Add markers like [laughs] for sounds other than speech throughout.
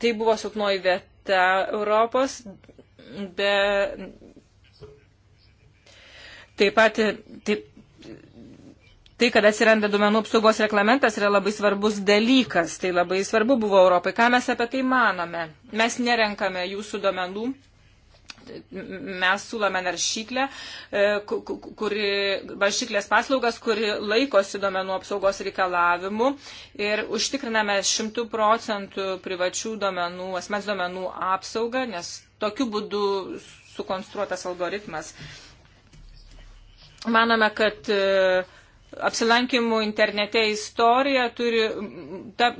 tai buvo silpnoji vieta Europos, be taip pat taip, tai, kad atsiranda duomenų apsaugos reglamentas, yra labai svarbus dalykas. Tai labai svarbu buvo Europai. Ką mes apie tai manome? Mes nerenkame jūsų duomenų mes siūlome naršyklę, e, kuri, naršyklės paslaugas, kuri laikosi duomenų apsaugos reikalavimų ir užtikriname 100 procentų privačių duomenų, asmens duomenų apsaugą, nes tokiu būdu sukonstruotas algoritmas. Manome, kad e, apsilankimų internete istorija turi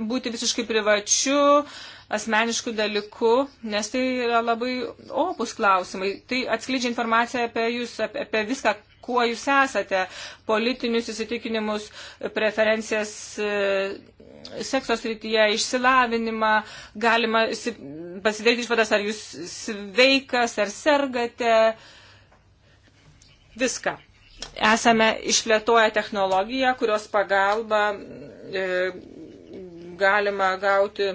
būti visiškai privačiu, asmeniškų dalykų, nes tai yra labai opus klausimai. Tai atskleidžia informaciją apie jūs, apie, apie viską, kuo jūs esate, politinius įsitikinimus, preferencijas e, seksos rytyje, išsilavinimą, galima pasidaryti išvadas, ar jūs sveikas, ar sergate, viską. Esame išplėtoję technologiją, kurios pagalba e, galima gauti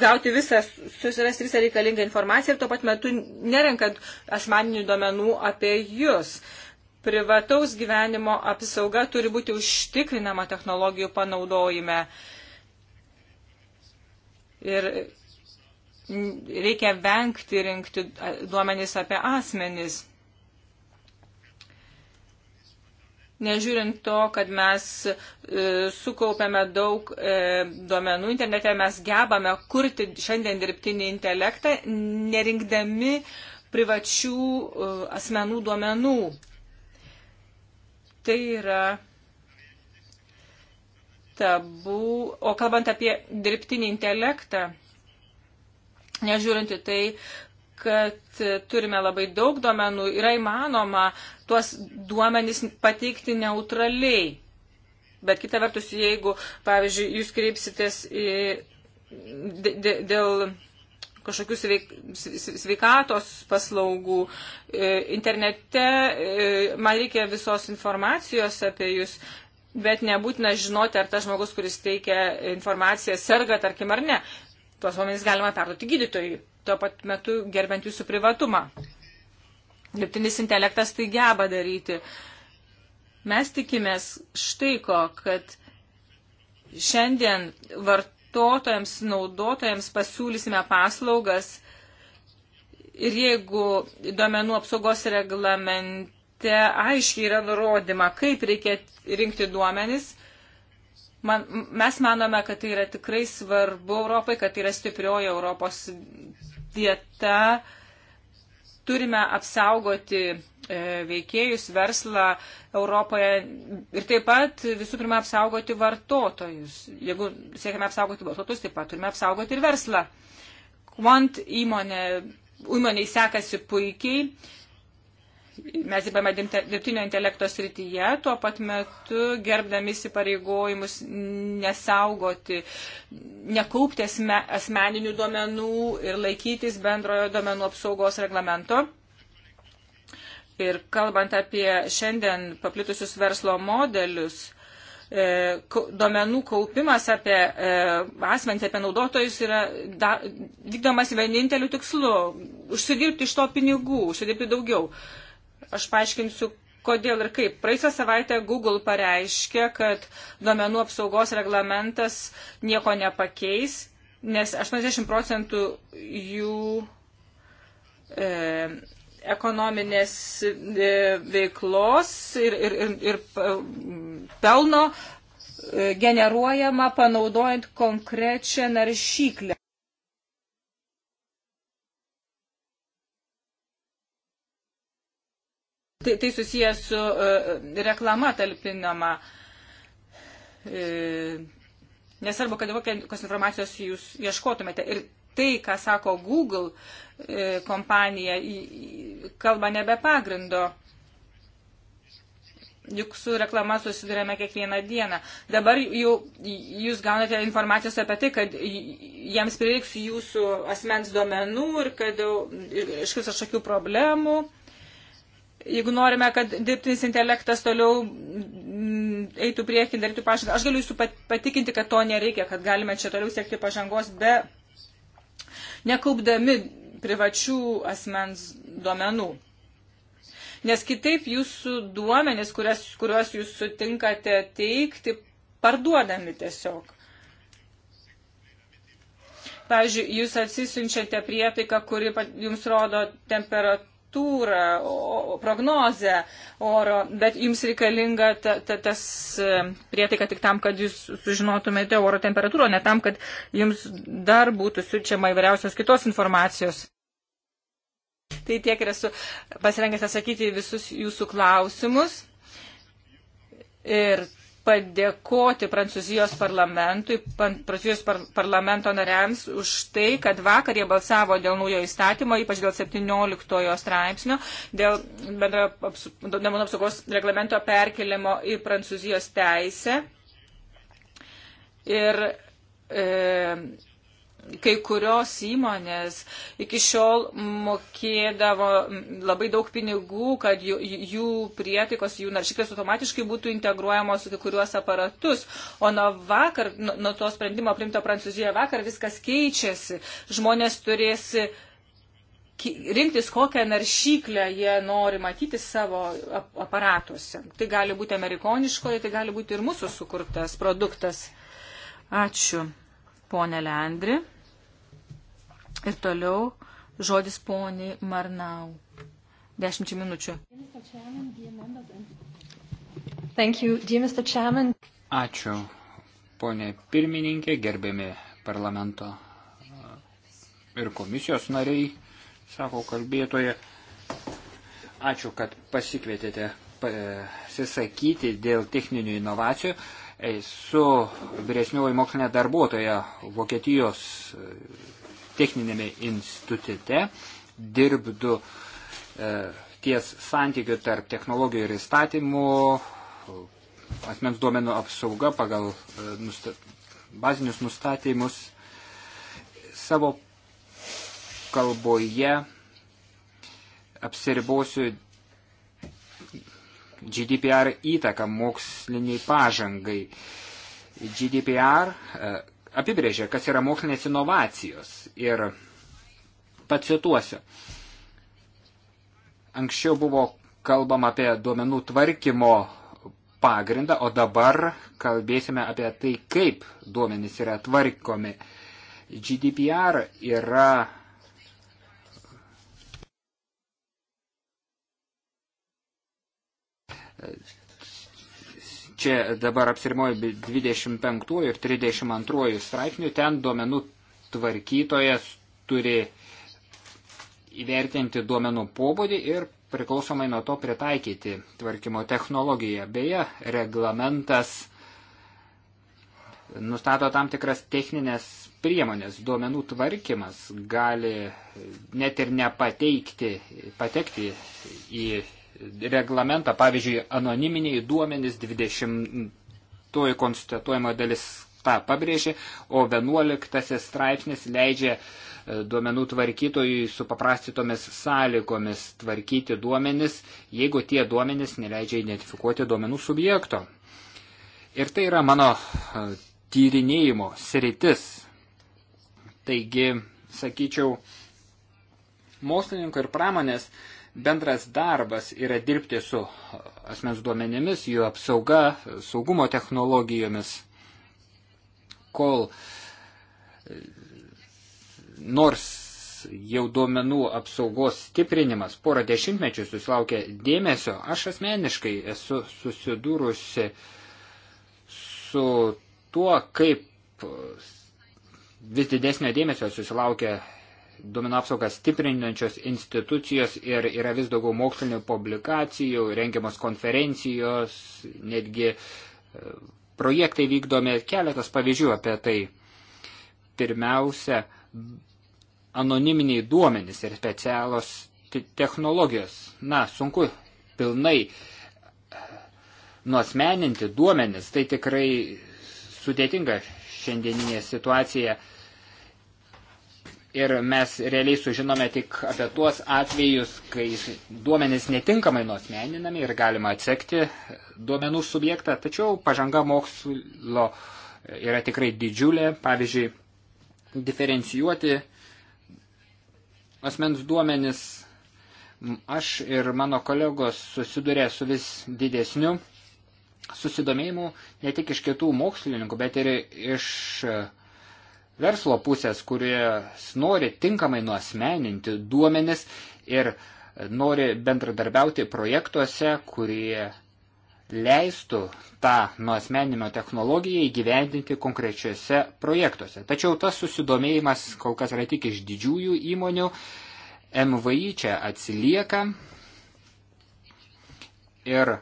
gauti visą, susirasti visą reikalingą informaciją ir tuo pat metu nerenkant asmeninių duomenų apie jūs. Privataus gyvenimo apsauga turi būti užtikrinama technologijų panaudojime. Ir reikia vengti rinkti duomenys apie asmenys. Nežiūrint to, kad mes e, sukaupėme daug e, duomenų internete, mes gebame kurti šiandien dirbtinį intelektą, nerinkdami privačių e, asmenų duomenų. Tai yra tabu. O kalbant apie dirbtinį intelektą, nežiūrint į tai, kad turime labai daug duomenų, yra įmanoma tuos duomenys pateikti neutraliai. Bet kita vertus, jeigu, pavyzdžiui, jūs kreipsitės į, dėl kažkokių sveik, sveikatos paslaugų e, internete, e, man reikia visos informacijos apie jūs, bet nebūtina žinoti, ar tas žmogus, kuris teikia informaciją, serga, tarkim, ar ne. Tuos duomenys galima perduoti gydytojui, tuo pat metu gerbent jūsų privatumą. Dirbtinis intelektas tai geba daryti. Mes tikimės štai ko, kad šiandien vartotojams, naudotojams pasiūlysime paslaugas ir jeigu duomenų apsaugos reglamente aiškiai yra nurodyma, kaip reikia rinkti duomenis, Man, mes manome, kad tai yra tikrai svarbu Europai, kad tai yra stiprioji Europos vieta, Turime apsaugoti e, veikėjus, verslą Europoje ir taip pat visų pirma apsaugoti vartotojus. Jeigu siekime apsaugoti vartotojus, taip pat turime apsaugoti ir verslą. Quant įmonė, įmonė sekasi puikiai Mes dirbame dirbtinio intelekto srityje, tuo pat metu gerbdami įsipareigojimus nesaugoti, nekaupti asme, asmeninių duomenų ir laikytis bendrojo duomenų apsaugos reglamento. Ir kalbant apie šiandien paplitusius verslo modelius, e, duomenų kaupimas apie e, asmenį, apie naudotojus yra da, vykdomas vieninteliu tikslu - užsidirbti iš to pinigų, užsidirbti daugiau. Aš paaiškinsiu, kodėl ir kaip. Praeisą savaitę Google pareiškė, kad duomenų apsaugos reglamentas nieko nepakeis, nes 80 procentų jų e, ekonominės e, veiklos ir, ir, ir, ir e, pelno e, generuojama panaudojant konkrečią naršyklę. tai, tai susijęs su e, reklama talpinama. E, nesvarbu, kad kokios informacijos jūs ieškotumėte. Ir tai, ką sako Google e, kompanija, kalba nebe pagrindo. Juk su reklama susidurėme kiekvieną dieną. Dabar jau jūs gaunate informacijos apie tai, kad jiems prireiks jūsų asmens duomenų ir kad iškils kažkokių problemų jeigu norime, kad dirbtinis intelektas toliau mm, eitų priekin, darytų pažangą, aš galiu jūsų patikinti, kad to nereikia, kad galime čia toliau siekti pažangos be nekaupdami privačių asmens duomenų. Nes kitaip jūsų duomenys, kurias, kuriuos jūs sutinkate teikti, parduodami tiesiog. Pavyzdžiui, jūs atsisiunčiate prietaiką, kuri jums rodo temperatūrą temperatūrą, prognozę oro, bet jums reikalinga ta, ta, tas e, prietaika tik tam, kad jūs sužinotumėte oro temperatūrą, ne tam, kad jums dar būtų siunčiama įvairiausios kitos informacijos. Tai tiek ir esu pasirengęs atsakyti visus jūsų klausimus. Ir padėkoti Prancūzijos parlamentui, Prancūzijos par, parlamento nariams už tai, kad vakar jie balsavo dėl naujo įstatymo, ypač dėl 17 straipsnio, dėl bendro duomenų apsaugos reglamento perkelimo į Prancūzijos teisę. Ir e, kai kurios įmonės iki šiol mokėdavo labai daug pinigų, kad jų, jų prietaikos, jų naršyklės automatiškai būtų integruojamos į kai kuriuos aparatus. O nuo vakar, nuo to sprendimo primto Prancūzijoje vakar, viskas keičiasi. Žmonės turės rinktis, kokią naršyklę jie nori matyti savo aparatuose. Tai gali būti amerikoniškoji, tai gali būti ir mūsų sukurtas produktas. Ačiū, ponė Leandri. Ir toliau žodis poniai Marnau. Dešimčia minučių. Thank you, dear Mr. Chairman. Ačiū, ponė pirmininkė, gerbiami parlamento e, ir komisijos nariai, sako kalbėtoje. Ačiū, kad pasikvietėte pasisakyti dėl techninių inovacijų. Esu vyresnioji mokslinė darbuotoja Vokietijos techninėme institute, dirbdu e, ties santykiu tarp technologijų ir įstatymų, asmens duomenų apsauga pagal e, nusta, bazinius nustatymus savo kalboje apsiribosiu GDPR įtaką moksliniai pažangai. GDPR e, apibrėžia, kas yra mokslinės inovacijos. Ir pacituosiu. Anksčiau buvo kalbama apie duomenų tvarkymo pagrindą, o dabar kalbėsime apie tai, kaip duomenys yra tvarkomi. GDPR yra Čia dabar apsirimoju 25 ir 32 straipsnių, ten duomenų tvarkytojas turi įvertinti duomenų pobūdį ir priklausomai nuo to pritaikyti tvarkymo technologiją. Beje, reglamentas nustato tam tikras techninės priemonės. Duomenų tvarkymas gali net ir nepateikti, patekti į reglamentą, pavyzdžiui, anoniminiai duomenys 20 konstatuojama dalis tą pabrėžė, o 11 straipsnis leidžia e, duomenų tvarkytojui su paprastytomis sąlygomis tvarkyti duomenis, jeigu tie duomenis neleidžia identifikuoti duomenų subjekto. Ir tai yra mano e, tyrinėjimo sritis. Taigi, sakyčiau, mokslininko ir pramonės uh, bendras darbas yra dirbti su asmens duomenimis, jų apsauga, saugumo technologijomis, kol e, nors jau duomenų apsaugos stiprinimas porą dešimtmečių susilaukė dėmesio, aš asmeniškai esu susidūrusi su tuo, kaip vis didesnio dėmesio susilaukia duomenų apsaugą stiprinančios institucijos ir yra vis daugiau mokslinių publikacijų, rengiamos konferencijos, netgi e, projektai vykdomi keletas pavyzdžių apie tai. Pirmiausia, anoniminiai duomenys ir specialos technologijos. Na, sunku pilnai e, nuosmeninti duomenis, tai tikrai sudėtinga šiandieninė situacija ir mes realiai sužinome tik apie tuos atvejus, kai duomenys netinkamai nuosmeninami ir galima atsekti duomenų subjektą, tačiau pažanga mokslo yra tikrai didžiulė, pavyzdžiui, diferencijuoti asmens duomenis. Aš ir mano kolegos susidurė su vis didesniu susidomėjimu ne tik iš kitų mokslininkų, bet ir iš uh, verslo pusės, kuris nori tinkamai nuosmeninti duomenis ir nori bendradarbiauti projektuose, kurie leistų tą nuosmeninimo technologiją įgyvendinti konkrečiuose projektuose. Tačiau tas susidomėjimas kol kas yra tik iš didžiųjų įmonių, MVI čia atsilieka ir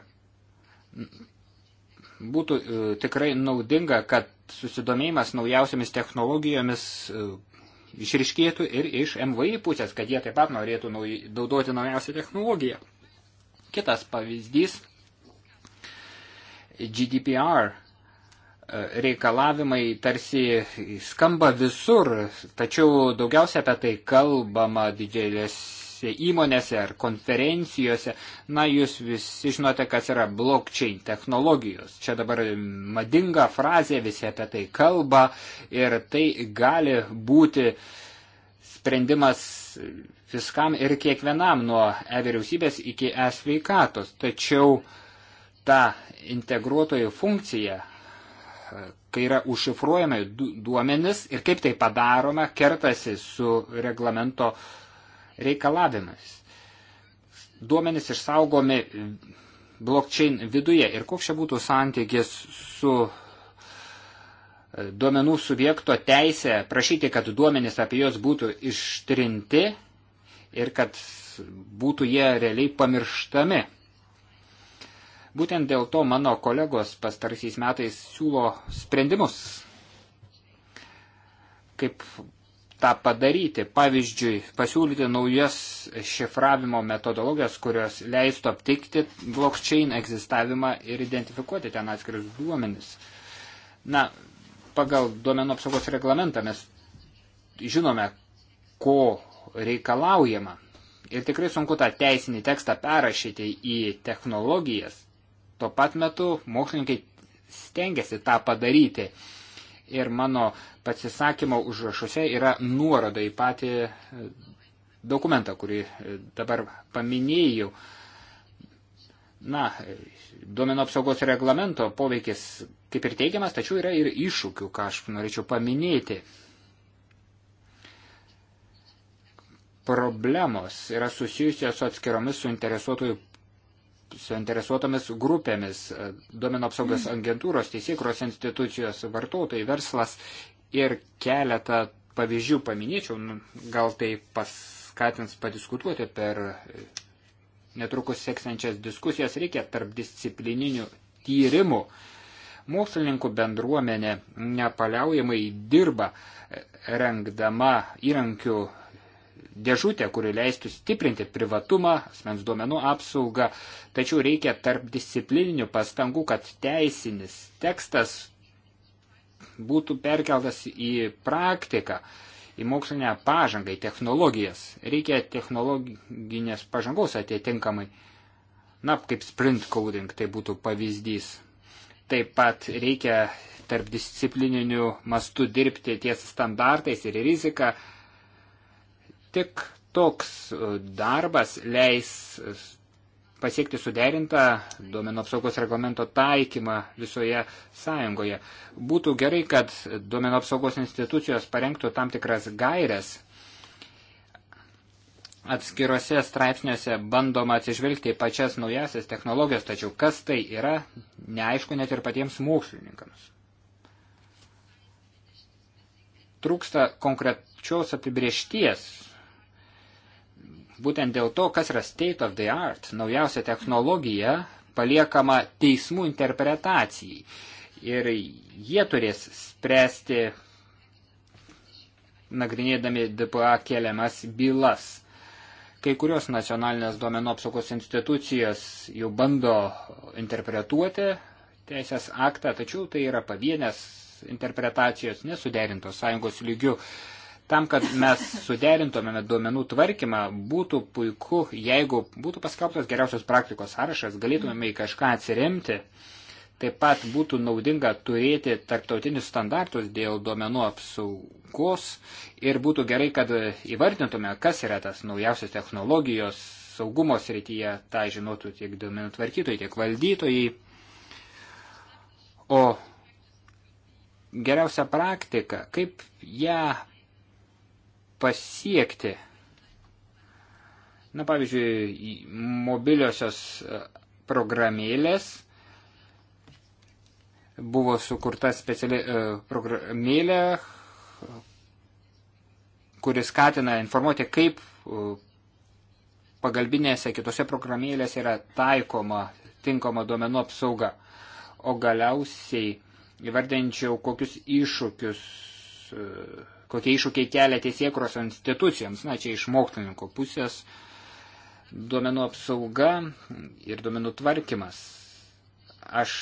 būtų e, tikrai naudinga, kad susidomėjimas naujausiamis technologijomis e, išriškėtų ir iš MVI pusės, kad jie taip pat norėtų nauj, daudoti naujausią technologiją. Kitas pavyzdys - GDPR e, reikalavimai tarsi skamba visur, tačiau daugiausia apie tai kalbama didžiulės įvairiose įmonėse ar konferencijose. Na, jūs visi žinote, kas yra blockchain technologijos. Čia dabar madinga frazė, visi apie tai kalba ir tai gali būti sprendimas viskam ir kiekvienam nuo e-vyriausybės iki e-sveikatos. Tačiau ta integruotojų funkcija, kai yra užšifruojami duomenis ir kaip tai padaroma, kertasi su reglamento reikalavimas. Duomenys išsaugomi blockchain viduje ir koks čia būtų santykis su e, duomenų subjekto teisė prašyti, kad duomenys apie juos būtų ištrinti ir kad būtų jie realiai pamirštami. Būtent dėl to mano kolegos pastarsiais metais siūlo sprendimus, kaip tą padaryti. Pavyzdžiui, pasiūlyti naujas šifravimo metodologijas, kurios leistų aptikti blockchain egzistavimą ir identifikuoti ten atskirius duomenis. Na, pagal duomenų apsaugos reglamentą mes žinome, ko reikalaujama. Ir tikrai sunku tą teisinį tekstą perrašyti į technologijas. Tuo pat metu mokslininkai stengiasi tą padaryti ir mano pasisakymo užrašuose yra nuoroda į patį e, dokumentą, kurį e, dabar paminėjau. Na, e, duomenų apsaugos reglamento poveikis kaip ir teigiamas, tačiau yra ir iššūkių, ką aš norėčiau paminėti. Problemos yra susijusios su atskiromis suinteresuotojų suinteresuotomis grupėmis, e, duomenų apsaugos mm. agentūros, teisėkros institucijos, vartotojai, verslas ir keletą pavyzdžių paminėčiau, nu, gal tai paskatins padiskutuoti per e, netrukus seksančias diskusijas, reikia tarp disciplininių tyrimų. Mokslininkų bendruomenė nepaliaujamai dirba, e, rengdama įrankių dėžutę, kuri leistų stiprinti privatumą, asmens duomenų apsaugą, tačiau reikia tarp disciplininių pastangų, kad teisinis tekstas būtų perkeltas į praktiką, į mokslinę pažangą, į technologijas. Reikia technologinės pažangos atitinkamai. Na, kaip sprint coding tai būtų pavyzdys. Taip pat reikia tarp disciplininių mastų dirbti ties standartais ir rizika Tik toks e, darbas leis e, pasiekti suderintą duomenų apsaugos reglamento taikymą visoje sąjungoje. Būtų gerai, kad duomenų apsaugos institucijos parengtų tam tikras gairias. Atskiruose straipsniuose bandoma atsižvelgti į pačias naujasias technologijas, tačiau kas tai yra, neaišku net ir patiems mokslininkams. Trūksta konkrečios apibriešties Būtent dėl to, kas yra state of the art, naujausia technologija, paliekama teismų interpretacijai. Ir jie turės spręsti, nagrinėdami DPA keliamas bylas. Kai kurios nacionalinės duomenų apsaugos institucijos jau bando interpretuoti teisės aktą, tačiau tai yra pavienės interpretacijos nesuderintos sąjungos lygių. Tam, kad mes suderintumėme duomenų tvarkymą, būtų puiku, jeigu būtų paskelbtas geriausios praktikos sąrašas, galėtumėme į kažką atsiremti. Taip pat būtų naudinga turėti tarptautinius standartus dėl duomenų apsaugos ir būtų gerai, kad įvardintume, kas yra tas naujausios technologijos saugumo srityje, tą žinotų tiek duomenų tvarkytojai, tiek valdytojai. O geriausia praktika, kaip ją pasiekti. Na, pavyzdžiui, mobiliosios e, programėlės buvo sukurta speciali e, programėlė, kuris skatina informuoti, kaip e, pagalbinėse kitose programėlėse yra taikoma tinkama duomenų apsauga. O galiausiai įvardinčiau, kokius iššūkius kokie iššūkiai kelia teisėkros institucijoms, na čia iš mokslininko pusės, duomenų apsauga ir duomenų tvarkymas. Aš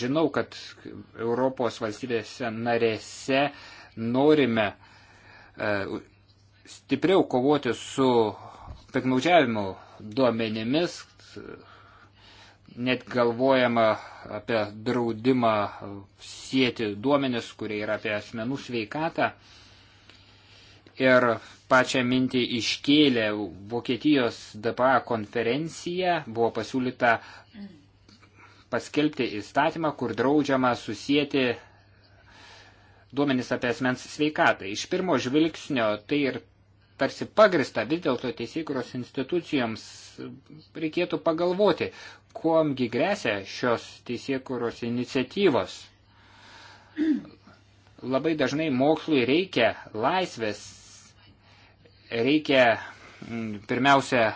žinau, kad Europos valstybėse narėse norime e, stipriau kovoti su piknaudžiavimu duomenimis, net galvojama apie draudimą sieti duomenis, kurie yra apie asmenų sveikatą ir pačią mintį iškėlė Vokietijos DPA konferencija, buvo pasiūlyta paskelbti įstatymą, kur draudžiama susijęti duomenis apie asmens sveikatą. Iš pirmo žvilgsnio tai ir tarsi pagrista, vis dėlto teisėkuros institucijoms reikėtų pagalvoti, kuomgi grėsia šios teisėkuros iniciatyvos. Labai dažnai mokslui reikia laisvės reikia mm, pirmiausia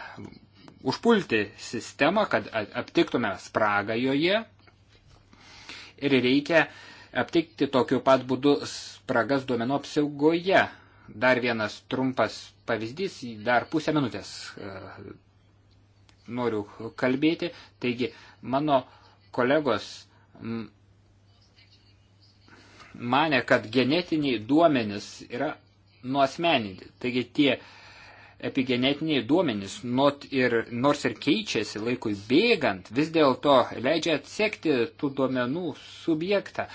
užpulti sistemą, kad aptiktume spragą joje ir reikia aptikti tokiu pat būdu spragas duomenų apsaugoje. Dar vienas trumpas pavyzdys, dar pusę minutės e, noriu kalbėti. Taigi, mano kolegos mane, kad genetiniai duomenys yra nuosmeninti. Taigi tie epigenetiniai duomenys, not ir, nors ir keičiasi laikui bėgant, vis dėlto leidžia atsekti tų duomenų subjektą.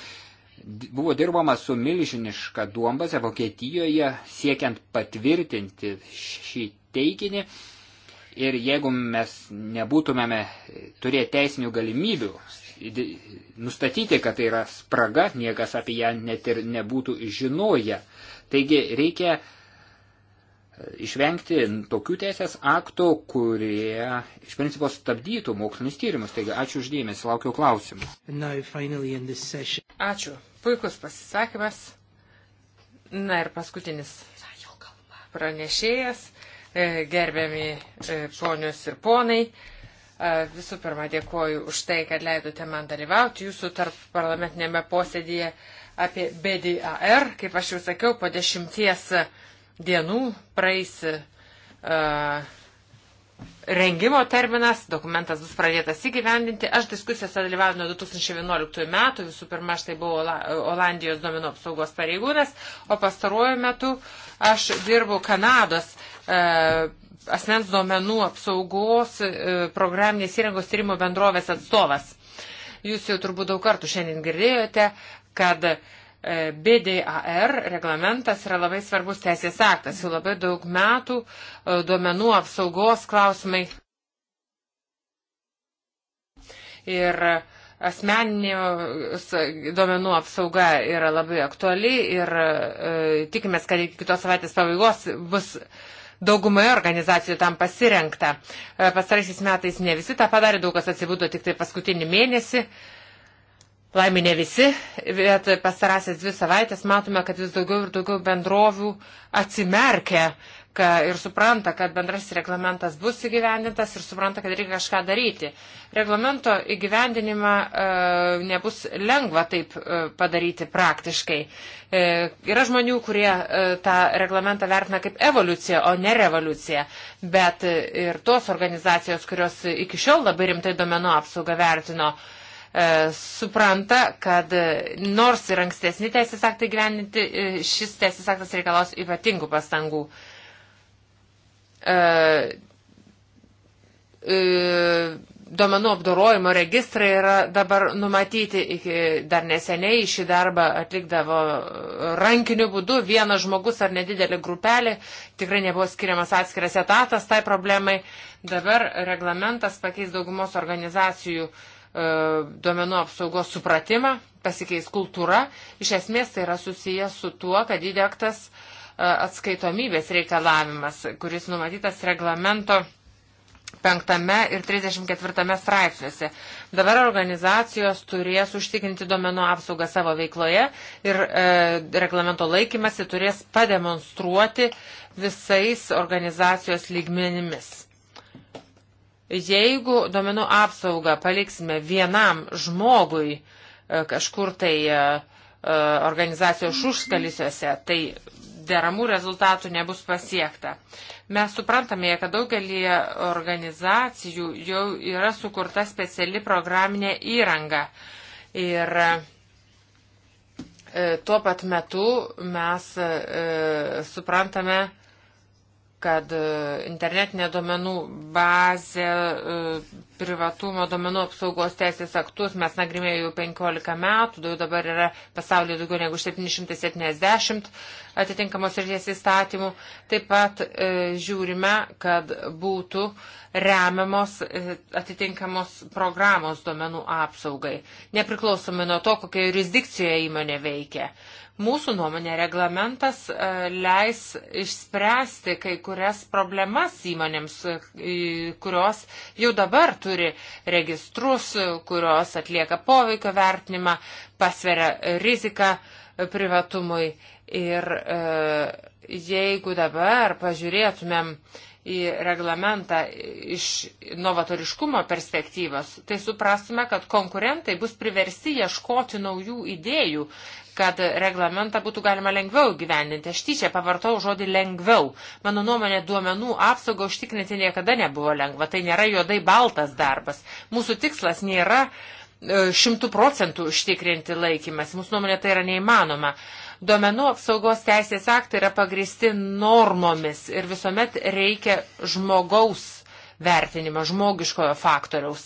Buvo dirbama su milžiniška duombaze Vokietijoje, siekiant patvirtinti šį teiginį. Ir jeigu mes nebūtumėme turėję teisinių galimybių nustatyti, kad tai yra spraga, niekas apie ją net ir nebūtų žinoję. Taigi reikia išvengti tokių teisės aktų, kurie iš principo stabdytų mokslinis tyrimus. Taigi ačiū uždėmesi, laukiu klausimų. Ačiū. Puikus pasisakymas. Na ir paskutinis pranešėjas, e, gerbiami e, ponios ir ponai. Visų pirma, dėkoju už tai, kad leidote man dalyvauti jūsų tarp parlamentinėme posėdėje apie BDAR. Kaip aš jau sakiau, po dešimties dienų praeis uh, rengimo terminas, dokumentas bus pradėtas įgyvendinti. Aš diskusijose dalyvauju nuo 2011 metų, visų pirma, aš tai buvau Olandijos domino apsaugos pareigūnas, o pastaruoju metu aš dirbau Kanados e, asmens duomenų apsaugos e, programinės įrangos tyrimo bendrovės atstovas. Jūs jau turbūt daug kartų šiandien girdėjote, kad e, E, BDAR reglamentas yra labai svarbus teisės aktas. Jau labai daug metų e, duomenų apsaugos klausimai ir asmeninė duomenų apsauga yra labai aktuali ir e, tikimės, kad iki kitos savaitės pabaigos bus daugumoje organizacijų tam pasirenkta. E, Pastaraisiais metais ne visi tą padarė, daug kas atsibūdo tik tai paskutinį mėnesį. E, Laimė ne visi, bet pastarąsias dvi savaitės matome, kad vis daugiau ir daugiau bendrovių atsimerkia ka, ir supranta, kad bendrasis reglamentas bus įgyvendintas ir supranta, kad reikia kažką daryti. Reglamento įgyvendinimą e, nebus lengva taip e, padaryti praktiškai. E, yra žmonių, kurie e, tą reglamentą vertina kaip evoliuciją, o ne revoliuciją, bet e, ir tos organizacijos, kurios iki šiol labai rimtai domenų apsaugą vertino, e, E, supranta, kad nors ir ankstesni teisės aktai gyveninti, e, šis teisės aktas reikalaus ypatingų pastangų. E, Domenų apdorojimo registrai yra dabar numatyti, iki, dar neseniai šį darbą atlikdavo rankiniu būdu vienas žmogus ar nedidelė grupelė, tikrai nebuvo skiriamas atskiras etatas tai problemai. Dabar reglamentas pakeis daugumos organizacijų uh, E, duomenų apsaugos supratimą, pasikeis kultūra. Iš esmės tai yra susijęs su tuo, kad įdėktas e, atskaitomybės reikalavimas, kuris numatytas reglamento 5 ir 34 straipsniuose. Dabar organizacijos turės užtikrinti domenų apsaugą savo veikloje ir e, reglamento laikymasi turės pademonstruoti visais organizacijos lygmenimis. Jeigu domenų apsaugą paliksime vienam žmogui e, kažkur tai e, e, organizacijos užskalisiuose, tai deramų rezultatų nebus pasiekta. Mes suprantame, kad daugelį organizacijų jau yra sukurta speciali programinė įranga. Ir tuo pat metu mes suprantame, kad e, internetinė duomenų bazė, e, privatumo duomenų apsaugos teisės aktus mes nagrimėjome jau 15 metų, dabar yra pasaulyje daugiau negu 770 atitinkamos ryties įstatymų. Taip pat e, žiūrime, kad būtų remiamos atitinkamos programos duomenų apsaugai, nepriklausomai nuo to, kokioje jurisdikcijoje įmonė veikia. Mūsų nuomonė reglamentas e, leis išspręsti kai kurias problemas įmonėms, e, kurios jau dabar turi registrus, kurios atlieka poveikio vertinimą, pasveria riziką privatumui. Ir e, jeigu dabar pažiūrėtumėm į reglamentą iš novatoriškumo perspektyvos, tai suprastume, kad konkurentai bus priversti ieškoti naujų idėjų kad reglamentą būtų galima lengviau gyvendinti. Aš tyčia pavartau žodį lengviau. Mano nuomonė, duomenų apsaugą užtikrinti niekada nebuvo lengva. Tai nėra juodai baltas darbas. Mūsų tikslas nėra e, šimtų procentų užtikrinti laikymas. Mūsų nuomonė tai yra neįmanoma. Duomenų apsaugos teisės aktai yra pagristi normomis ir visuomet reikia žmogaus vertinimą, žmogiškojo faktoriaus.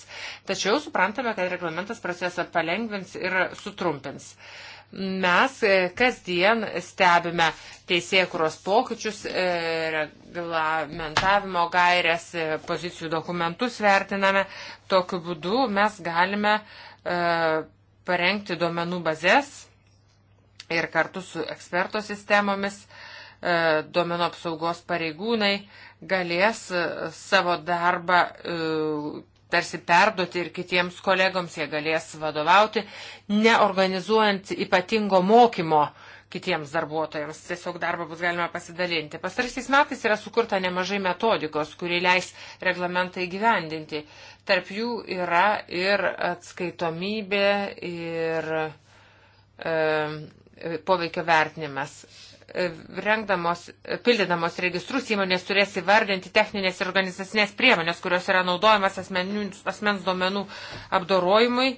Tačiau suprantame, kad reglamentas procesą palengvins ir sutrumpins. Uh, Mes e, kasdien stebime teisėkuros pokyčius, e, reglamentavimo gairias, e, pozicijų dokumentus vertiname. Tokiu būdu mes galime parengti duomenų bazės ir kartu su eksperto sistemomis duomenų apsaugos pareigūnai galės savo darbą tarsi perduoti ir kitiems kolegoms, jie galės vadovauti, neorganizuojant ypatingo mokymo kitiems darbuotojams. Tiesiog darbą bus galima pasidalinti. Pastaraisiais metais yra sukurta nemažai metodikos, kurie leis reglamentai gyvendinti. Tarp jų yra ir atskaitomybė, ir e, poveikio vertinimas rengdamos, pildydamos registrus įmonės turės įvardinti techninės ir organizacinės priemonės, kurios yra naudojamas asmenių, asmens duomenų apdorojimui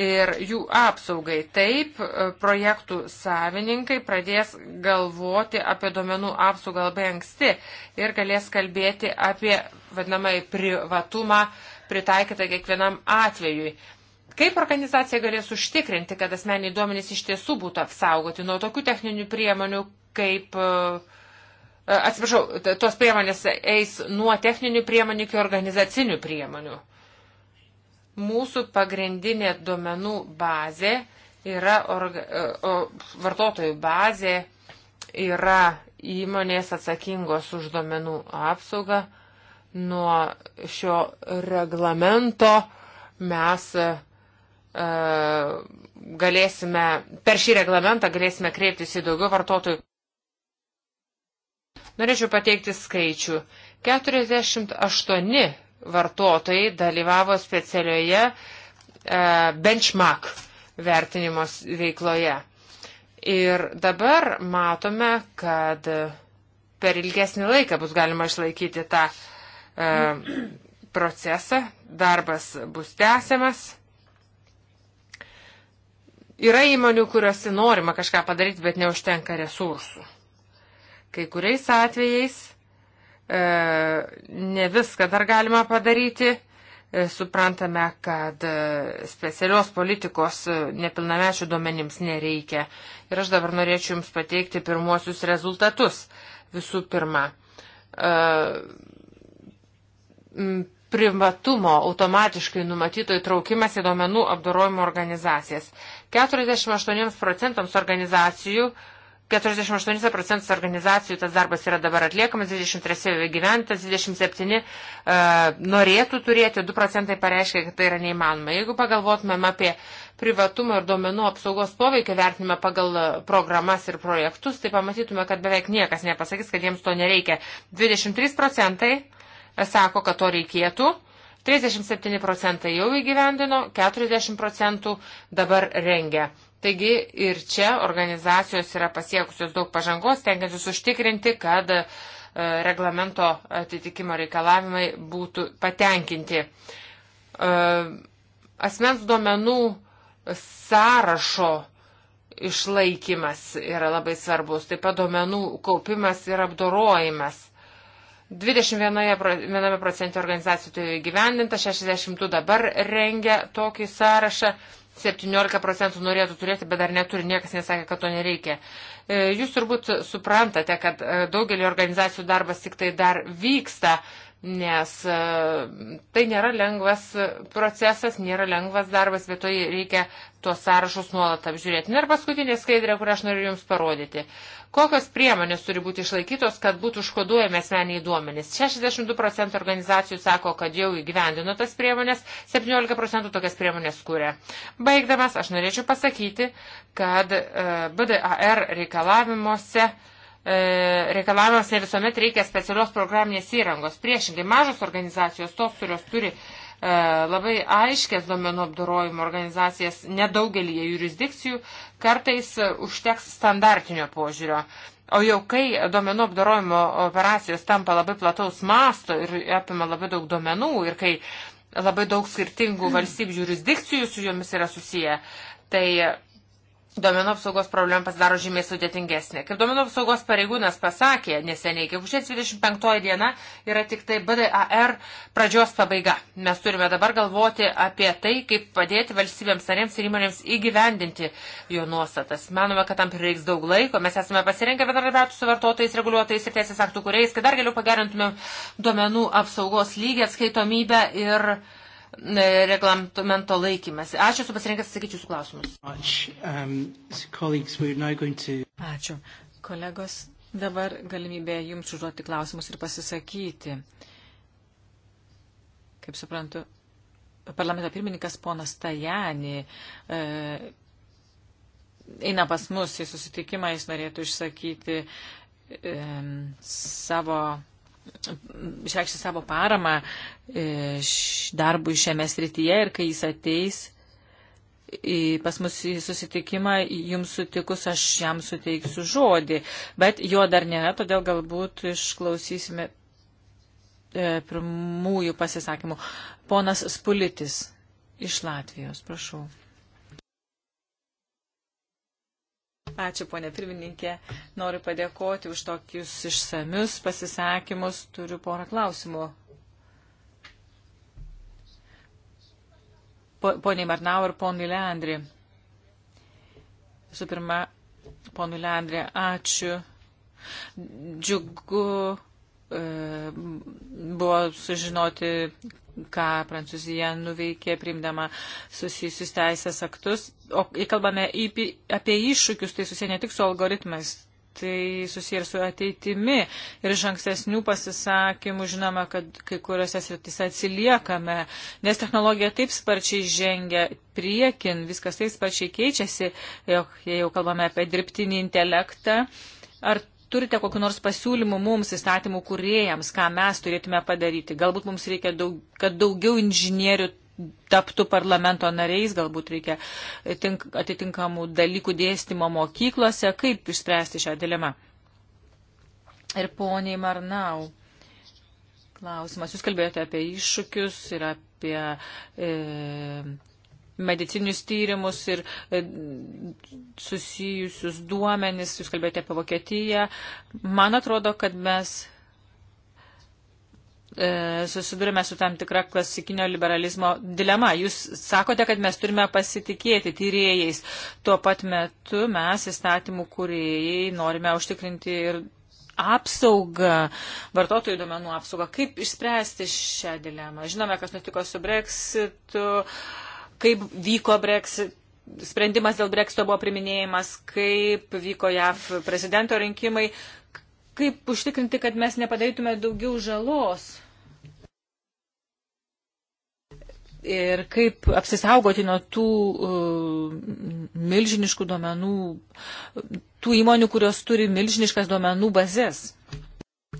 ir jų apsaugai. Taip, projektų savininkai pradės galvoti apie duomenų apsaugą labai anksti ir galės kalbėti apie vadinamai privatumą pritaikytą kiekvienam atvejui. Kaip organizacija galės užtikrinti, kad asmeniai duomenys iš tiesų būtų apsaugoti nuo tokių techninių priemonių, kaip, e, e, atsiprašau, tos priemonės eis nuo techninių priemonių iki organizacinių priemonių? Mūsų pagrindinė duomenų bazė yra orga, e, o, vartotojų bazė, yra įmonės atsakingos už duomenų apsaugą. Nuo šio reglamento mes E, galėsime, per šį reglamentą galėsime kreiptis į daugiau vartotojų. Norėčiau pateikti skaičių. 48 vartotojai dalyvavo specialioje e, benchmark vertinimos veikloje. Ir dabar matome, kad per ilgesnį laiką bus galima išlaikyti tą e, procesą, darbas bus tęsiamas Yra įmonių, kuriuose norima kažką padaryti, bet neužtenka resursų. Kai kuriais atvejais e, ne viską dar galima padaryti. E, suprantame, kad e, specialios politikos e, nepilnamečių duomenims nereikia. Ir aš dabar norėčiau Jums pateikti pirmuosius rezultatus. Visų pirma, e, m, privatumo automatiškai numatyto įtraukimas į duomenų apdorojimo organizacijas. 48 procentams organizacijų 48 procentus organizacijų tas darbas yra dabar atliekamas, 23 gyventas, 27 uh, norėtų turėti, 2 procentai pareiškia, kad tai yra neįmanoma. Jeigu pagalvotumėm apie privatumo ir duomenų apsaugos poveikį vertinime pagal programas ir projektus, tai pamatytume, kad beveik niekas nepasakys, kad jiems to nereikia. 23 procentai e, sako, kad to reikėtų. Uh, 37 procentai jau įgyvendino, 40 procentų dabar rengia. Taigi ir čia organizacijos yra pasiekusios daug pažangos, tenkiantis užtikrinti, kad e, reglamento atitikimo reikalavimai būtų patenkinti. E, asmens duomenų sąrašo išlaikimas yra labai svarbus, taip pat duomenų kaupimas ir apdorojimas. 21 procente organizacijų tai gyvendinta, 62 dabar rengia tokį sąrašą, 17 procentų norėtų turėti, bet dar neturi, niekas nesakė, kad to nereikia. E, jūs turbūt suprantate, kad e, daugelį organizacijų darbas tik tai dar vyksta, nes e, tai nėra lengvas procesas, nėra lengvas darbas, bet to tai reikia tuos sąrašus nuolat apžiūrėti. Na ir paskutinė skaidrė, kurią aš noriu Jums parodyti. Kokios priemonės turi būti išlaikytos, kad būtų užkoduojami asmeniai duomenys? 62 procentų organizacijų sako, kad jau įgyvendino tas priemonės, 17 procentų tokias priemonės kūrė. Baigdamas, aš norėčiau pasakyti, kad e, BDAR reikalavimuose uh, E, reikalavimas ne visuomet reikia specialios programinės įrangos. Priešingai, mažos organizacijos, tos, kurios turi e, labai aiškės domenų apdorojimo organizacijas nedaugelį jurisdikcijų, kartais e, užteks standartinio požiūrio. O jau kai domenų apdorojimo operacijos tampa labai plataus masto ir apima labai daug domenų ir kai labai daug skirtingų valstybių jurisdikcijų su jomis yra susiję, tai duomenų apsaugos problema pasidaro žymiai sudėtingesnė. Kaip duomenų apsaugos pareigūnas pasakė neseniai, gegužės 25 diena yra tik tai BDAR pradžios pabaiga. Mes turime dabar galvoti apie tai, kaip padėti valstybėms narėms ir įmonėms įgyvendinti jo nuostatas. Manome, kad tam prireiks daug laiko. Mes esame pasirengę bendradarbiauti su vartotojais, reguliuotojais ir teisės aktų kuriais, kad dar geriau pagerintumėm duomenų apsaugos lygį, atskaitomybę ir E, reglamento laikymasi. Ačiū, esu pasirinkęs atsakyti jūsų klausimus. Um, Ačiū. Kolegos, dabar galimybė jums užduoti klausimus ir pasisakyti. Kaip suprantu, parlamento pirmininkas ponas Tajani e, eina pas mus į susitikimą, jis norėtų išsakyti e, savo išreikšti savo paramą e, darbui šiame srityje ir kai jis ateis pas mus į susitikimą, jums sutikus aš jam suteiksiu žodį, bet jo dar nėra, todėl galbūt išklausysime e, pirmųjų pasisakymų. Ponas Spulitis iš Latvijos, prašau. Ačiū, ponė pirmininkė. Noriu padėkoti už tokius išsamius pasisakymus. Turiu porą klausimų. Po, poniai Marnau ir ponui Leandri. Visų pirma, ponui Leandri, ačiū. Džiugu e, buvo sužinoti, ką Prancūzija nuveikė, primdama susijusius teisės aktus. O kalbame apie iššūkius, tai susiję ne tik su algoritmais, tai susiję ir su ateitimi. Ir iš ankstesnių pasisakymų žinoma, kad kai kuriuose sritise atsiliekame, nes technologija taip sparčiai žengia priekin, viskas taip sparčiai keičiasi, jog jei jau kalbame apie dirbtinį intelektą. Ar turite kokiu nors pasiūlymu mums įstatymų kuriejams, ką mes turėtume padaryti? Galbūt mums reikia, daug, kad daugiau inžinierių taptų parlamento nariais, galbūt reikia tink, atitinkamų dalykų dėstymo mokyklose. Kaip išspręsti šią dilemą? Ir poniai Marnau, klausimas. Jūs kalbėjote apie iššūkius ir apie. E, medicinius tyrimus ir e, susijusius duomenis, jūs kalbėjote apie Vokietiją. Man atrodo, kad mes e, susidurime su tam tikra klasikinio liberalizmo dilema. Jūs sakote, kad mes turime pasitikėti tyrėjais. Tuo pat metu mes įstatymų kūrėjai norime užtikrinti ir apsaugą, vartotojų duomenų apsaugą. Kaip išspręsti šią dilemą? Žinome, kas nutiko su Brexitu, kaip vyko Brexit. Sprendimas dėl Brexito buvo priminėjimas, kaip vyko JAF prezidento rinkimai, kaip užtikrinti, kad mes nepadarytume daugiau žalos ir kaip apsisaugoti nuo tų uh, milžiniškų duomenų, tų įmonių, kurios turi milžiniškas duomenų bazės.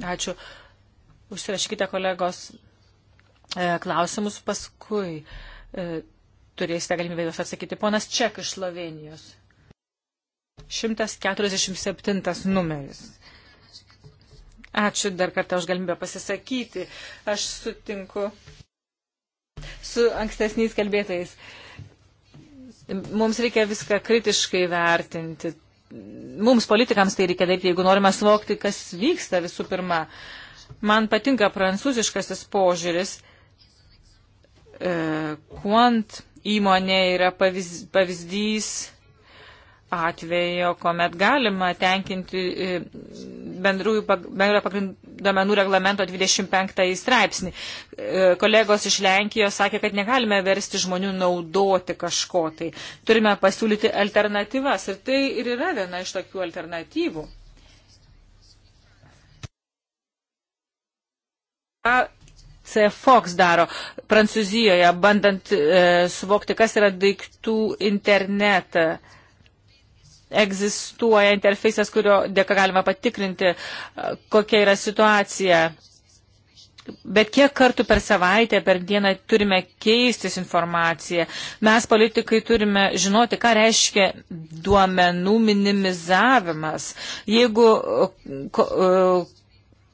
Ačiū. Užsirašykite kolegos e, klausimus paskui. E, turėsite galimybę juos atsakyti. Ponas Ček iš Slovenijos. 147 numeris. Ačiū dar kartą už galimybę pasisakyti. Aš sutinku su ankstesniais kalbėtais. Mums reikia viską kritiškai vertinti. Mums politikams tai reikia daryti, jeigu norime svokti, kas vyksta visų pirma. Man patinka prancūziškasis požiūris, e, kuant įmonė yra pavyzdys atvejo, kuomet galima tenkinti e, bendrųjų bendro duomenų reglamento 25 straipsnį. E, kolegos iš Lenkijos sakė, kad negalime versti žmonių naudoti kažko tai. Turime pasiūlyti alternatyvas ir tai ir yra viena iš tokių alternatyvų. CFOX daro Prancūzijoje, bandant e, suvokti, kas yra daiktų internetą. Egzistuoja interfejsas, kurio dėka galima patikrinti, e, kokia yra situacija. Bet kiek kartų per savaitę, per dieną turime keistis informaciją. Mes, politikai, turime žinoti, ką reiškia duomenų minimizavimas. Jeigu e, e,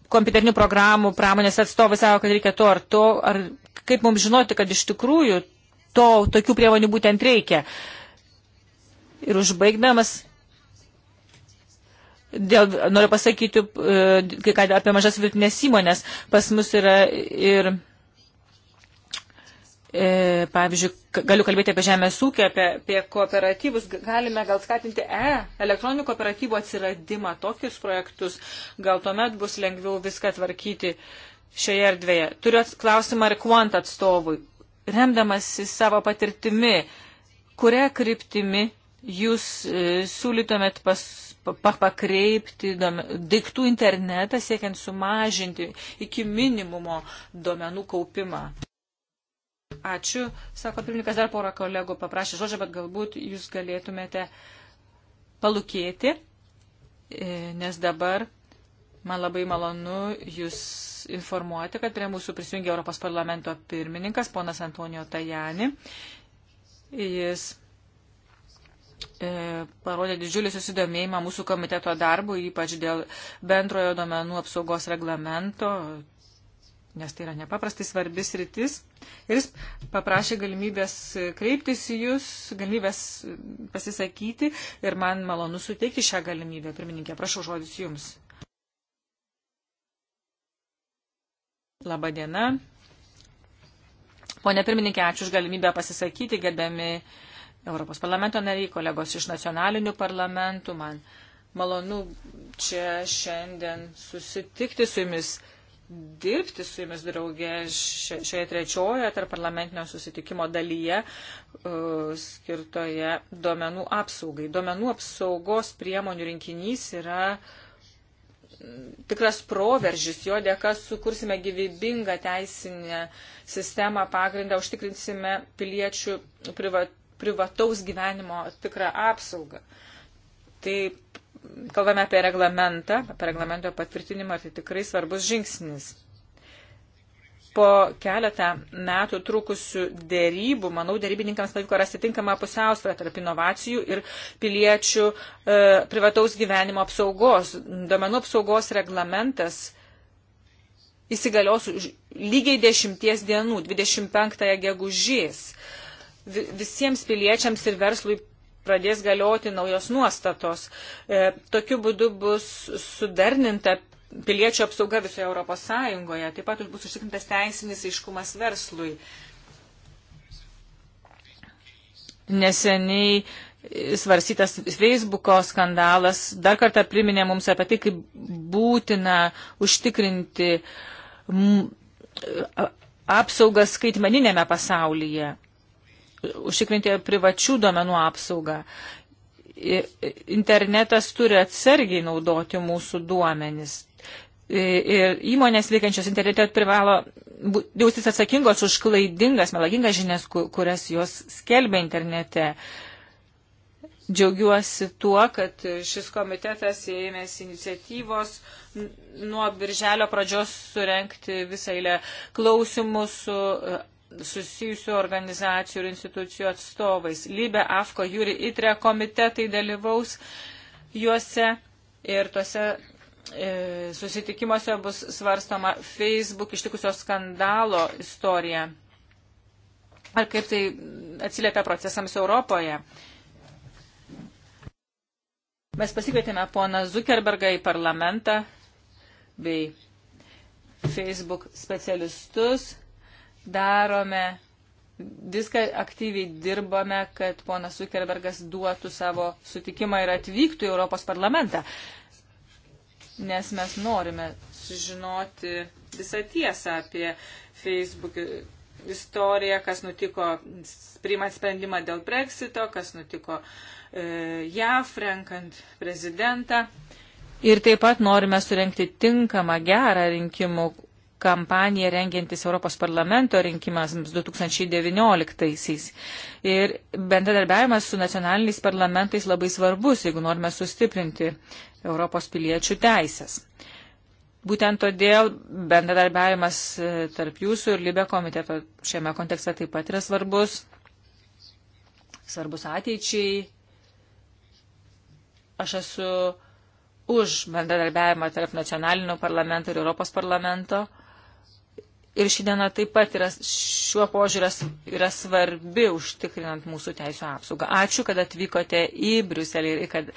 kompiuterinių programų pramonės atstovai sako, kad reikia to ar to, ar kaip mums žinoti, kad iš tikrųjų to, tokių priemonių būtent reikia. Ir užbaigdamas, dėl, noriu pasakyti, e, kai ką apie mažas vidutinės įmonės, pas mus yra ir E, pavyzdžiui, galiu kalbėti apie žemės ūkį, apie, apie kooperatyvus, galime gal skatinti e, elektroninių kooperatyvų atsiradimą, tokius projektus, gal tuomet bus lengviau viską tvarkyti šioje erdvėje. Turiu klausimą ir kvant atstovui, remdamasi savo patirtimi, kuria kryptimi jūs e, siūlytumėt pas pa, pakreipti dome, daiktų internetą, siekiant sumažinti iki minimumo duomenų kaupimą. Ačiū. Sako pirmininkas, dar porą kolegų paprašė žodžio, bet galbūt jūs galėtumėte palūkėti, e, nes dabar man labai malonu jūs informuoti, kad prie mūsų prisijungia Europos parlamento pirmininkas, ponas Antonijo Tajani. Jis e, parodė didžiulį susidomėjimą mūsų komiteto darbu, ypač dėl bendrojo domenų apsaugos reglamento, nes tai yra nepaprastai svarbis rytis. Ir jis paprašė galimybės kreiptis į jūs, galimybės pasisakyti ir man malonu suteikti šią galimybę. Pirmininkė, prašau žodis jums. Labadiena. Pone pirmininkė, ačiū už galimybę pasisakyti, gerbiami Europos parlamento nariai, kolegos iš nacionalinių parlamentų. Man malonu čia šiandien susitikti su jumis dirbti su jumis draugė šioje trečiojoje tarp parlamentinio susitikimo dalyje e, skirtoje duomenų apsaugai. Duomenų apsaugos priemonių rinkinys yra mm, tikras proveržis, jo dėka sukursime gyvybingą teisinę sistemą pagrindą, užtikrinsime piliečių priva, privataus gyvenimo tikrą apsaugą. Taip kalbame apie reglamentą, apie reglamento patvirtinimą, tai tikrai svarbus žingsnis. Po keletą metų trukusių dėrybų, manau, dėrybininkams pavyko rasti tinkamą pusiausvę tarp inovacijų ir piliečių e, privataus gyvenimo apsaugos. Domenų apsaugos reglamentas įsigalios lygiai dešimties dienų, 25 gegužės. Visiems piliečiams ir verslui pradės galioti naujos nuostatos. E, tokiu būdu bus sudarninta piliečio apsauga visoje Europos Sąjungoje. Taip pat bus užtikrintas teisinis aiškumas verslui. Neseniai svarstytas Facebooko skandalas dar kartą priminė mums apie tai, kaip būtina užtikrinti apsaugą skaitmeninėme pasaulyje užtikrinti privačių duomenų apsaugą. Internetas turi atsargiai naudoti mūsų duomenis. Ir įmonės veikiančios internete privalo jaustis atsakingos už klaidingas, melagingas žinias, kurias jos skelbia internete. Džiaugiuosi tuo, kad šis komitetas ėmėsi iniciatyvos nuo birželio pradžios surenkti visą eilę klausimų su susijusių organizacijų ir institucijų atstovais. Lybė, AFKO, Jūri, ITRE komitetai dalyvaus juose ir tuose e, susitikimuose bus svarstoma Facebook ištikusio skandalo istorija. Ar kaip tai atsiliepia procesams Europoje? Mes pasikvietėme poną Zuckerbergą į parlamentą bei Facebook specialistus darome viską aktyviai dirbame, kad ponas Zuckerbergas duotų savo sutikimą ir atvyktų į Europos parlamentą. Nes mes norime sužinoti visą tiesą apie Facebook istoriją, kas nutiko, priimant sprendimą dėl Brexito, kas nutiko e, JAF, renkant prezidentą. Ir taip pat norime surenkti tinkamą gerą rinkimų kampaniją rengiantis Europos parlamento rinkimams 2019-aisiais. Ir bendradarbiavimas su nacionaliniais parlamentais labai svarbus, jeigu norime sustiprinti Europos piliečių teisės. Būtent todėl bendradarbiavimas e, tarp jūsų ir Libė komiteto šiame kontekste taip pat yra svarbus, svarbus ateičiai. Aš esu už bendradarbiavimą tarp nacionalinių parlamentų ir Europos parlamento ir ši diena taip pat yra šiuo požiūriu yra svarbi užtikrinant mūsų teisų apsaugą. Ačiū, kad atvykote į Briuselį ir kad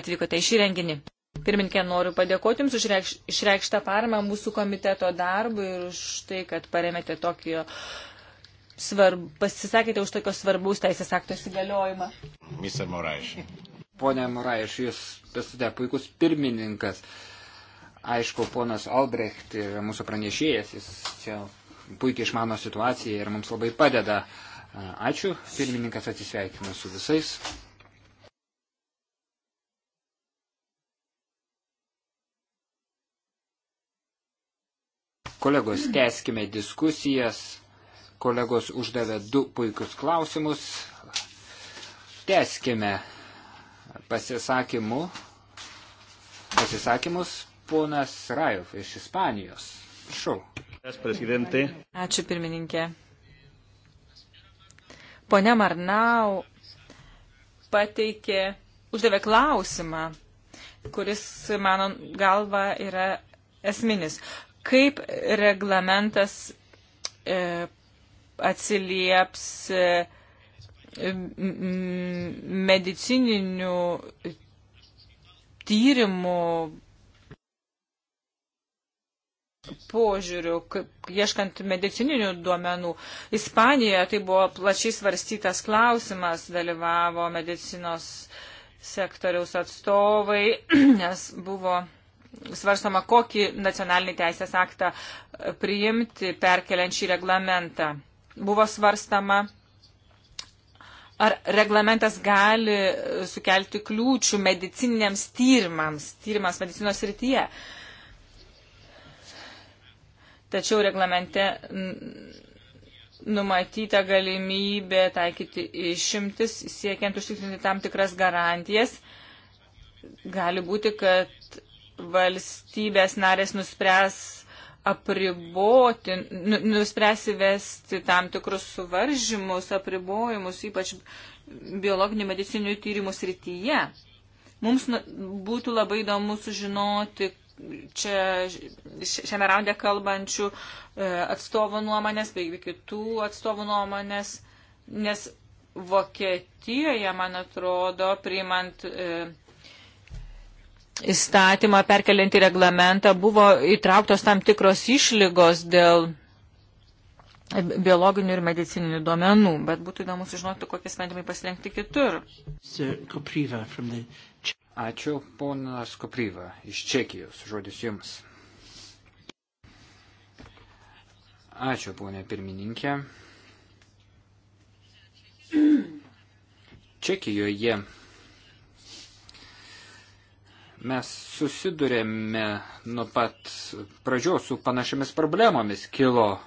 atvykote į šį renginį. Pirminkė, noriu padėkoti Jums už reikš, išreikštą paramą mūsų komiteto darbui ir už tai, kad paremėte tokio svarb, pasisakėte už tokios svarbaus teisės akto įsigaliojimą. Mr. Moraiš. Pone Moraiš, Jūs esate puikus pirmininkas. Aišku, ponas Albrecht yra mūsų pranešėjas, jis čia puikiai išmano situaciją ir mums labai padeda. Ačiū, pirmininkas atsisveikina su visais. Kolegos, teskime diskusijas. Kolegos uždavė du puikius klausimus. Teskime pasisakymu, pasisakymus. Ponas Rajov iš Ispanijos. Prašau. Ačiū pirmininkė. Pone Marnau pateikė, uždavė klausimą, kuris, mano galva, yra esminis. Kaip reglamentas e, atsilieps e, medicininių tyrimų požiūrių, ieškant medicininių duomenų. Ispanijoje tai buvo plačiai svarstytas klausimas, dalyvavo medicinos sektoriaus atstovai, [clears throat] nes buvo svarstama, kokį nacionalinį teisės aktą priimti, perkeliant šį reglamentą. Buvo svarstama, ar reglamentas gali sukelti kliūčių medicininiams tyrimams, tyrimams medicinos rytyje. Uh, Tačiau reglamente numatyta galimybė taikyti išimtis, siekiant užtikrinti tam tikras garantijas. Gali būti, kad valstybės narės nuspręs apriboti, nu, nuspręs įvesti tam tikrus suvaržymus, apribojimus, ypač biologinių medicinių tyrimų srityje. Mums nu, būtų labai įdomu sužinoti, čia šiame raunde kalbančių e, atstovų nuomonės, bei kitų atstovų nuomonės, nes Vokietijoje, man atrodo, priimant e, įstatymą perkeliantį reglamentą, buvo įtrauktos tam tikros išlygos dėl biologinių ir medicininių duomenų, bet būtų įdomu sužinoti, kokie sprendimai pasirinkti kitur. Ačiū, ponas Kopryva iš Čekijos. Žodis jums. Ačiū, ponė pirmininkė. [clears throat] Čekijoje mes susidurėme nuo pat pradžios su panašiamis problemomis. Kilo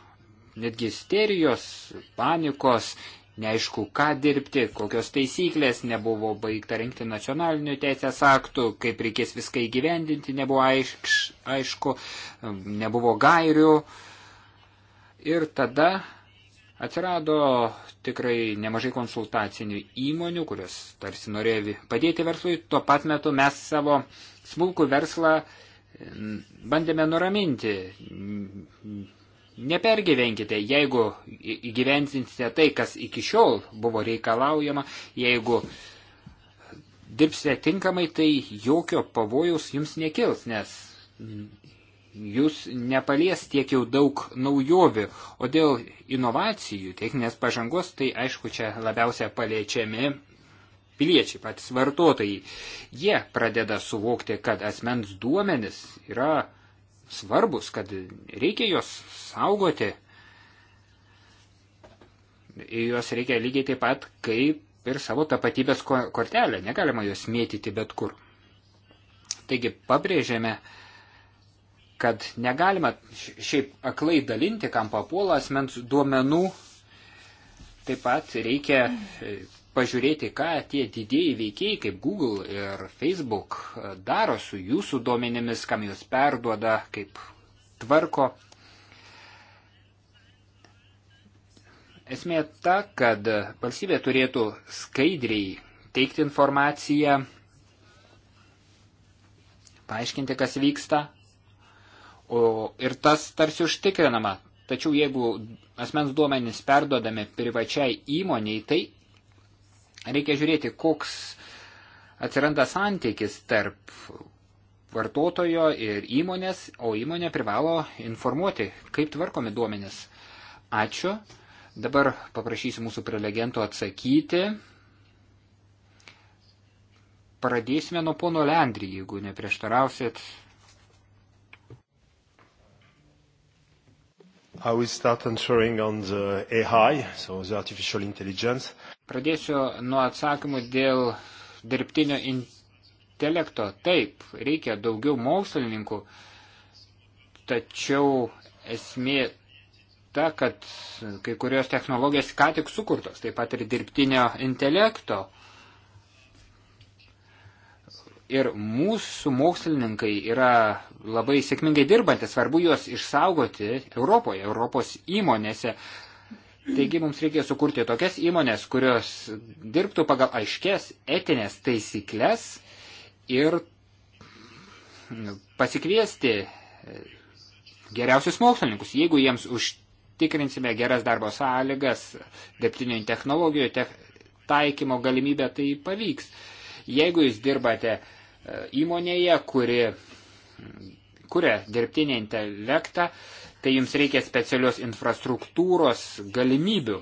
netgi isterijos, panikos neaišku, ką dirbti, kokios taisyklės, nebuvo baigta rinkti nacionalinių teisės aktų, kaip reikės viską įgyvendinti, nebuvo aiš, aišku, nebuvo gairių. Ir tada atsirado tikrai nemažai konsultacinių įmonių, kurios tarsi norėjo padėti verslui. Tuo pat metu mes savo smulkų verslą bandėme nuraminti, Nepergyvenkite, jeigu įgyvensinsite tai, kas iki šiol buvo reikalaujama, jeigu dirbsite tinkamai, tai jokio pavojaus jums nekils, nes jūs nepalies tiek jau daug naujovių, o dėl inovacijų, techninės pažangos, tai aišku, čia labiausia paliečiami piliečiai, patys vartotojai. Jie pradeda suvokti, kad asmens duomenis yra svarbus, kad reikia juos saugoti. Juos reikia lygiai taip pat kaip ir savo tapatybės kortelę. Negalima juos mėtyti bet kur. Taigi pabrėžėme, kad negalima šiaip aklai dalinti, kam papuola asmens duomenų. Taip pat reikia pažiūrėti, ką tie didieji veikėjai kaip Google ir Facebook daro su jūsų duomenėmis, kam jūs perduoda, kaip tvarko. Esmė ta, kad valstybė turėtų skaidriai teikti informaciją, paaiškinti, kas vyksta, o, ir tas tarsi užtikrinama. Tačiau jeigu asmens duomenys perduodami privačiai įmoniai, tai Reikia žiūrėti, koks atsiranda santykis tarp vartotojo ir įmonės, o įmonė privalo informuoti, kaip tvarkomi duomenis. Ačiū. Dabar paprašysiu mūsų prelegento atsakyti. Pradėsime nuo pono Lendry, jeigu neprieštarausit. I will start answering on the AI, so the artificial intelligence. Uh, Pradėsiu nuo atsakymų dėl dirbtinio intelekto. Taip, reikia daugiau mokslininkų, tačiau esmė ta, kad kai kurios technologijos ką tik sukurtos, taip pat ir dirbtinio intelekto. Ir mūsų mokslininkai yra labai sėkmingai dirbantis, svarbu juos išsaugoti Europoje, Europos įmonėse. Taigi mums reikia sukurti tokias įmonės, kurios dirbtų pagal aiškės etinės taisyklės ir nu, pasikviesti e, geriausius mokslininkus, jeigu jiems užtikrinsime geras darbo sąlygas, dirbtinių technologijų te taikymo galimybę, tai pavyks. Jeigu jūs dirbate e, įmonėje, kuri kuria dirbtinį intelektą, kai jums reikia specialios infrastruktūros galimybių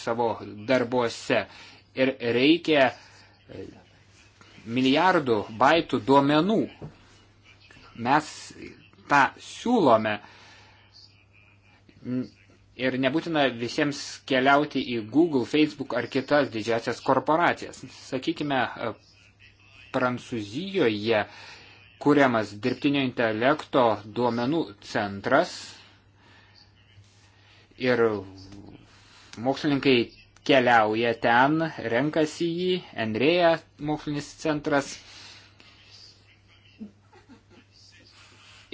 savo darbuose ir reikia milijardų baitų duomenų. Mes tą siūlome ir nebūtina visiems keliauti į Google, Facebook ar kitas didžiasias korporacijas. Sakykime, Prancūzijoje kuriamas dirbtinio intelekto duomenų centras ir mokslininkai keliauja ten, renkasi jį, Enrėja mokslinis centras.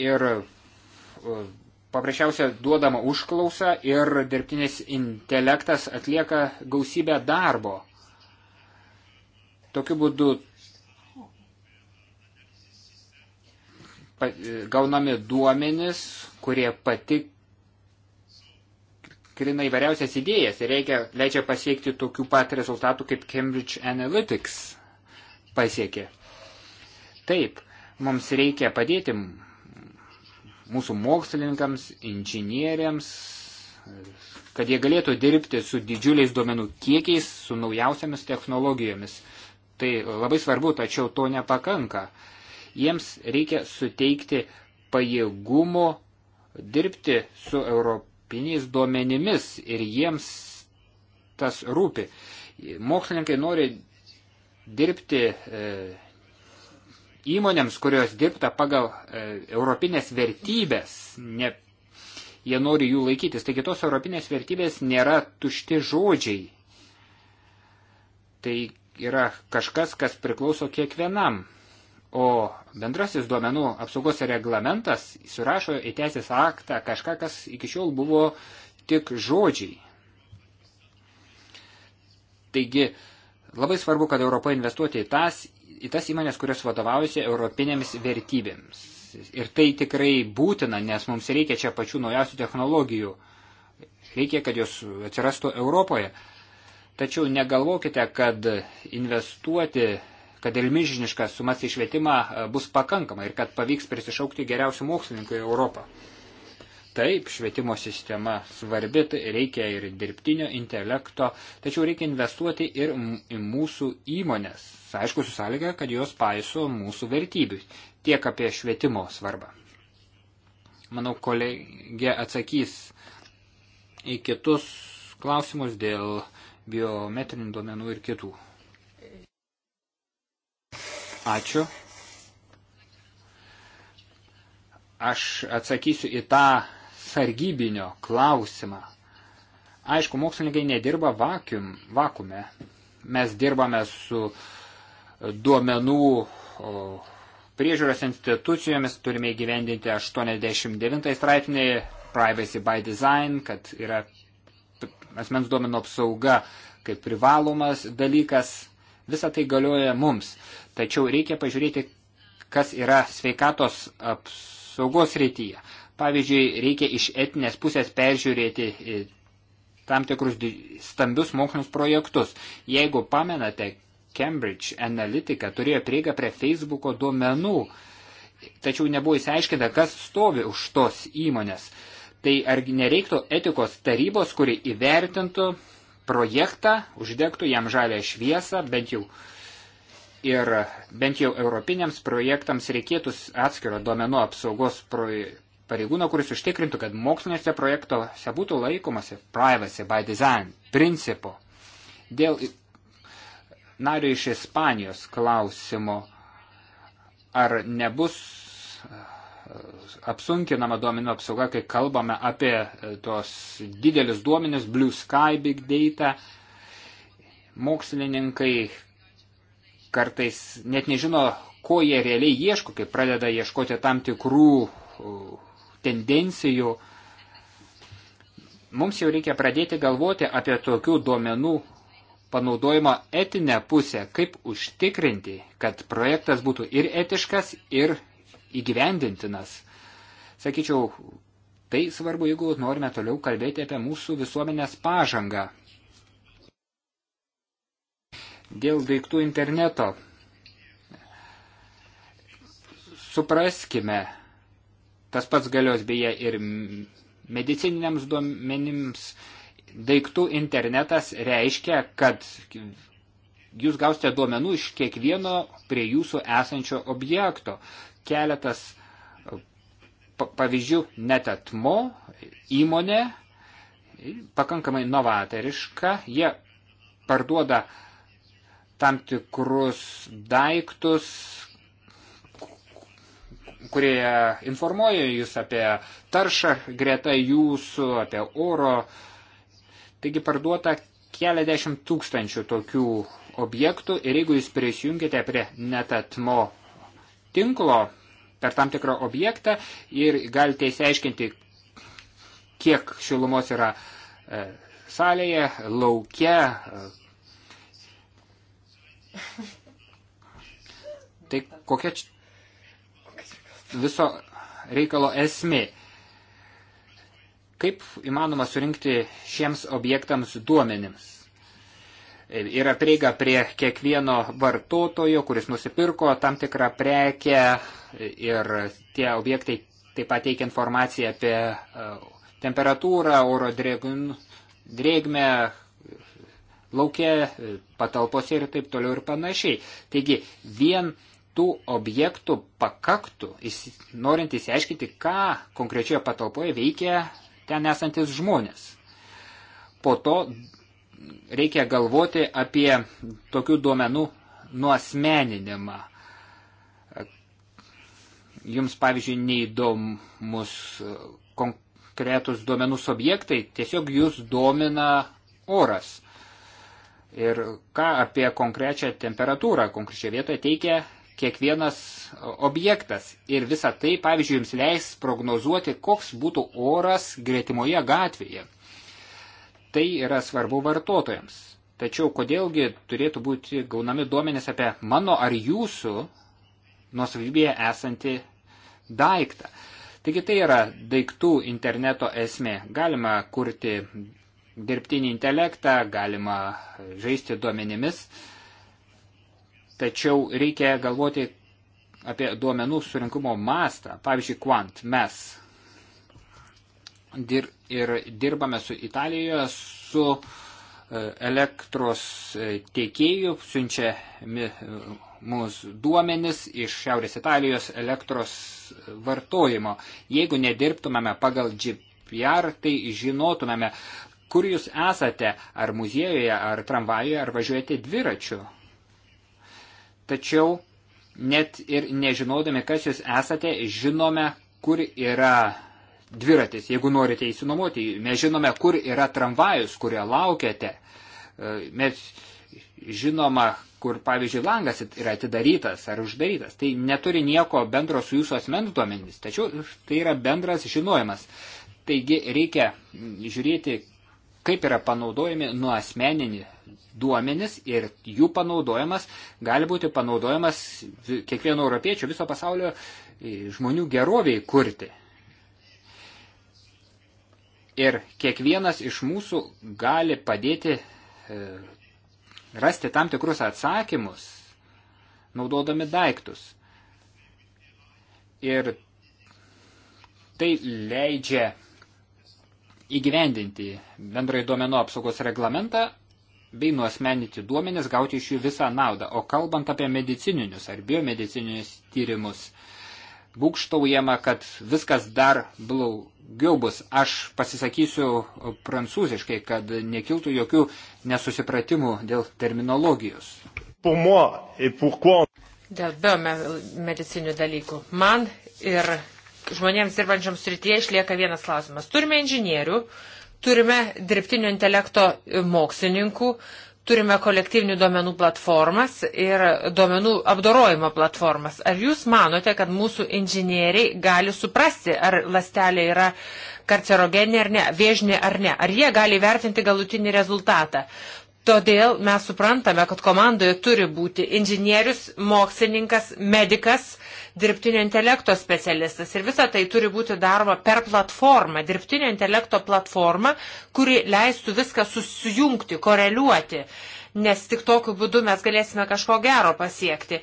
Ir e, paprasčiausia duodama užklausa ir dirbtinis intelektas atlieka gausybę darbo. Tokiu būdu e, gaunami duomenis, kurie patik, tikrina įvairiausias idėjas ir reikia, leidžia pasiekti tokių pat rezultatų, kaip Cambridge Analytics pasiekė. Taip, mums reikia padėti mūsų mokslininkams, inžinieriams, kad jie galėtų dirbti su didžiuliais duomenų kiekiais, su naujausiamis technologijomis. Tai labai svarbu, tačiau to nepakanka. Jiems reikia suteikti pajėgumo dirbti su Europ europiniais duomenimis ir jiems tas rūpi. Mokslininkai nori dirbti e, įmonėms, kurios dirbta pagal e, europinės vertybės, ne, jie nori jų laikytis. Taigi tos europinės vertybės nėra tušti žodžiai. Tai yra kažkas, kas priklauso kiekvienam O bendrasis duomenų apsaugos reglamentas surašo į teisės aktą kažką, kas iki šiol buvo tik žodžiai. Taigi, labai svarbu, kad Europa investuoti į tas, į tas įmonės, kurios vadovaujasi europinėmis vertybėms. Ir tai tikrai būtina, nes mums reikia čia pačių naujausių technologijų. Reikia, kad jos atsirastų Europoje. Tačiau negalvokite, kad investuoti kad ir milžiniškas sumas į švietimą e, bus pakankama ir kad pavyks prisišaukti geriausių mokslininkų į Europą. Taip, švietimo sistema svarbi, tai reikia ir dirbtinio intelekto, tačiau reikia investuoti ir į mūsų įmonės. Aišku, su sąlyga, kad jos paiso mūsų vertybių. Tiek apie švietimo svarbą. Manau, kolegė atsakys į kitus klausimus dėl biometrinių duomenų ir kitų. Ačiū. Aš atsakysiu į tą sargybinio klausimą. Aišku, mokslininkai nedirba vakium, vakume. Mes dirbame su duomenų priežiūros institucijomis, turime įgyvendinti 89 straipsnį Privacy by Design, kad yra asmens duomenų apsauga kaip privalomas dalykas. Visa tai galioja mums. Tačiau reikia pažiūrėti, kas yra sveikatos apsaugos rytyje. Pavyzdžiui, reikia iš etinės pusės peržiūrėti e, tam tikrus stambius mokslinius projektus. Jeigu pamenate, Cambridge Analytica turėjo prieigą prie Facebooko duomenų, tačiau nebuvo įsiaiškinta, kas stovi už tos įmonės. Tai ar nereiktų etikos tarybos, kuri įvertintų projektą, uždegtų jam žalę šviesą, bent jau uh, ir bent jau europiniams projektams reikėtų atskiro duomenų apsaugos pareigūno, kuris užtikrintų, kad moksliniuose projektuose būtų laikomasi privacy by design principo. Dėl nario iš Ispanijos klausimo, ar nebus e, apsunkinama duomenų apsauga, kai kalbame apie e, tos didelius duomenis, Blue Sky Big Data, mokslininkai kartais net nežino, ko jie realiai ieško, kai pradeda ieškoti tam tikrų uh, tendencijų. Mums jau reikia pradėti galvoti apie tokių duomenų panaudojimo etinę pusę, kaip užtikrinti, kad projektas būtų ir etiškas, ir įgyvendintinas. Sakyčiau, tai svarbu, jeigu norime toliau kalbėti apie mūsų visuomenės pažangą. Dėl daiktų interneto. Supraskime, tas pats galios beje ir medicininiams duomenims. Daiktų internetas reiškia, kad jūs gausite duomenų iš kiekvieno prie jūsų esančio objekto. Keletas e, pavyzdžių netatmo įmonė, pakankamai novatoriška, jie parduoda uh, tam tikrus daiktus, kurie informuoja jūs apie taršą greta jūsų, apie oro. Taigi parduota keliasdešimt tūkstančių tokių objektų ir jeigu jūs prisijungite prie netatmo tinklo per tam tikrą objektą ir galite įsiaiškinti, kiek šilumos yra e, salėje, lauke, Tai kokia viso reikalo esmė? Kaip įmanoma surinkti šiems objektams duomenims? Yra prieiga prie kiekvieno vartotojo, kuris nusipirko tam tikrą prekę ir tie objektai taip pat teikia informaciją apie e, temperatūrą, oro drėgmę, laukia, e, patalpose ir taip toliau ir panašiai. Taigi vien tų objektų pakaktų, norint įsiaiškinti, ką konkrečioje patalpoje veikia ten esantis žmonės. Po to reikia galvoti apie tokių duomenų nuosmeninimą. Jums, pavyzdžiui, neįdomus e, konkretus duomenų subjektai, tiesiog jūs domina oras ir ką apie konkrečią temperatūrą konkrečioje vietoje teikia kiekvienas objektas. Ir visa tai, pavyzdžiui, jums leis prognozuoti, koks būtų oras gretimoje gatvėje. Tai yra svarbu vartotojams. Tačiau kodėlgi turėtų būti gaunami duomenys apie mano ar jūsų nuosavybėje esantį daiktą. Taigi tai yra daiktų interneto esmė. Galima kurti dirbtinį intelektą, galima žaisti duomenimis, tačiau reikia galvoti apie duomenų surinkumo mastą. Pavyzdžiui, Quant mes dir ir dirbame su Italijoje, su e, elektros e, tiekėjų, siunčia e, mūsų duomenis iš Šiaurės Italijos elektros vartojimo. Jeigu nedirbtumėme pagal GPR, tai žinotumėme, kur jūs esate, ar muziejuje, ar tramvajuje, ar važiuojate dviračiu. Tačiau net ir nežinodami, kas jūs esate, žinome, kur yra dviratis, jeigu norite įsinomoti. Mes žinome, kur yra tramvajus, kurio laukiate. E, mes žinoma, kur, pavyzdžiui, langas yra atidarytas ar uždarytas. Tai neturi nieko bendro su jūsų asmens duomenimis, tačiau tai yra bendras žinojimas. Taigi reikia žiūrėti, kaip yra panaudojami nuosmeninį duomenis ir jų panaudojimas gali būti panaudojamas kiekvieno europiečio viso pasaulio e, žmonių geroviai kurti. Ir kiekvienas iš mūsų gali padėti e, rasti tam tikrus atsakymus, naudodami daiktus. Ir tai leidžia įgyvendinti bendrai duomenų apsaugos reglamentą bei nuosmeninti duomenis, gauti iš jų visą naudą. O kalbant apie medicininius ar biomedicininius tyrimus, būkštaujama, kad viskas dar blogiau bus. Aš pasisakysiu prancūziškai, kad nekiltų jokių nesusipratimų dėl terminologijos. Dėl biomedicinių dalykų. Man ir žmonėms dirbančioms srityje išlieka vienas klausimas. Turime inžinierių, turime dirbtinio intelekto mokslininkų, turime kolektyvinių duomenų platformas ir duomenų apdorojimo platformas. Ar jūs manote, kad mūsų inžinieriai gali suprasti, ar lastelė yra karcerogeninė ar ne, viežinė ar ne, ar jie gali vertinti galutinį rezultatą? Todėl mes suprantame, kad komandoje turi būti inžinierius, mokslininkas, medikas, dirbtinio intelekto specialistas. Ir visa tai turi būti daroma per platformą, dirbtinio intelekto platformą, kuri leistų viską susijungti, koreliuoti, nes tik tokiu būdu mes galėsime kažko gero pasiekti.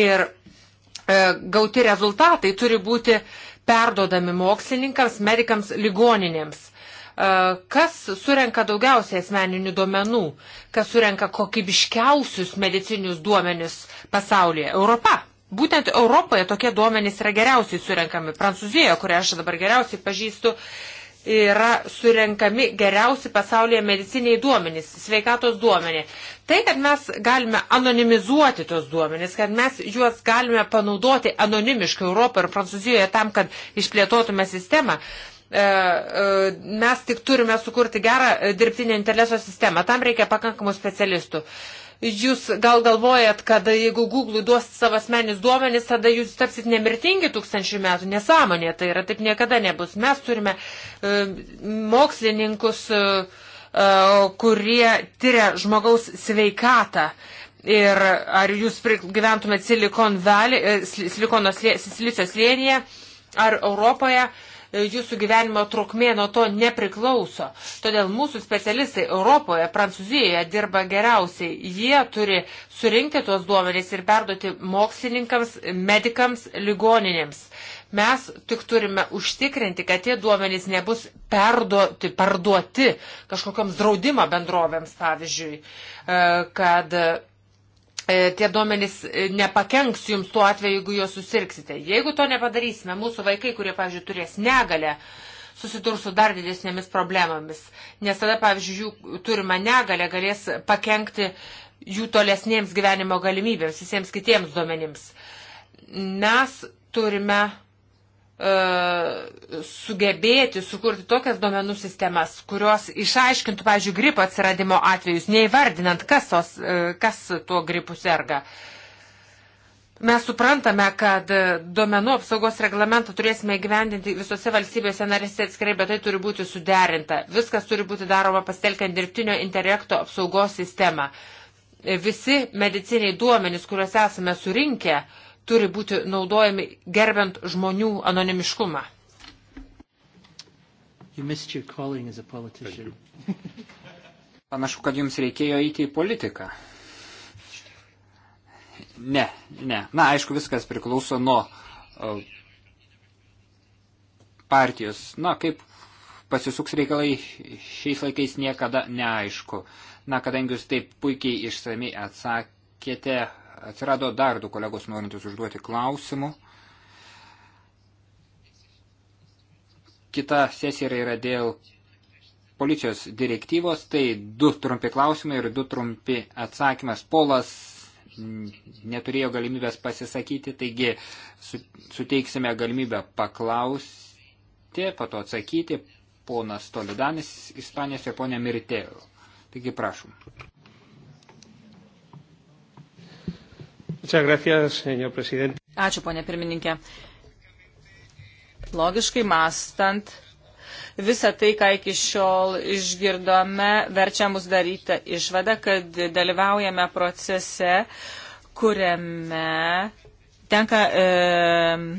Ir e, gauti rezultatai turi būti perdodami mokslininkams, medikams, ligoninėms e, kas surenka daugiausiai asmeninių duomenų, kas surenka kokybiškiausius medicinius duomenis pasaulyje - Europa. Būtent Europoje tokie duomenys yra geriausiai surenkami. Prancūzijoje, kurią aš dabar geriausiai pažįstu, yra surenkami geriausi pasaulyje mediciniai duomenys, sveikatos duomenė. Tai, kad mes galime anonimizuoti tos duomenys, kad mes juos galime panaudoti anonimiškai Europoje ir Prancūzijoje tam, kad išplėtotume sistemą, e, e, mes tik turime sukurti gerą e, dirbtinio intereso sistemą. Tam reikia pakankamų specialistų. Jūs gal galvojat, kad jeigu Google duos savo asmenis duomenis, tada jūs tapsit nemirtingi tūkstančių metų. Nesąmonė tai yra, taip niekada nebus. Mes turime uh, mokslininkus, uh, uh, kurie tyria žmogaus sveikatą. Ir ar jūs gyventumėte Silikon Valley, Silikono slė, Silicio slėnyje ar Europoje, uh, E, jūsų gyvenimo trukmė nuo to nepriklauso. Todėl mūsų specialistai Europoje, Prancūzijoje dirba geriausiai. Jie turi surinkti tuos duomenys ir perduoti mokslininkams, medikams, ligoninėms. Mes tik turime užtikrinti, kad tie duomenys nebus perduoti, parduoti kažkokiams draudimo bendrovėms, pavyzdžiui, e, kad E, tie duomenys e, nepakenks jums tuo atveju, jeigu juos susirksite. Jeigu to nepadarysime, mūsų vaikai, kurie, pavyzdžiui, turės negalę, susidurs su dar didesnėmis problemomis, nes tada, pavyzdžiui, jų turima negalė galės pakengti jų tolesnėms gyvenimo galimybėms, visiems kitiems duomenims. Mes turime E, sugebėti sukurti tokias duomenų sistemas, kurios išaiškintų, pavyzdžiui, gripo atsiradimo atvejus, neįvardinant, kas, tos, e, kas tuo gripu serga. Mes suprantame, kad duomenų apsaugos reglamentą turėsime gyvendinti visose valstybėse narėse atskirai, bet tai turi būti suderinta. Viskas turi būti daroma pasitelkiant dirbtinio intelekto apsaugos sistemą. Visi mediciniai duomenys, kuriuos esame surinkę, uh, turi būti naudojami gerbent žmonių anonimiškumą. [laughs] Panašu, kad jums reikėjo eiti į politiką. Ne, ne. Na, aišku, viskas priklauso nuo partijos. Na, kaip pasisuks reikalai šiais laikais niekada neaišku. Na, kadangi jūs taip puikiai išsamei atsakėte, Atsirado dar du kolegos norintis užduoti klausimų. Kita sesija yra dėl policijos direktyvos, tai du trumpi klausimai ir du trumpi atsakymas. Polas neturėjo galimybės pasisakyti, taigi suteiksime galimybę paklausti, pato atsakyti ponas Tolidanis, Ispanijos ir ponė Mirtėjo. Taigi prašom. Gracias, Ačiū, ponė pirmininkė. Logiškai mastant, visa tai, ką iki šiol išgirdome, verčia mus daryti išvadą, kad dalyvaujame procese, kuriame tenka e,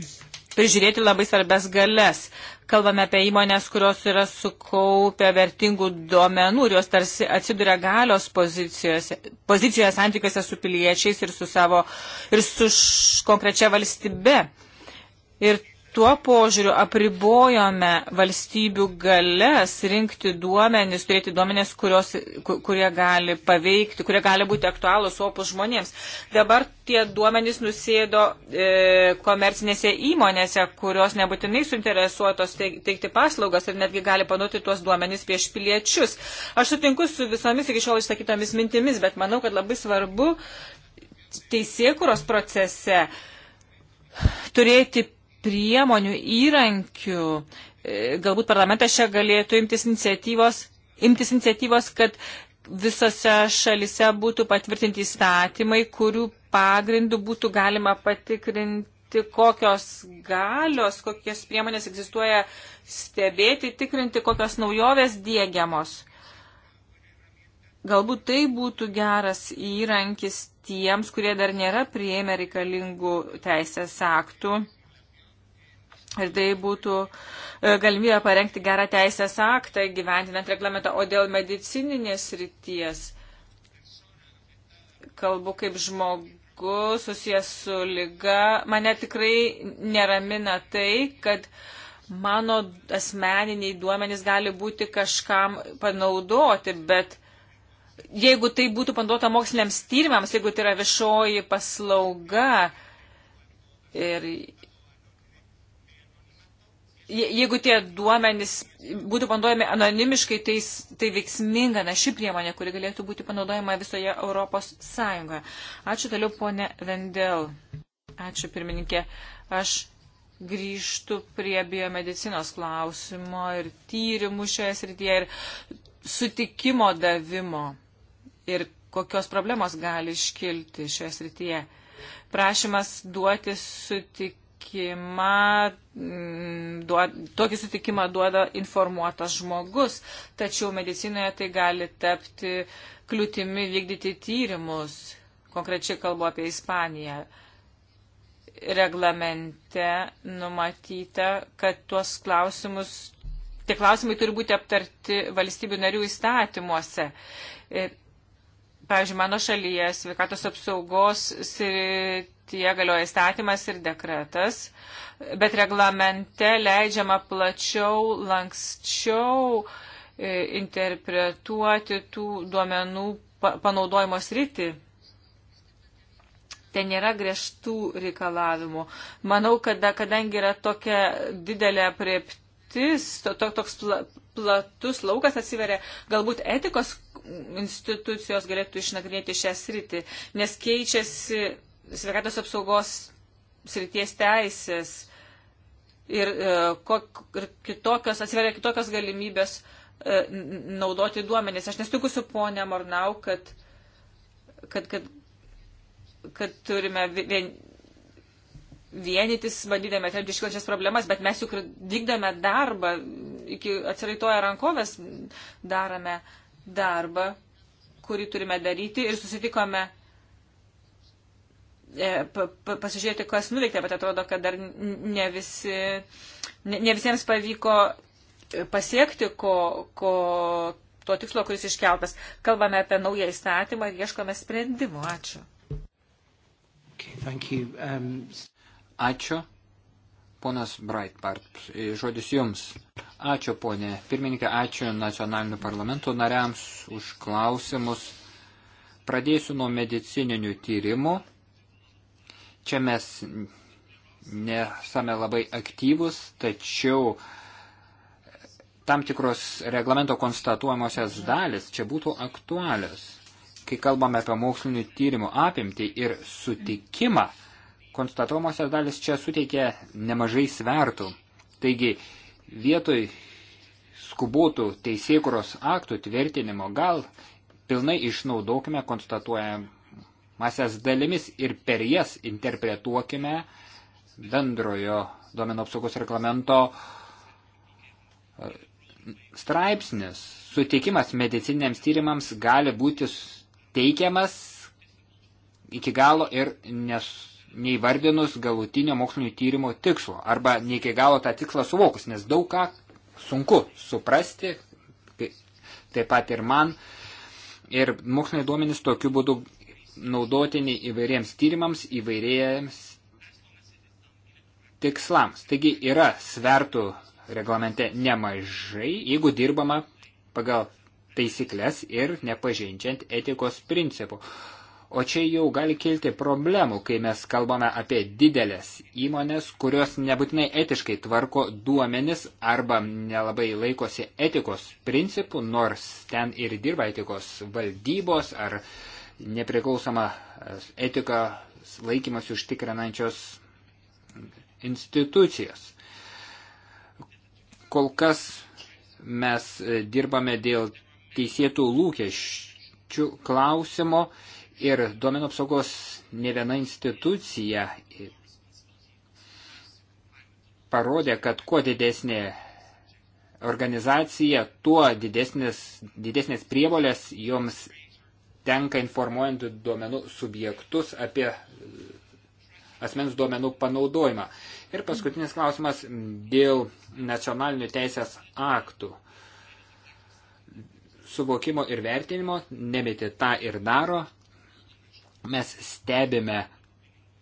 prižiūrėti labai svarbės galės kalbame apie įmonės, kurios yra sukaupę vertingų duomenų ir jos tarsi atsiduria galios pozicijose, pozicijoje santykiuose su piliečiais ir su savo ir su konkrečia valstybe. Ir tuo požiūriu apribojome valstybių galės rinkti duomenis, turėti duomenis, kurios, kurie gali paveikti, kurie gali būti aktualūs opus žmonėms. Dabar tie duomenys nusėdo e, komercinėse įmonėse, kurios nebūtinai suinteresuotos teikti paslaugas ir netgi gali panuoti tuos duomenys prieš piliečius. Aš sutinku su visomis iki šiol išsakytomis mintimis, bet manau, kad labai svarbu teisėkuros procese turėti priemonių, įrankių. E, galbūt parlamentas čia galėtų imtis iniciatyvos, imtis iniciatyvos kad visose šalise būtų patvirtinti įstatymai, kurių pagrindų būtų galima patikrinti, kokios galios, kokios priemonės egzistuoja stebėti, tikrinti, kokios naujovės dėgiamos. Galbūt tai būtų geras įrankis tiems, kurie dar nėra prieėmę reikalingų teisės aktų ir tai būtų e, galimybė parengti gerą teisės aktą, gyventinant reglamentą, o dėl medicininės ryties kalbu kaip žmogus susijęs su lyga, mane tikrai neramina tai, kad mano asmeniniai duomenys gali būti kažkam panaudoti, bet jeigu tai būtų panaudota moksliniams tyrimams, jeigu tai yra viešoji paslauga ir jeigu tie duomenys būtų panaudojami anonimiškai, tai, tai veiksminga naši priemonė, kuri galėtų būti panaudojama visoje Europos Sąjungoje. Ačiū toliau, ponė Vendel. Ačiū, pirmininkė. Aš grįžtų prie biomedicinos klausimo ir tyrimų šioje srityje ir sutikimo davimo ir kokios problemos gali iškilti šioje srityje. Prašymas duoti sutikimą sutikimą, mm, duod, tokį sutikimą duoda informuotas žmogus, tačiau medicinoje tai gali tapti kliūtimi vykdyti tyrimus. Konkrečiai kalbu apie Ispaniją. Reglamente numatyta, kad tuos klausimus tie klausimai turi būti aptarti valstybių narių įstatymuose. E, pavyzdžiui, mano šalyje sveikatos apsaugos tie galioja įstatymas ir dekretas, bet reglamente leidžiama plačiau, lankščiau e, interpretuoti tų duomenų panaudojimo sritį. Ten nėra griežtų reikalavimų. Manau, kad kadangi yra tokia didelė prieptis, to, to, toks pla, platus laukas atsiveria, galbūt etikos institucijos galėtų išnagrinėti šią sritį, nes keičiasi sveikatos apsaugos srities teisės ir, e, kok, ir kitokios, atsiveria kitokios galimybės e, naudoti duomenys. Aš nesutinku su ponė Mornau, kad, kad, kad, kad turime vien, vienytis, bandydami atremti iškilančias problemas, bet mes juk vykdame darbą, iki atsiraitoja rankovės darome darbą, kurį turime daryti ir susitikome E, pasižiūrėti, kas nuveikta, bet atrodo, kad dar ne, visi, ne, ne visiems pavyko e, pasiekti ko, ko, to tikslo, kuris iškeltas. Kalbame apie naują įstatymą ir ieškome sprendimų. Ačiū. Okay, um... Ačiū. Ponas Breitbart, e, žodis jums. Ačiū, ponė pirmininkė, ačiū nacionalinių parlamentų nariams už klausimus. Pradėsiu nuo medicininių tyrimų. Čia mes nesame labai aktyvus, tačiau tam tikros reglamento konstatuojamosios dalis čia būtų aktualios. Kai kalbame apie mokslinių tyrimų apimtį ir sutikimą, konstatuojamosios dalis čia suteikia nemažai svertų. Taigi, vietoj skubotų teisėkuros aktų tvirtinimo gal pilnai išnaudokime konstatuojam masės dalimis ir per jas interpretuokime bendrojo duomenų apsaugos reglamento e, straipsnis. Sutikimas medicininiams tyrimams gali būti teikiamas iki galo ir nes, neįvardinus galutinio mokslinio tyrimo tikslo arba ne iki galo tą tikslą suvokus, nes daug ką sunku suprasti, taip pat ir man. Ir moksliniai duomenys tokiu būdu naudotini įvairiems tyrimams, įvairiems tikslams. Taigi yra svertų reglamente nemažai, jeigu dirbama pagal taisyklės ir nepažeidžiant etikos principų. O čia jau gali kilti problemų, kai mes kalbame apie didelės įmonės, kurios nebūtinai etiškai tvarko duomenis arba nelabai laikosi etikos principų, nors ten ir dirba etikos valdybos ar uh, nepriklausomą etiką laikymas užtikrinančios institucijos. Kol kas mes e, dirbame dėl teisėtų lūkesčių klausimo ir duomenų apsaugos ne viena institucija parodė, kad kuo didesnė organizacija, tuo didesnės, didesnės prievolės joms tenka informuojant duomenų subjektus apie e, asmens duomenų panaudojimą. Ir paskutinis klausimas dėl nacionalinių teisės aktų suvokimo ir vertinimo, nemeti tą ir daro. Mes stebime,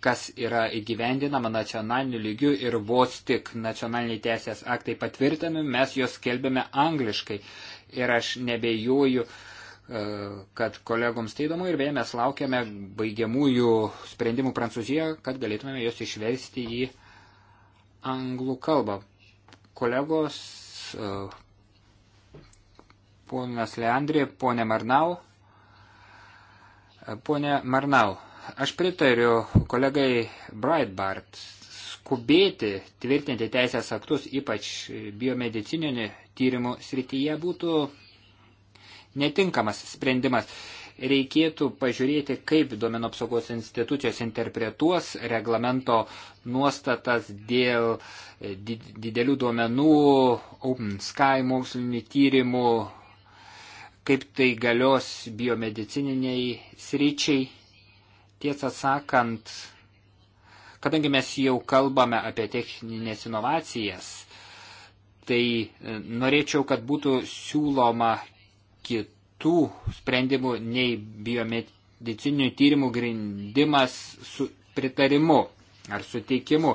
kas yra įgyvendinama nacionaliniu lygiu ir vos tik nacionaliniai teisės aktai patvirtinami, mes juos skelbėme angliškai. Ir aš nebejoju, uh, E, kad kolegoms tai įdomu ir beje mes laukiame baigiamųjų sprendimų Prancūzijoje, kad galėtume juos išversti į anglų kalbą. Kolegos, e, ponas Leandri, ponė Marnau. E, Pone Marnau, aš pritariu kolegai Breitbart skubėti tvirtinti teisės aktus, ypač biomedicininių tyrimų srityje būtų netinkamas sprendimas. Reikėtų pažiūrėti, kaip duomenų apsaugos institucijos interpretuos reglamento nuostatas dėl e, didelių duomenų, Open Sky mokslinių tyrimų, kaip tai galios biomedicininiai sryčiai. Tiesą sakant, kadangi mes jau kalbame apie techninės inovacijas, tai e, norėčiau, kad būtų siūloma kitų sprendimų nei biomedicinių tyrimų grindimas su pritarimu ar suteikimu.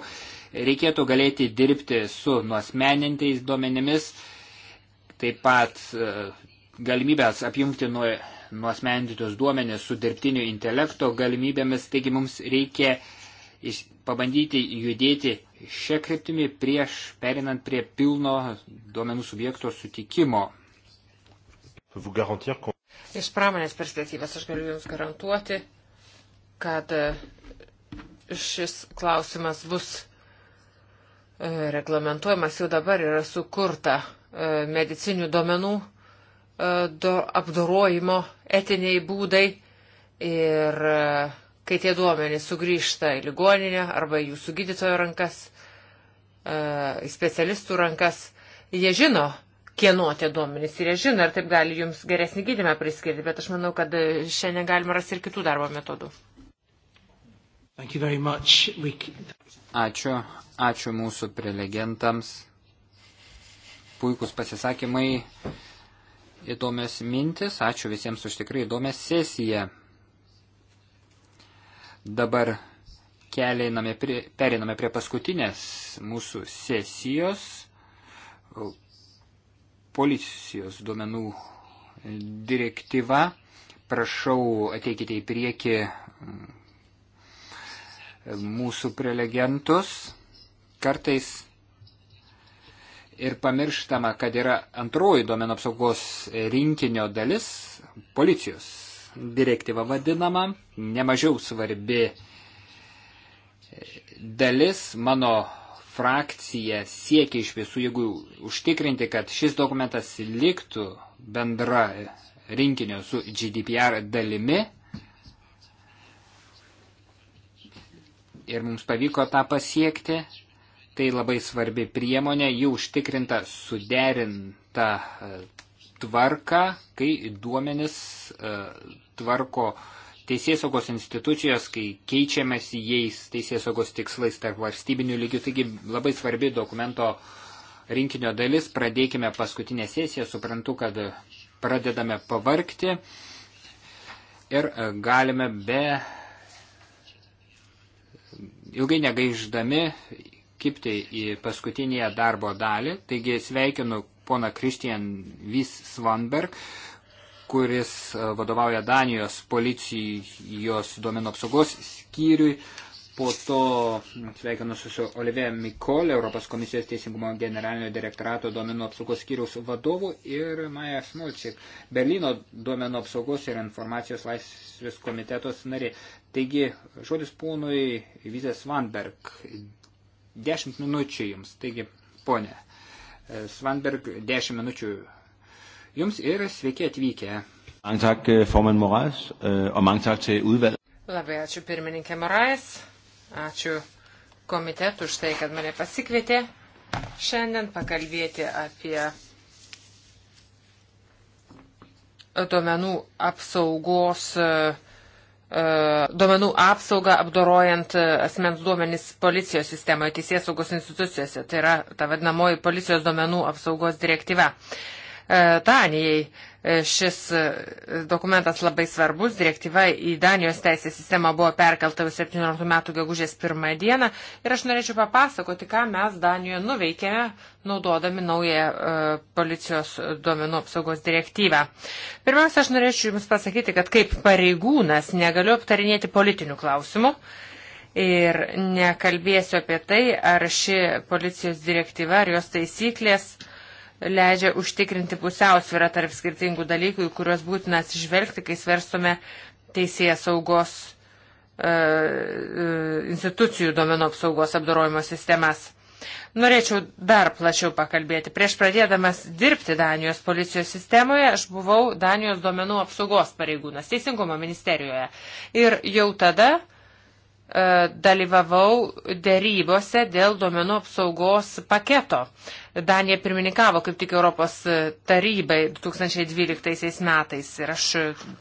Reikėtų galėti dirbti su nuosmenintais duomenimis, taip pat e, galimybės apjungti nuo nuosmendintus duomenis su dirbtiniu intelekto galimybėmis, taigi mums reikia iš, pabandyti judėti šią kryptimį prieš perinant prie pilno duomenų subjekto sutikimo. Iš pramonės perspektyvos aš galiu Jums garantuoti, kad e, šis klausimas bus e, reglamentuojamas jau dabar yra sukurta e, medicinių domenų do, apdorojimo etiniai būdai ir kai tie duomenys sugrįžta į ligoninę arba į jūsų gydytojo rankas, į specialistų rankas, jie žino, kieno tie duomenys ir jie žino, ir taip gali jums geresnį gydimą priskirti, bet aš manau, kad šiandien galima rasti ir kitų darbo metodų. We... Ačiū, ačiū mūsų prelegentams. Puikus pasisakymai, įdomios mintis, ačiū visiems už tikrai įdomią sesiją. Dabar prie, periname prie paskutinės mūsų sesijos policijos duomenų direktyva. Prašau, ateikite į priekį mm, mūsų prelegentus. Kartais ir pamirštama, kad yra antroji duomenų apsaugos rinkinio dalis - policijos direktyva vadinama, nemažiau svarbi dalis mano frakcija siekia iš visų, jeigu užtikrinti, kad šis dokumentas liktų bendra rinkinio su GDPR dalimi. Ir mums pavyko tą pasiekti. Tai labai svarbi priemonė, jį užtikrinta suderinta e, tvarka, kai duomenis e, tvarko uh, teisėsaugos institucijos, kai keičiamės jais teisėsaugos tikslais tarp valstybinių lygių. Taigi labai svarbi dokumento rinkinio dalis. Pradėkime paskutinę sesiją. Suprantu, kad pradedame pavarkti ir e, galime be ilgai negaiždami kipti į paskutinėje darbo dalį. Taigi sveikinu pona Kristijan Vis Svanberg, kuris e, vadovauja Danijos policijos duomenų apsaugos skyriui. Po to sveikinu su Olivė Mikol, Europos komisijos teisingumo generalinio direktorato duomenų apsaugos skyriaus vadovu ir Maja Smulčik, Berlyno duomenų apsaugos ir informacijos laisvės komitetos narė. Taigi, žodis ponui Vizės Vanberg. Dešimt minučių jums. Taigi, ponė. E, Svanberg, dešimt minučių Jums ir sveiki atvykę. Mange tak, øh, formand Morais, øh, og mange tak til udvalget. Labai ačiū pirmininkė Morais, ačiū komitetu už tai, kad mane pasikvietė šiandien pakalbėti apie duomenų apsaugos, e, e, duomenų apsaugą apdorojant e, asmens duomenys policijos sistemoje, teisės saugos institucijose. Tai yra ta vadinamoji policijos duomenų apsaugos direktyva. E, Danijai. E, šis e, dokumentas labai svarbus. Direktyva į Danijos teisės sistemą buvo perkelta 17 metų gegužės pirmą dieną. Ir aš norėčiau papasakoti, ką mes Danijoje nuveikėme, naudodami naują policijos duomenų apsaugos direktyvą. Pirmiausia, aš norėčiau Jums pasakyti, kad kaip pareigūnas negaliu aptarinėti politinių klausimų ir nekalbėsiu apie tai, ar ši policijos direktyva ar jos taisyklės leidžia užtikrinti pusiausvyrą tarp skirtingų dalykų, į kuriuos būtina atsižvelgti, kai svarstome teisėjas saugos e, e institucijų domenų apsaugos apdorojimo sistemas. Norėčiau dar plačiau pakalbėti. Prieš pradėdamas dirbti Danijos policijos sistemoje, aš buvau Danijos duomenų apsaugos pareigūnas Teisingumo ministerijoje. Ir jau tada E, dalyvavau dėrybose dėl duomenų apsaugos paketo. Danija pirmininkavo kaip tik Europos tarybai 2012 metais ir aš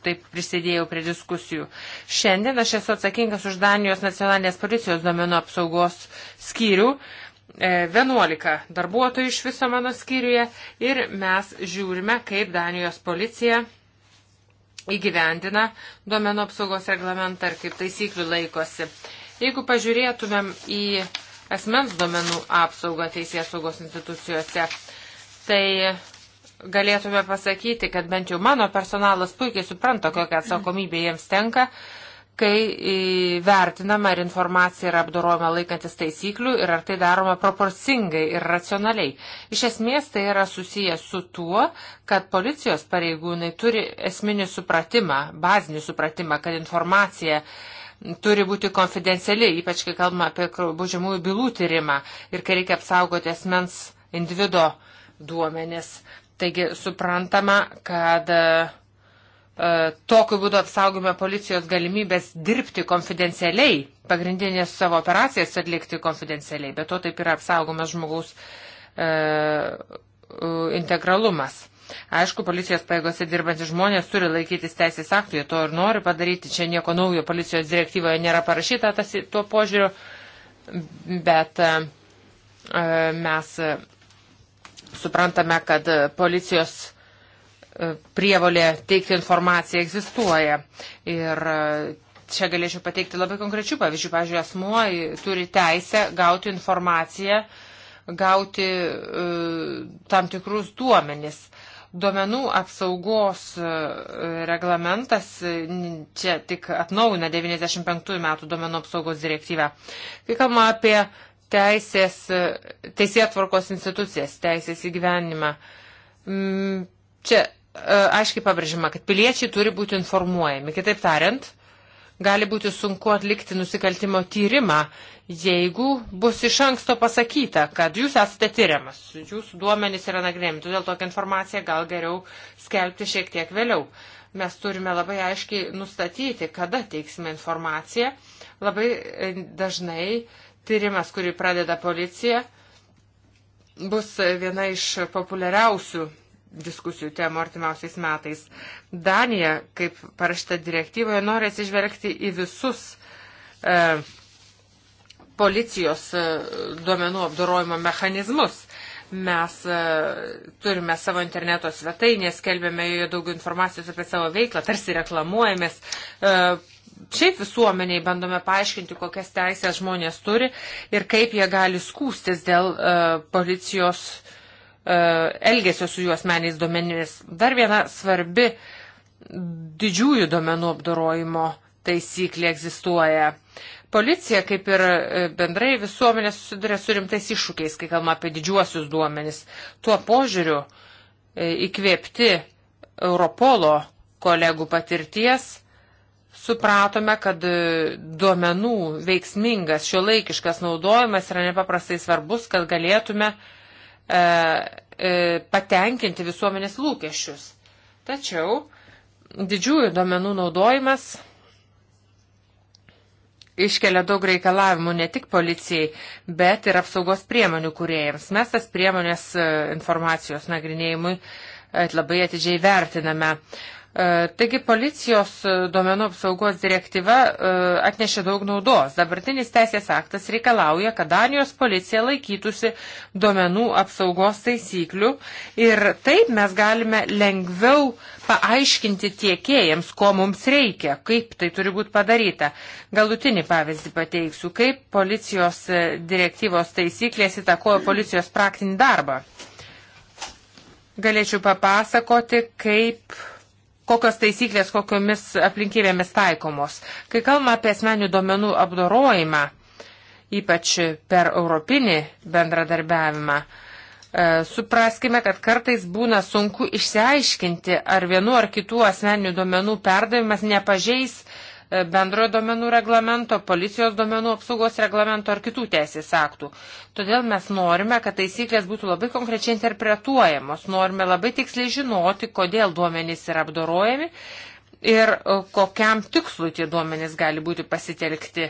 taip prisidėjau prie diskusijų. Šiandien aš esu atsakingas už Danijos nacionalinės policijos duomenų apsaugos skyrių. 11 e, darbuotojų iš viso mano skyriuje ir mes žiūrime, kaip Danijos policija įgyvendina duomenų apsaugos reglamentą ir kaip taisyklių laikosi. Jeigu pažiūrėtumėm į asmens duomenų apsaugą teisės saugos institucijose, tai galėtume pasakyti, kad bent jau mano personalas puikiai supranta, kokią atsakomybę jiems tenka kai vertinama, ar informacija yra apdorojama laikantis taisyklių ir ar tai daroma proporcingai ir racionaliai. Iš esmės tai yra susiję su tuo, kad policijos pareigūnai turi esminį supratimą, bazinį supratimą, kad informacija turi būti konfidenciali, ypač kai kalbama apie baudžiamųjų bylų tyrimą ir kai reikia apsaugoti asmens individo duomenis. Taigi suprantama, kad uh, E, tokiu būdu apsaugome policijos galimybės dirbti konfidencialiai, pagrindinės savo operacijas atlikti konfidencialiai, bet to taip yra apsaugomas žmogaus e, integralumas. Aišku, policijos paėgose dirbantys žmonės turi laikytis teisės aktų, jie to ir nori padaryti, čia nieko naujo policijos direktyvoje nėra parašyta tas, tuo požiūriu, bet e, mes e, suprantame, kad policijos prievolė teikti informaciją egzistuoja. Ir e, čia galėčiau pateikti labai konkrečių pavyzdžių. Pavyzdžiui, asmuo turi teisę gauti informaciją, gauti e, tam tikrus duomenis. Duomenų apsaugos e, reglamentas čia tik atnauna 95 metų duomenų apsaugos direktyvę. Kai kalbama apie teisės, teisėtvarkos institucijas, teisės įgyvenimą, čia E, aiškiai pabrėžima, kad piliečiai turi būti informuojami. Kitaip tariant, gali būti sunku atlikti nusikaltimo tyrimą, jeigu bus iš anksto pasakyta, kad jūs esate tyriamas, jūsų duomenys yra nagrinėjami, todėl tokią informaciją gal geriau skelbti šiek tiek vėliau. Mes turime labai aiškiai nustatyti, kada teiksime informaciją. Labai e, dažnai tyrimas, kurį pradeda policija, bus viena iš populiariausių diskusijų temų artimiausiais metais. Danija, kaip parašta direktyvoje, nori atsižvelgti į visus e, policijos e, duomenų apdorojimo mechanizmus. Mes e, turime savo interneto svetainę, skelbėme joje daug informacijos apie savo veiklą, tarsi reklamuojamės. E, Šiaip visuomeniai bandome paaiškinti, kokias teisės žmonės turi ir kaip jie gali skūstis dėl e, policijos e, E, elgesio su juos meniais duomenimis. Dar viena svarbi didžiųjų duomenų apdorojimo taisyklė egzistuoja. Policija, kaip ir e, bendrai visuomenė, susiduria su rimtais iššūkiais, kai kalbama apie didžiuosius duomenis. Tuo požiūriu e, įkvėpti Europolo kolegų patirties supratome, kad duomenų veiksmingas šio laikiškas naudojimas yra nepaprastai svarbus, kad galėtume uh, E, e, patenkinti visuomenės lūkesčius. Tačiau didžiųjų duomenų naudojimas iškelia daug reikalavimų ne tik policijai, bet ir apsaugos priemonių kuriejams. Mes tas priemonės e, informacijos nagrinėjimui labai atidžiai vertiname. E, taigi policijos duomenų apsaugos direktyva e, atnešė daug naudos. Dabartinis teisės aktas reikalauja, kad Danijos policija laikytųsi duomenų apsaugos taisyklių ir taip mes galime lengviau paaiškinti tiekėjams, ko mums reikia, kaip tai turi būti padaryta. Galutinį pavyzdį pateiksiu, kaip policijos direktyvos taisyklės įtakojo policijos praktinį darbą. Galėčiau papasakoti, kaip kokios taisyklės, kokiomis aplinkybėmis taikomos. Kai kalbame apie asmenių duomenų apdorojimą, ypač per europinį bendradarbiavimą, e, supraskime, kad kartais būna sunku išsiaiškinti, ar vienu ar kitų asmeninių duomenų perdavimas nepažeis bendrojo domenų reglamento, policijos domenų apsaugos reglamento ar kitų teisės aktų. Todėl mes norime, kad taisyklės būtų labai konkrečiai interpretuojamos, norime labai tiksliai žinoti, kodėl duomenys yra apdorojami ir e, kokiam tikslui tie duomenys gali būti pasitelkti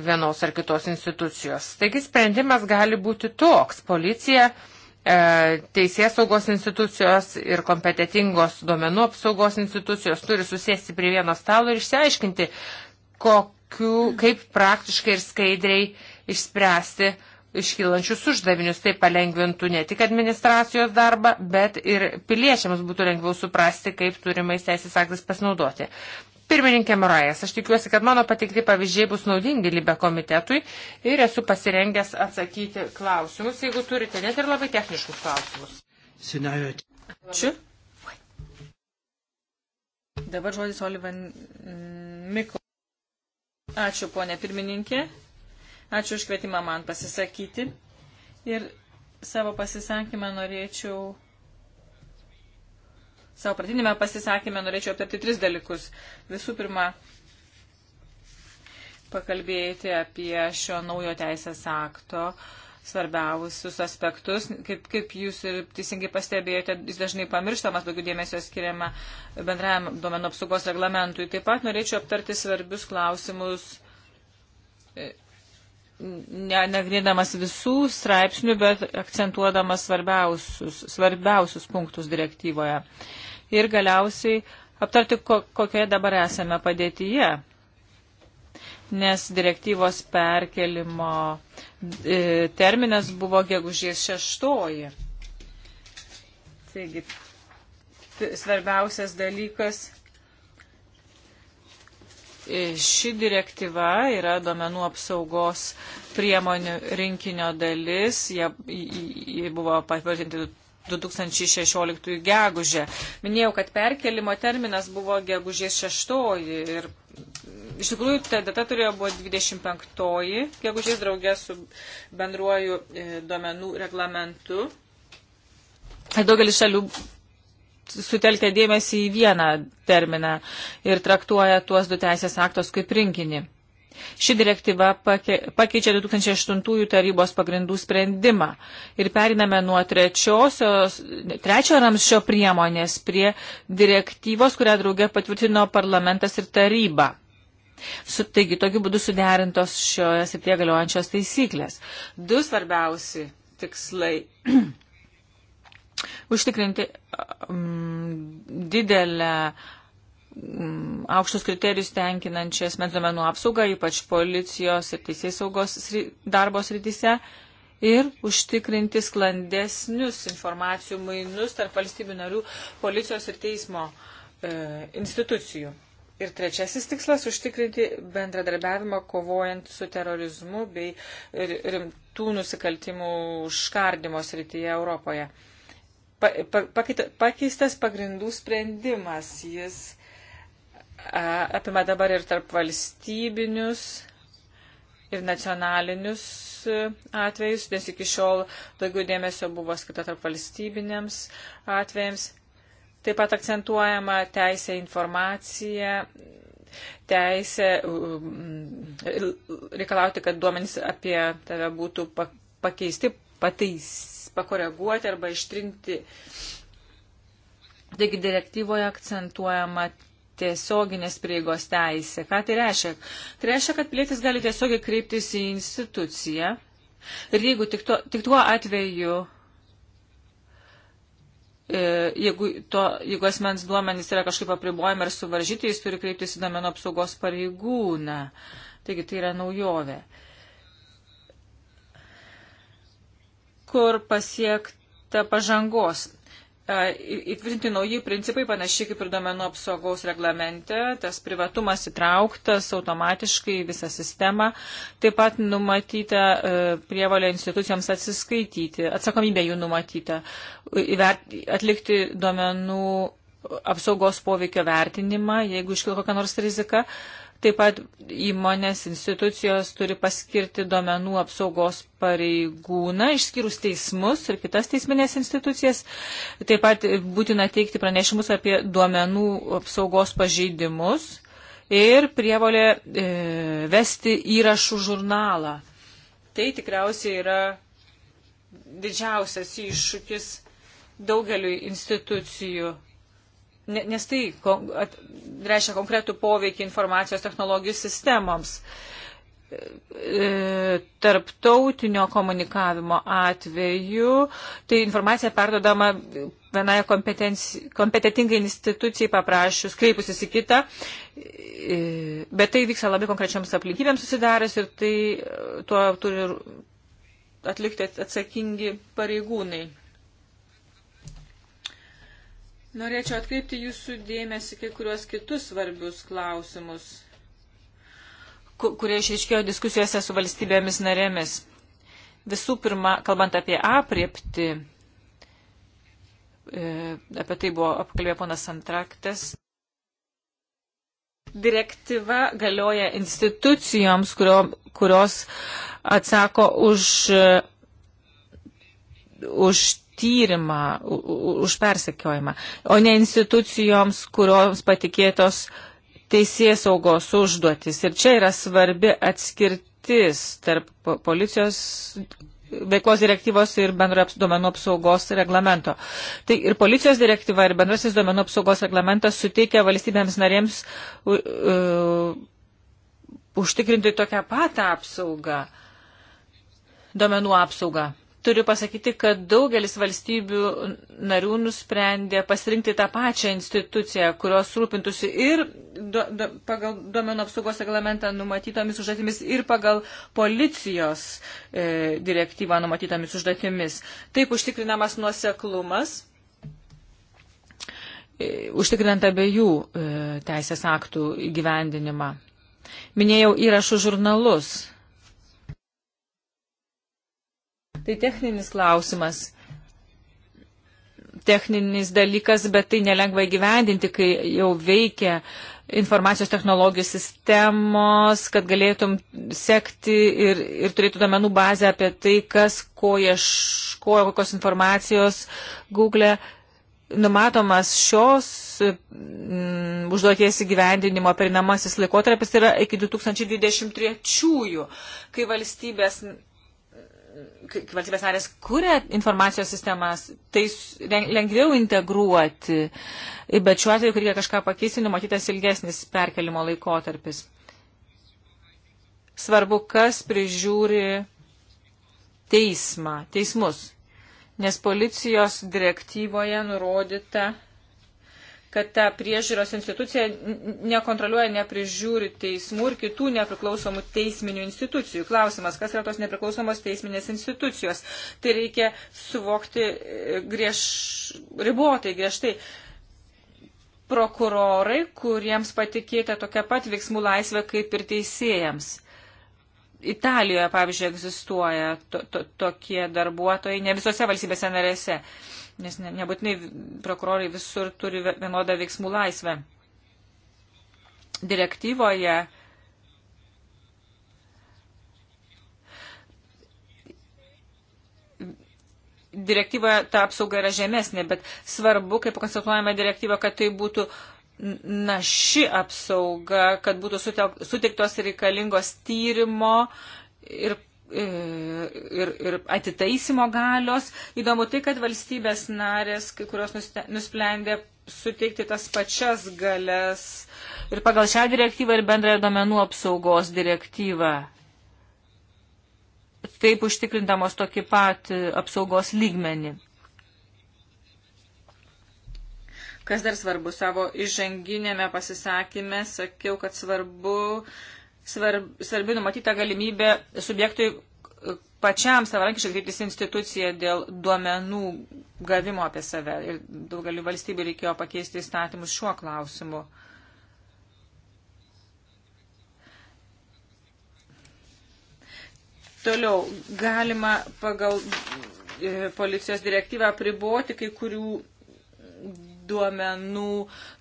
vienos ar kitos institucijos. Taigi sprendimas gali būti toks. Policija E, teisės saugos institucijos ir kompetitingos duomenų apsaugos institucijos turi susėsti prie vieno stalo ir išsiaiškinti, kokiu, kaip praktiškai ir skaidriai išspręsti iškylančius uždavinius. Tai palengvintų ne tik administracijos darbą, bet ir piliečiams būtų lengviau suprasti, kaip turimais teisės aktais pasinaudoti. Pirmininkė Morajas, aš tikiuosi, kad mano pateikti pavyzdžiai bus naudingi Libe komitetui ir esu pasirengęs atsakyti klausimus, jeigu turite net ir labai techniškus klausimus. Sinajot. Ačiū. Dabar žodis Olivan Miko. Ačiū, ponė pirmininkė. Ačiū už kvietimą man pasisakyti. Ir savo pasisakymą norėčiau savo pradinėme pasisakymė norėčiau aptarti tris dalykus. Visų pirma, pakalbėti apie šio naujo teisės akto svarbiausius aspektus. Kaip, kaip jūs ir teisingai pastebėjote, jis dažnai pamirštamas, daugiau dėmesio skiriama bendrajam duomenų apsaugos reglamentui. Taip pat norėčiau aptarti svarbius klausimus e, nenagrinėdamas visų straipsnių, bet akcentuodamas svarbiausius, svarbiausius punktus direktyvoje. Uh, ir galiausiai aptarti, kokioje dabar esame padėtyje. Nes direktyvos perkelimo e, terminas buvo gegužės šeštoji. Taigi, svarbiausias dalykas e, ši direktyva yra domenų apsaugos priemonių rinkinio dalis. Jie, jie buvo patvirtinti 2016 gegužę. Minėjau, kad perkelimo terminas buvo gegužės 6 ir iš tikrųjų ta data turėjo būti 25 gegužės draugė su bendruoju e, duomenų reglamentu. Ir daugelis šalių sutelkia dėmesį į vieną terminą ir traktuoja tuos du teisės aktos kaip rinkinį. Ši direktyva pakeičia 2008 tarybos pagrindų sprendimą ir periname nuo trečiosios, trečio ramščio priemonės prie direktyvos, kurią draugė patvirtino parlamentas ir taryba. Su, taigi, tokiu būdu suderintos šioje srityje galiojančios taisyklės. Du svarbiausi tikslai. [clears throat] Užtikrinti um, didelę uh, Mm, aukštus kriterijus tenkinančias mens duomenų apsaugą, ypač policijos ir teisės saugos darbo srityse, ir užtikrinti sklandesnius informacijų mainus tarp valstybių narių policijos ir teismo e, institucijų. Ir trečiasis tikslas - užtikrinti bendradarbiavimą kovojant su terorizmu bei rimtų nusikaltimų užkardimo srityje Europoje. Pa, pa, pakeita, pakeistas pagrindų sprendimas, jis apima dabar ir tarp valstybinius ir nacionalinius e, atvejus, nes iki šiol daugiau dėmesio buvo skirta tarp valstybinėms atvejams. Taip pat akcentuojama teisė informacija, teisė reikalauti, kad duomenys apie tave būtų pakeisti, patais, pakoreguoti arba ištrinti. Taigi direktyvoje akcentuojama tiesioginės prieigos teisė. Ką tai reiškia? Tai reiškia, kad pilietis gali tiesiogiai kreiptis į instituciją ir jeigu tik tuo, tik tuo atveju, e, jeigu, to, jeigu asmens duomenys yra kažkaip apribojami ar suvaržyti, jis turi kreiptis į domenų apsaugos pareigūną. Taigi tai yra naujovė. Kur pasiekta pažangos? įtvirtinti nauji principai, panašiai kaip ir domenų apsaugos reglamente, tas privatumas įtrauktas automatiškai į visą sistemą, taip pat numatyta e, prievalė institucijoms atsiskaityti, atsakomybė jų numatyta, e, atlikti domenų apsaugos poveikio vertinimą, jeigu iškilo kokia nors rizika. Uh, Taip pat įmonės institucijos turi paskirti duomenų apsaugos pareigūną, išskyrus teismus ir kitas teisminės institucijas. Taip pat būtina teikti pranešimus apie duomenų apsaugos pažeidimus ir prievolė e, vesti įrašų žurnalą. Tai tikriausiai yra didžiausias iššūkis daugeliu institucijų nes tai reiškia konkretų poveikį informacijos technologijų sistemoms. E, tarptautinio komunikavimo atveju tai informacija perdodama vienai kompetitingai institucijai paprašius, kreipusis į kitą, e, bet tai vyksta labai konkrečiams aplinkybėms susidaręs ir tai e, tuo turi atlikti atsakingi pareigūnai. Norėčiau atkreipti jūsų dėmesį kai kuriuos kitus svarbius klausimus, kurie išaiškėjo diskusijose su valstybėmis narėmis. Visų pirma, kalbant apie apriepti, e, apie tai buvo apkalbė ponas Antraktas. Direktyva galioja institucijoms, kurio, kurios atsako už, už tyrimą už persekiojimą, o ne institucijoms, kurioms patikėtos teisės saugos užduotis. Ir čia yra svarbi atskirtis tarp policijos veiklos direktyvos ir bendro duomenų apsaugos reglamento. Tai ir policijos direktyva ir bendrasis duomenų apsaugos reglamentas suteikia valstybėms narėms uh, uh, užtikrinti tokią patą apsaugą, duomenų apsaugą. Turiu pasakyti, kad daugelis valstybių narių nusprendė pasirinkti tą pačią instituciją, kurios rūpintųsi ir do, do, pagal duomenų apsaugos reglamentą numatytomis užduotimis ir pagal policijos e, direktyvą numatytomis užduotimis. Taip užtikrinamas nuoseklumas e, užtikrinant abiejų e, teisės aktų įgyvendinimą. Minėjau įrašų žurnalus. Tai techninis klausimas. Techninis dalykas, bet tai nelengva įgyvendinti, kai jau veikia informacijos technologijų sistemos, kad galėtum sekti ir, ir turėtų domenų bazę apie tai, kas, ko ieškojo, kokios informacijos Google. E. Numatomas šios mm, užduoties įgyvendinimo perinamasis laikotarpis yra iki 2023, kai valstybės valstybės narės kuria informacijos sistemas, tai lengviau integruoti, bet šiuo atveju, kai reikia kažką pakeisti, numatytas ilgesnis perkelimo laikotarpis. Svarbu, kas prižiūri teismą, teismus, nes policijos direktyvoje nurodyta kad ta priežiūros institucija nekontroliuoja, neprižiūri teismų ir kitų nepriklausomų teisminių institucijų. Klausimas, kas yra tos nepriklausomos teisminės institucijos. Tai reikia suvokti e, grieš, ribotai, griežtai. Prokurorai, kuriems patikėta tokia pat veiksmų laisvė kaip ir teisėjams. Italijoje, pavyzdžiui, egzistuoja to, to, tokie darbuotojai, ne visose valstybėse narėse. Uh, nes ne, nebūtinai prokurorai visur turi vienodą veiksmų laisvę. Direktyvoje Direktyvoje ta apsauga yra žemesnė, bet svarbu, kaip konstatuojame direktyvą, kad tai būtų naši apsauga, kad būtų suteiktos reikalingos tyrimo ir E, ir, ir atitaisimo galios. Įdomu tai, kad valstybės narės, kai kurios nusprendė suteikti tas pačias galės ir pagal šią direktyvą ir bendrąją domenų apsaugos direktyvą. Taip užtikrindamos tokį pat e, apsaugos lygmenį. Kas dar svarbu, savo įžanginėme pasisakymė sakiau, kad svarbu uh, svarb, svarbi numatyta galimybė subjektui e, pačiam savarankiškai kreiptis instituciją dėl duomenų gavimo apie save. Ir daugelį valstybių reikėjo pakeisti įstatymus šiuo klausimu. Toliau, galima pagal e, policijos direktyvą priboti kai kurių duomenų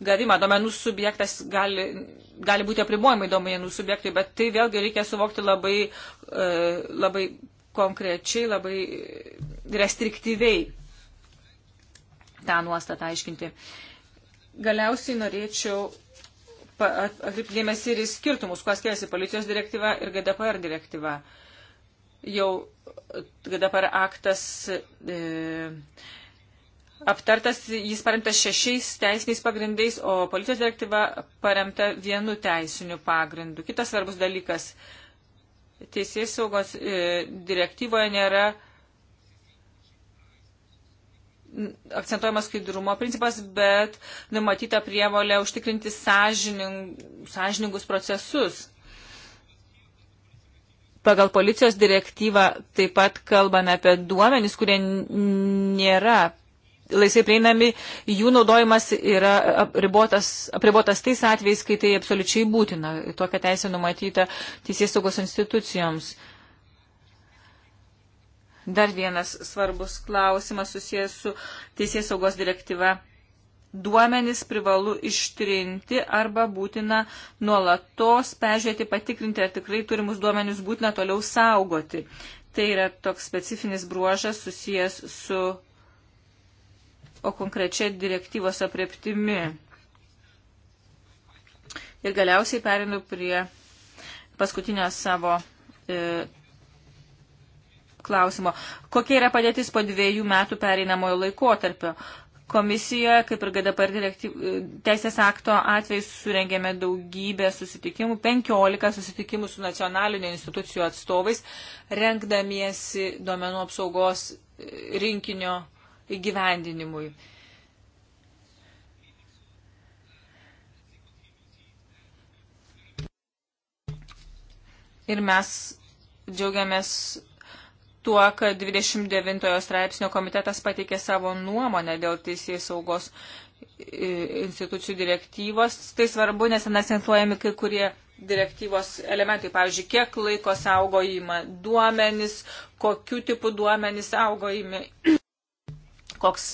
gavimą. Duomenų subjektas gali gali būti apribojimai domenų subjektui, bet tai vėlgi reikia suvokti labai, e, labai konkrečiai, labai restriktyviai tą nuostatą aiškinti. Galiausiai norėčiau atkreipti dėmesį ir į skirtumus, kuo skiriasi policijos direktyva ir GDPR direktyva. Jau GDPR aktas e, aptartas, jis paremtas šešiais teisiniais pagrindais, o policijos direktyva paremta vienu teisiniu pagrindu. Kitas svarbus dalykas - teisės saugos e, direktyvoje nėra akcentuojamas skaidrumo principas, bet numatyta prievolė užtikrinti sąžining, sąžiningus procesus. Pagal policijos direktyvą taip pat kalbame apie duomenis, kurie nėra laisvai prieinami, jų naudojimas yra apribotas, apribotas tais atvejais, kai tai absoliučiai būtina. Tokia teisė numatyta teisės saugos institucijoms. Dar vienas svarbus klausimas susijęs su teisės saugos direktyva. Duomenis privalu ištrinti arba būtina nuolatos pežiūrėti, patikrinti, ar tikrai turimus duomenis būtina toliau saugoti. Tai yra toks specifinis bruožas susijęs su o konkrečia direktyvos apreptimi. Ir galiausiai perinu prie paskutinio savo e, klausimo. Kokia yra padėtis po dviejų metų pereinamojo laikotarpio? Komisijoje, kaip ir GDPR direktyv... E, teisės akto atvejais, surengėme daugybę susitikimų, 15 susitikimų su nacionalinio institucijų atstovais, renkdamiesi duomenų apsaugos e, rinkinio įgyvendinimui. Ir mes džiaugiamės tuo, kad 29 straipsnio komitetas pateikė savo nuomonę dėl teisėjai saugos institucijų direktyvos. Tai svarbu, nes ten akcentuojami kai kurie direktyvos elementai. Pavyzdžiui, kiek laiko saugojama duomenis, kokiu tipu duomenis saugojami koks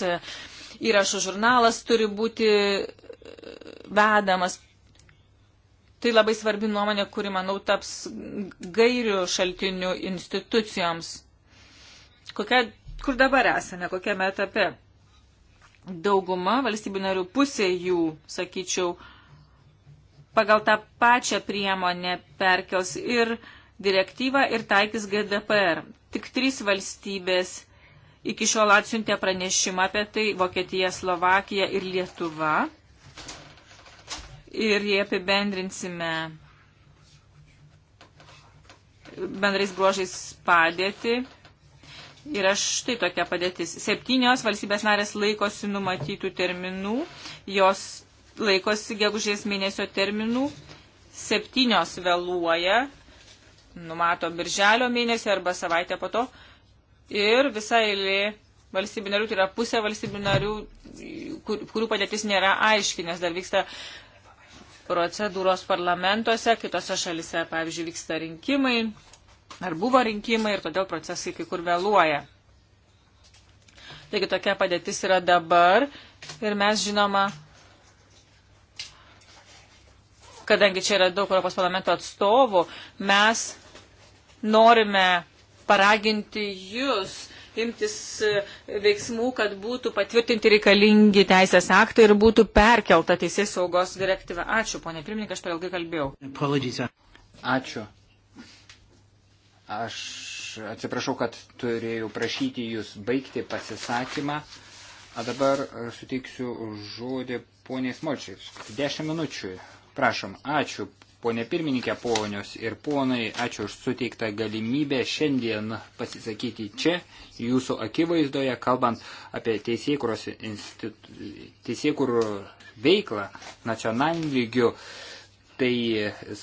įrašų žurnalas turi būti e, vedamas. Tai labai svarbi nuomonė, kuri, manau, taps gairių šaltinių institucijoms. Kokia, kur dabar esame, kokiame etape? Dauguma valstybių narių pusė jų, sakyčiau, pagal tą pačią priemonę perkels ir direktyvą ir taikys GDPR. Tik trys valstybės iki šiol atsiuntė pranešimą apie tai Vokietija, Slovakija ir Lietuva. Ir jie apibendrinsime bendrais bruožais padėti. Ir aš štai tokia padėtis. Septynios valstybės narės laikosi numatytų terminų, jos laikosi gegužės mėnesio terminų, septynios vėluoja, numato birželio mėnesį arba savaitę po to, ir visa eilė valstybių narių, tai yra pusė valstybių narių, kur, kurių padėtis nėra aiški, nes dar vyksta procedūros parlamentuose, kitose šalise, pavyzdžiui, vyksta rinkimai, ar buvo rinkimai ir todėl procesai kai kur vėluoja. Taigi tokia padėtis yra dabar ir mes žinoma kadangi čia yra daug Europos parlamento atstovų, mes norime paraginti jūs imtis e, veiksmų, kad būtų patvirtinti reikalingi teisės aktai ir būtų perkelta teisės saugos direktyva. Ačiū, ponė pirmininkai, aš per ilgai kalbėjau. Apologies. Ačiū. Aš atsiprašau, kad turėjau prašyti jūs baigti pasisakymą. A dabar e, suteiksiu žodį poniai Smolčiai. Dešimt minučių. Prašom. Ačiū, Pone pirmininkė, ponios ir ponai, ačiū už suteiktą galimybę šiandien pasisakyti čia, jūsų akivaizdoje, kalbant apie teisėkuros institu... teisėkurų veiklą nacionaliniu lygiu. Tai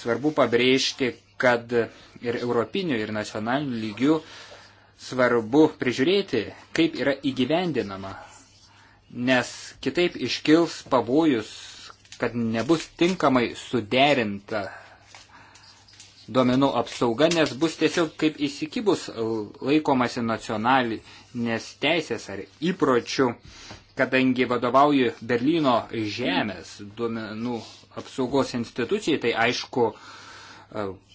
svarbu pabrėžti, kad ir europiniu, ir nacionaliniu lygiu svarbu prižiūrėti, kaip yra įgyvendinama, nes kitaip iškils pavojus kad nebus tinkamai suderinta duomenų apsauga, nes bus tiesiog kaip įsikibus laikomasi nacionalinės teisės ar įpročių, kadangi vadovauju Berlyno žemės duomenų apsaugos institucijai, tai aišku, uh,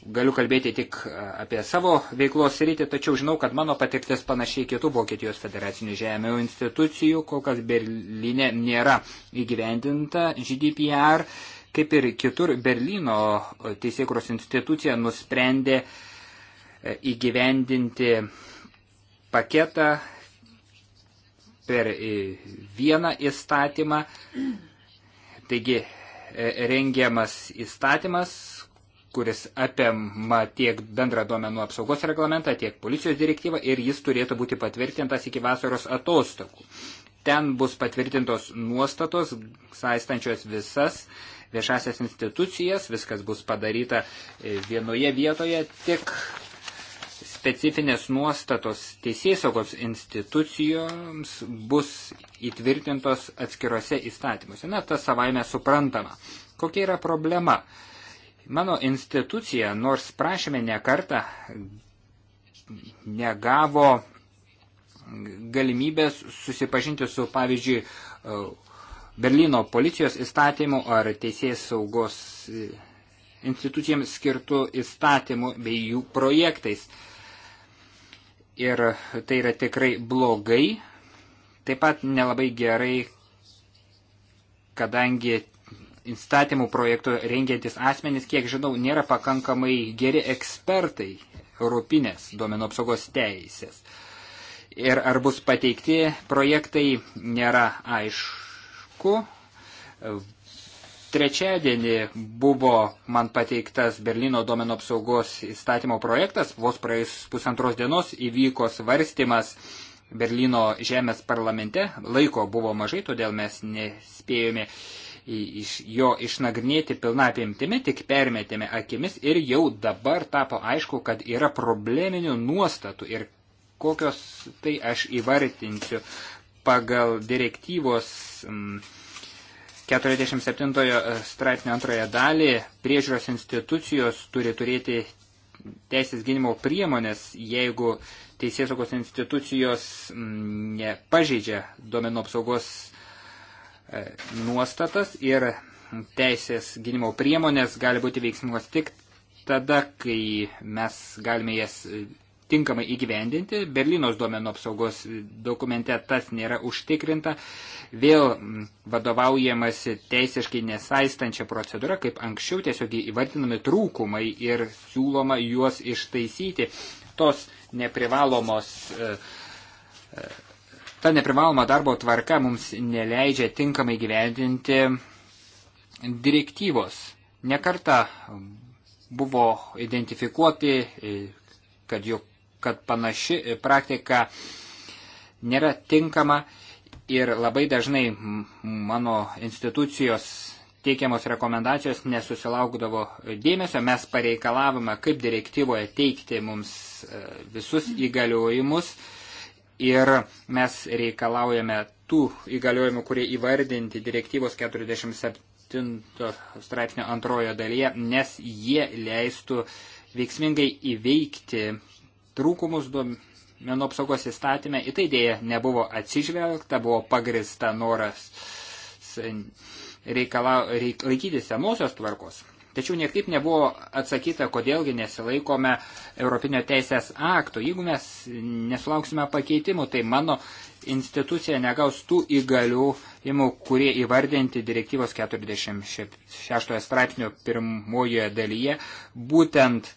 Galiu kalbėti tik e, apie savo veiklos rytį, tačiau žinau, kad mano patirtis panašiai kitų Vokietijos federacinių žemėjų institucijų, kol kas Berlyne nėra įgyvendinta GDPR, kaip ir kitur Berlyno teisėkros institucija nusprendė e, įgyvendinti paketą per e, vieną įstatymą. Taigi rengiamas įstatymas kuris apima tiek bendrą duomenų apsaugos reglamentą, tiek policijos direktyvą ir jis turėtų būti patvirtintas iki vasaros atostogų. Ten bus patvirtintos nuostatos, saistančios visas viešasias institucijas, viskas bus padaryta e, vienoje vietoje, tik specifinės nuostatos teisėsaugos institucijoms bus įtvirtintos atskiruose įstatymuose. Na, tas savaime suprantama. Kokia yra problema? Mano institucija, nors prašėme ne kartą, negavo galimybės susipažinti su, pavyzdžiui, Berlyno policijos įstatymu ar teisės saugos institucijams skirtų įstatymų bei jų projektais. Ir tai yra tikrai blogai, taip pat nelabai gerai, kadangi įstatymų projektų rengiantis asmenys, kiek žinau, nėra pakankamai geri ekspertai europinės duomenų apsaugos teisės. Ir ar bus pateikti projektai, nėra aišku. Trečiadienį buvo man pateiktas Berlyno duomenų apsaugos įstatymo projektas, vos praėjus pusantros dienos įvyko svarstymas Berlyno žemės parlamente, laiko buvo mažai, todėl mes nespėjome jo išnagrinėti pilna apimtimi, tik permetėme akimis ir jau dabar tapo aišku, kad yra probleminių nuostatų ir kokios tai aš įvartinsiu pagal direktyvos 47 mm, straipsnio antroje dalį priežiūros institucijos turi turėti teisės gynimo priemonės, jeigu teisėsaugos institucijos mm, nepažeidžia duomenų apsaugos E, nuostatas ir teisės gynimo priemonės gali būti veiksmingos tik tada, kai mes galime jas e, tinkamai įgyvendinti. Berlynos duomenų apsaugos dokumente tas nėra užtikrinta. Vėl vadovaujamasi teisiškai nesaistančia procedūra, kaip anksčiau tiesiog įvardinami trūkumai ir siūloma juos ištaisyti. Tos neprivalomos e, Ta neprivaloma darbo tvarka mums neleidžia tinkamai gyvendinti direktyvos. Nekarta buvo identifikuoti, kad, juk, kad panaši praktika nėra tinkama ir labai dažnai mano institucijos teikiamos rekomendacijos nesusilaukdavo dėmesio. Mes pareikalavome, kaip direktyvoje teikti mums e, visus įgaliojimus. Mm ir mes reikalaujame tų įgaliojimų, kurie įvardinti direktyvos 47 straipsnio antrojo dalyje, nes jie leistų veiksmingai įveikti trūkumus duomenų apsaugos įstatymę. Į tai dėja nebuvo atsižvelgta, buvo pagrista noras reikala, reik, laikyti senosios tvarkos. Tačiau niekaip nebuvo atsakyta, kodėlgi nesilaikome Europinio teisės akto. Jeigu mes nesulauksime pakeitimų, tai mano institucija negaus tų įgaliojimų, kurie įvardinti direktyvos 46 straipsnio pirmojoje dalyje, būtent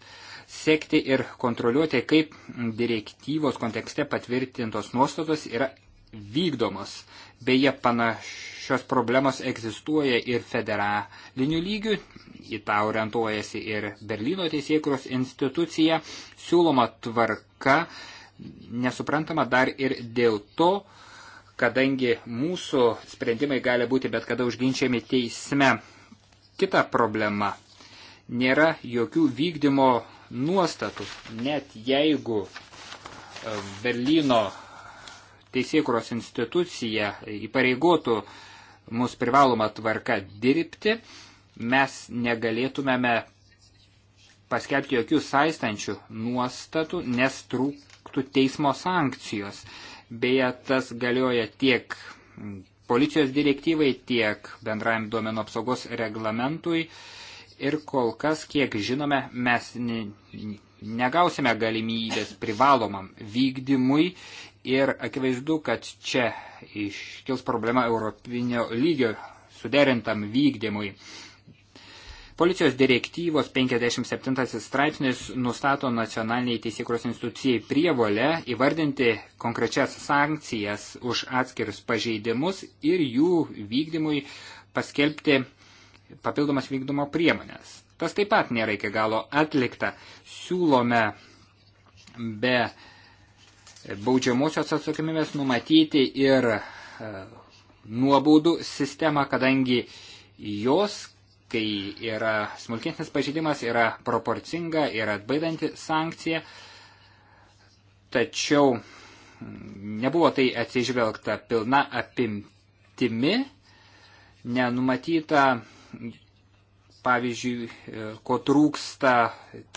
sekti ir kontroliuoti, kaip direktyvos kontekste patvirtintos nuostatos yra vykdomos. Beje, panašios problemos egzistuoja ir federaliniu lygiu, į tą orientuojasi ir Berlyno teisėkros institucija, siūloma tvarka, nesuprantama dar ir dėl to, kadangi mūsų sprendimai gali būti bet kada užginčiami teisme. Kita problema - nėra jokių vykdymo nuostatų, net jeigu e, Berlyno teisėkuros institucija įpareigotų mus privaloma tvarka dirbti, mes negalėtumėme paskelbti jokių saistančių nuostatų, nes trūktų teismo sankcijos. Beje, tas galioja tiek policijos direktyvai, tiek bendrajam duomenų apsaugos reglamentui. Ir kol kas, kiek žinome, mes negausime galimybės privalomam vykdymui Ir akivaizdu, kad čia iškils problema europinio lygio suderintam vykdymui. Policijos direktyvos 57 straipsnis nustato nacionaliniai teisėkros institucijai prievolę įvardinti konkrečias sankcijas už atskirus pažeidimus ir jų vykdymui paskelbti papildomas vykdymo priemonės. Tas taip pat nėra iki galo atlikta. Siūlome be baudžiamosios atsakomybės numatyti ir e, nuobaudų sistemą, kadangi jos, kai yra smulkesnis pažeidimas, yra proporcinga ir atbaidanti sankcija. Tačiau mm, nebuvo tai atsižvelgta pilna apimtimi, nenumatyta, pavyzdžiui, e, ko trūksta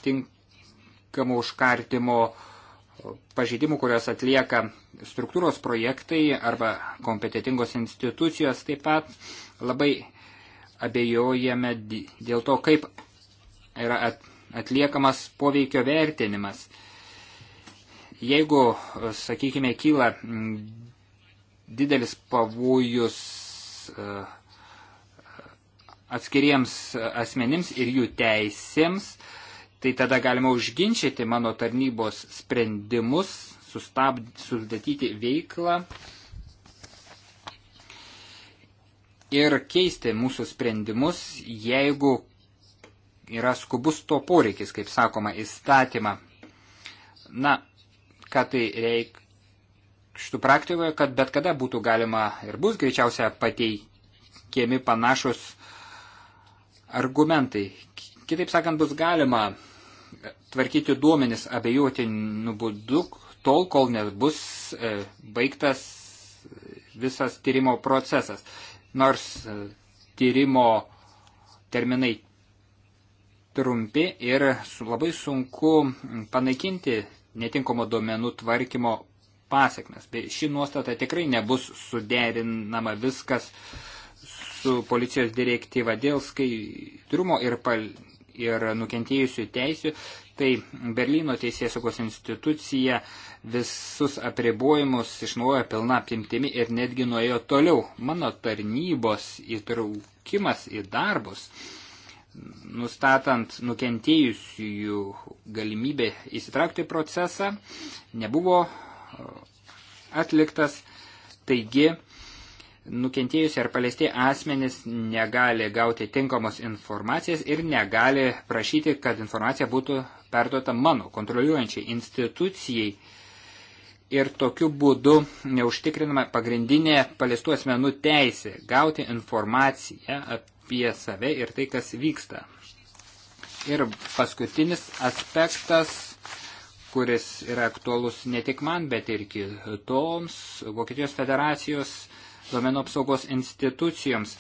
tinkamo užkartimo uh, pažeidimų, kurios atlieka struktūros projektai arba kompetitingos institucijos taip pat labai abejojame dėl to, kaip yra atliekamas poveikio vertinimas. Jeigu, sakykime, kyla mm, didelis pavojus e, atskiriems asmenims ir jų teisėms, tai tada galima užginčyti mano tarnybos sprendimus, sustabdyti veiklą ir keisti mūsų sprendimus, jeigu yra skubus to poreikis, kaip sakoma, įstatymą. Na, ką tai reikštų praktikoje, kad bet kada būtų galima ir bus greičiausia pateikiami panašus argumentai. Kitaip sakant, bus galima tvarkyti duomenis abejotinų būdų, tol, kol nebus e, baigtas visas tyrimo procesas. Nors e, tyrimo terminai trumpi ir labai sunku panaikinti netinkamo duomenų tvarkymo pasiekmes. Ši nuostata tikrai nebus suderinama viskas su policijos direktyva dėl skaidrumo ir pal ir nukentėjusių teisių, tai Berlyno teisėsaugos institucija visus apribojimus išnaudojo pilna apimtimi ir netgi nuėjo toliau. Mano tarnybos įtraukimas į darbus, nustatant nukentėjusiųjų galimybę įsitraukti į procesą, nebuvo uh, atliktas. Taigi, nukentėjusi ar palesti asmenys negali gauti tinkamos informacijos ir negali prašyti, kad informacija būtų perduota mano kontroliuojančiai institucijai. Ir tokiu būdu neužtikrinama pagrindinė palestų asmenų teisė gauti informaciją apie save ir tai, kas vyksta. Ir paskutinis aspektas kuris yra aktuolus ne tik man, bet ir kitoms Vokietijos federacijos uh, duomenų apsaugos institucijoms.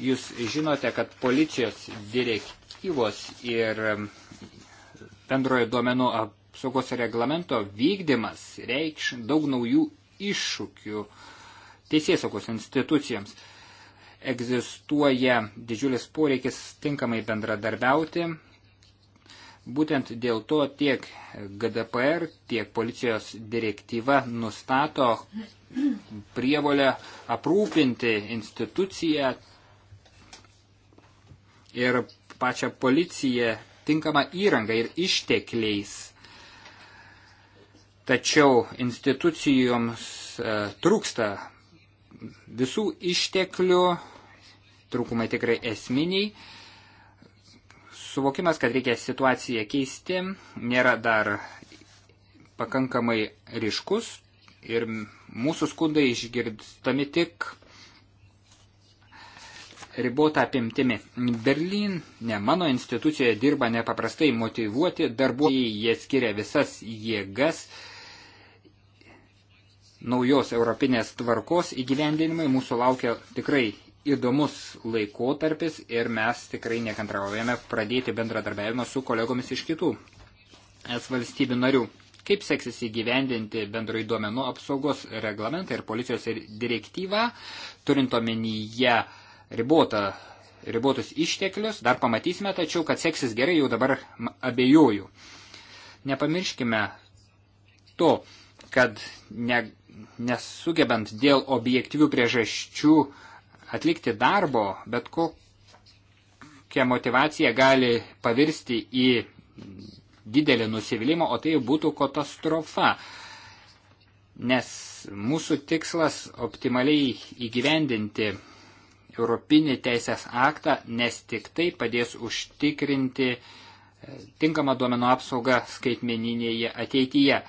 Jūs žinote, kad policijos direktyvos ir um, bendrojo duomenų apsaugos reglamento vykdymas reikš daug naujų iššūkių teisėsaugos institucijoms. Egzistuoja didžiulis poreikis tinkamai bendradarbiauti, Būtent dėl to tiek GDPR, tiek policijos direktyva nustato prievolę aprūpinti instituciją ir pačią policiją tinkamą įrangą ir ištekliais. Tačiau institucijoms e, trūksta visų išteklių, trūkumai tikrai esminiai. E, Suvokimas, kad reikia situaciją keisti, nėra dar pakankamai ryškus ir mūsų skundai išgirdstami tik ribota apimtimi. Berlin, ne mano institucijoje dirba nepaprastai motivuoti darbuotojai, jie skiria visas jėgas naujos europinės tvarkos įgyvendinimai mūsų laukia tikrai įdomus laikotarpis ir mes tikrai nekantraujame pradėti bendradarbiavimą su kolegomis iš kitų es valstybių narių. Kaip seksis įgyvendinti bendrai duomenų apsaugos reglamentą ir policijos direktyvą, turint omenyje ribotą, ribotus išteklius, dar pamatysime, tačiau, kad seksis gerai, jau dabar abejoju. Nepamirškime to, kad ne, nesugebant dėl objektyvių priežasčių uh, atlikti darbo, bet kokia motivacija gali pavirsti į didelį nusivylimą, o tai būtų katastrofa. Nes mūsų tikslas optimaliai įgyvendinti Europinį teisės aktą, nes tik tai padės užtikrinti e, tinkamą duomenų apsaugą skaitmeninėje ateityje.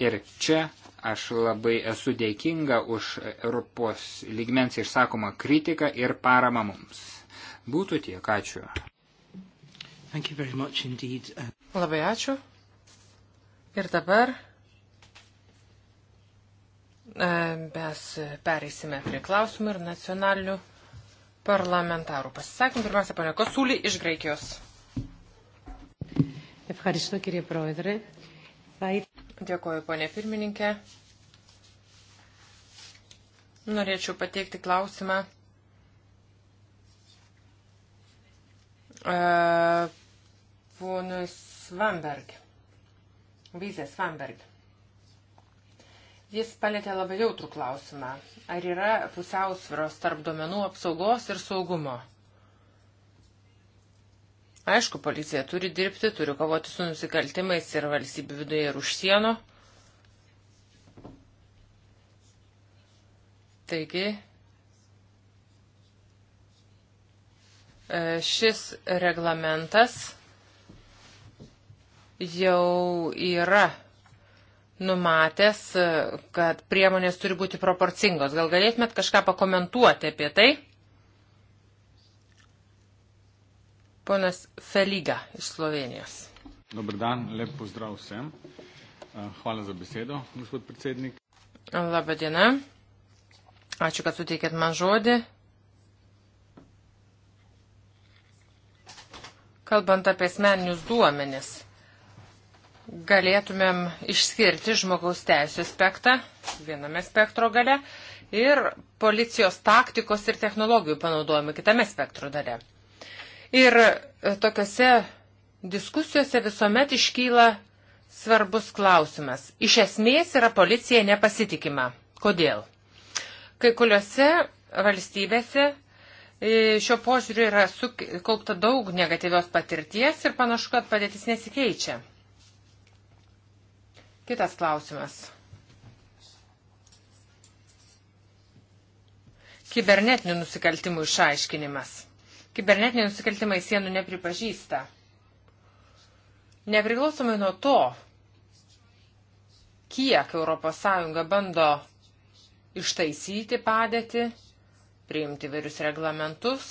Ir čia Aš labai esu dėkinga už Europos lygmens išsakomą kritiką ir paramą mums. Būtų tiek, ačiū. Uh, labai ačiū. Ir dabar e, mes pereisime prie klausimų ir nacionalinių parlamentarų. Pasisakym pirmiausia, ponia Kosulį iš Graikijos. Ευχαριστώ κύριε Πρόεδρε. Θα ήθελα... Dėkoju, ponė pirmininkė. Norėčiau pateikti klausimą. Uh, e, Ponas Vamberg. Vyzės Vamberg. Jis palėtė labai jautrų klausimą. Ar yra pusiausviros tarp duomenų apsaugos ir saugumo? Aišku, policija turi dirbti, turi kovoti su nusikaltimais ir valstybių viduje ir už sienų. Taigi, e, šis reglamentas jau yra numatęs, e, kad priemonės turi būti proporcingos. Gal galėtumėt kažką pakomentuoti apie tai? Ponas Feliga iš Slovenijos. Dobar dan, lep pozdrav vsem. Eh, hvala za besedo, gospod predsednik. Labadiena. Ačiū, kad suteikėt man žodį. Kalbant apie asmeninius duomenis, galėtumėm išskirti žmogaus teisų aspektą viename spektro gale ir policijos taktikos ir technologijų panaudojimą kitame spektro dale. Ir e, tokiuose diskusijose visuomet iškyla svarbus klausimas. Iš esmės yra policija nepasitikima. Kodėl? Kai kuriuose valstybėse e, šio požiūriu yra sukaupta daug negatyvios patirties ir panašu, kad padėtis nesikeičia. Kitas klausimas. Kibernetinių nusikaltimų išaiškinimas. Kibernetiniai nusikaltimai sienų nepripažįsta. Nepriklausomai nuo to, kiek ES bando ištaisyti padėtį, priimti vairius reglamentus,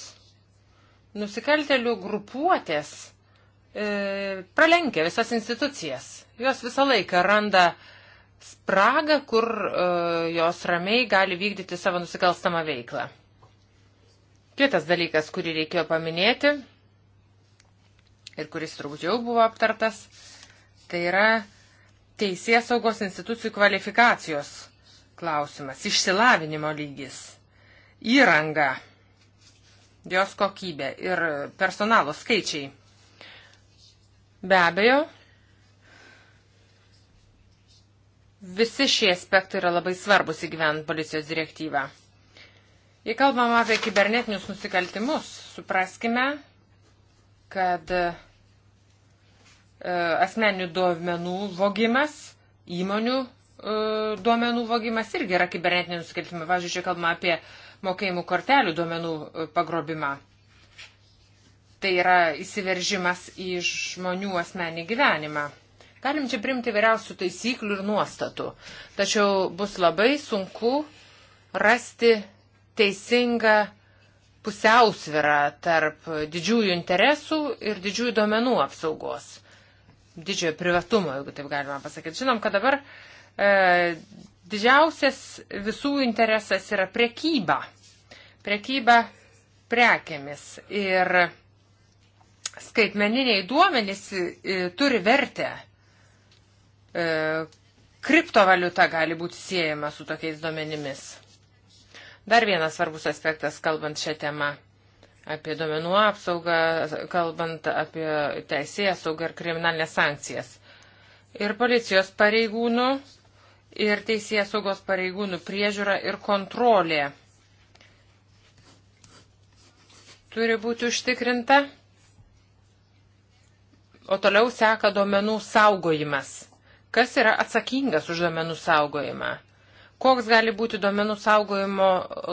nusikaltelių grupuotės e, pralenkia visas institucijas. Jos visą laiką randa spragą, kur e, jos ramiai gali vykdyti savo nusikalstamą veiklą. Kitas dalykas, kurį reikėjo paminėti ir kuris turbūt jau buvo aptartas, tai yra teisės saugos institucijų kvalifikacijos klausimas, išsilavinimo lygis, įranga, jos kokybė ir personalo skaičiai. Be abejo, visi šie aspektai yra labai svarbus įgyvent policijos direktyvą. Jei kalbam apie kibernetinius nusikaltimus, supraskime, kad e, asmeninių duomenų vogimas, įmonių e, duomenų vogimas irgi yra kibernetiniai nusikaltimai. Pavyzdžiui, čia kalbama apie mokėjimų kortelių duomenų e, pagrobimą. Tai yra įsiveržimas į žmonių asmenį gyvenimą. Galim čia primti vairiausių taisyklių ir nuostatų, tačiau bus labai sunku rasti teisinga pusiausvyrą tarp didžiųjų interesų ir didžiųjų duomenų apsaugos. Didžiojo privatumo, jeigu taip galima pasakyti. Žinom, kad dabar e, didžiausias visų interesas yra prekyba. Prekyba prekėmis. Ir skaitmeniniai duomenys e, turi vertę. E, kriptovaliuta gali būti siejama su tokiais duomenimis. Dar vienas svarbus aspektas, kalbant šią temą apie duomenų apsaugą, kalbant apie teisėją saugą ir kriminalinės sankcijas. Ir policijos pareigūnų, ir teisėją saugos pareigūnų priežiūra ir kontrolė turi būti užtikrinta, o toliau seka duomenų saugojimas. Kas yra atsakingas už duomenų saugojimą? koks gali būti duomenų saugojimo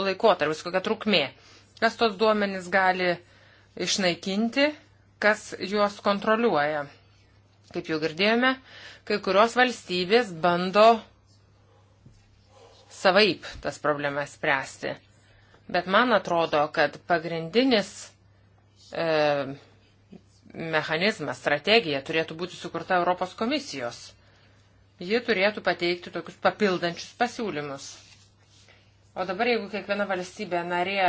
laikotarpis, kokia trukmė, kas tos duomenys gali išnaikinti, kas juos kontroliuoja. Kaip jau girdėjome, kai kurios valstybės bando savaip tas problemas spręsti. Bet man atrodo, kad pagrindinis e, mechanizmas, strategija turėtų būti sukurta Europos komisijos ji turėtų pateikti tokius papildančius pasiūlymus. O dabar, jeigu kiekviena valstybė narė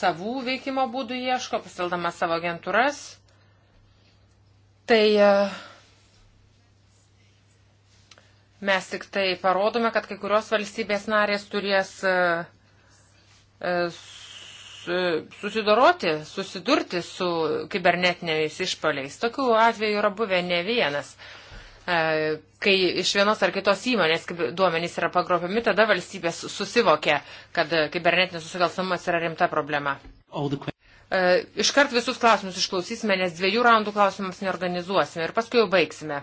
savų veikimo būdų ieško, pasildama savo agentūras, tai e, mes tik tai parodome, kad kai kurios valstybės narės turės e, e, susidoroti, susidurti su kibernetiniais išpaliais. Tokių atvejų yra buvę ne vienas. E, kai iš vienos ar kitos įmonės duomenys yra pagrobiami, tada valstybės susivokia, kad kibernetinis nusikalstamumas yra rimta problema. E, iškart visus klausimus išklausysime, nes dviejų raundų klausimams neorganizuosime ir paskui jau baigsime.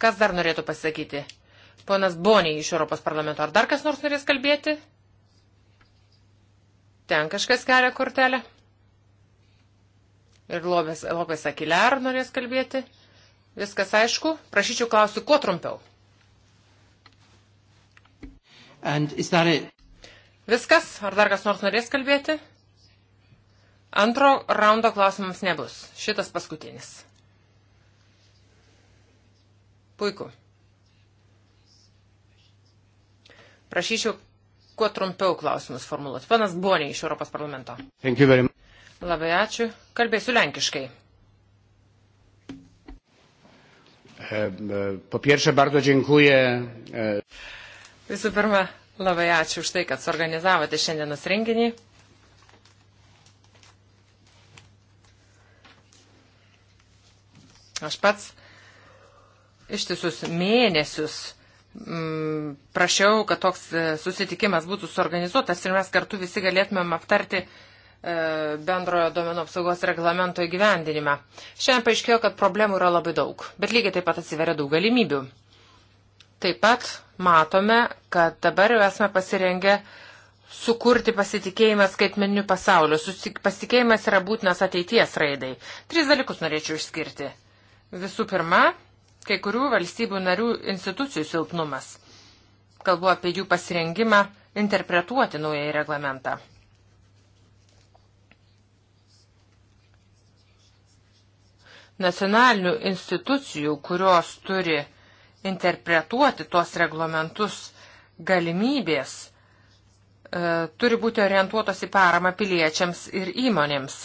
Kas dar norėtų pasakyti? Ponas Boniai iš Europos parlamento. Ar dar kas nors norės kalbėti? Ten kažkas kelia kortelę. Ir Lopės Akiliar norės kalbėti. Viskas aišku? Prašyčiau klausiu, kuo trumpiau. Viskas? Ar dar kas nors norės kalbėti? Antro raundo klausimams nebus. Šitas paskutinis. Puiku. Prašyčiau kuo trumpiau klausimus formuluoti. Panas Bonė iš Europos parlamento. Labai ačiū. Kalbėsiu lenkiškai. E, po pierwsze, bardzo dziękuję. E, Visų pirma, labai ačiū už tai, kad suorganizavote šiandienos renginį. Aš pats ištisus mėnesius m, mm, prašiau, kad toks e, susitikimas būtų suorganizuotas ir mes kartu visi galėtumėm aptarti uh, E, bendrojo duomenų apsaugos reglamento įgyvendinimą. Šiandien paaiškėjo, kad problemų yra labai daug, bet lygiai taip pat atsiveria daug galimybių. Taip pat matome, kad dabar jau esame pasirengę sukurti pasitikėjimą skaitmeniniu pasauliu. Susik pasitikėjimas yra būtinas ateities raidai. Tris dalykus norėčiau išskirti. Visų pirma, kai kurių valstybių narių institucijų silpnumas. Kalbu apie jų pasirengimą interpretuoti naująjį reglamentą. nacionalinių institucijų, kurios turi interpretuoti tuos reglamentus galimybės, e, turi būti orientuotos į paramą piliečiams ir įmonėms.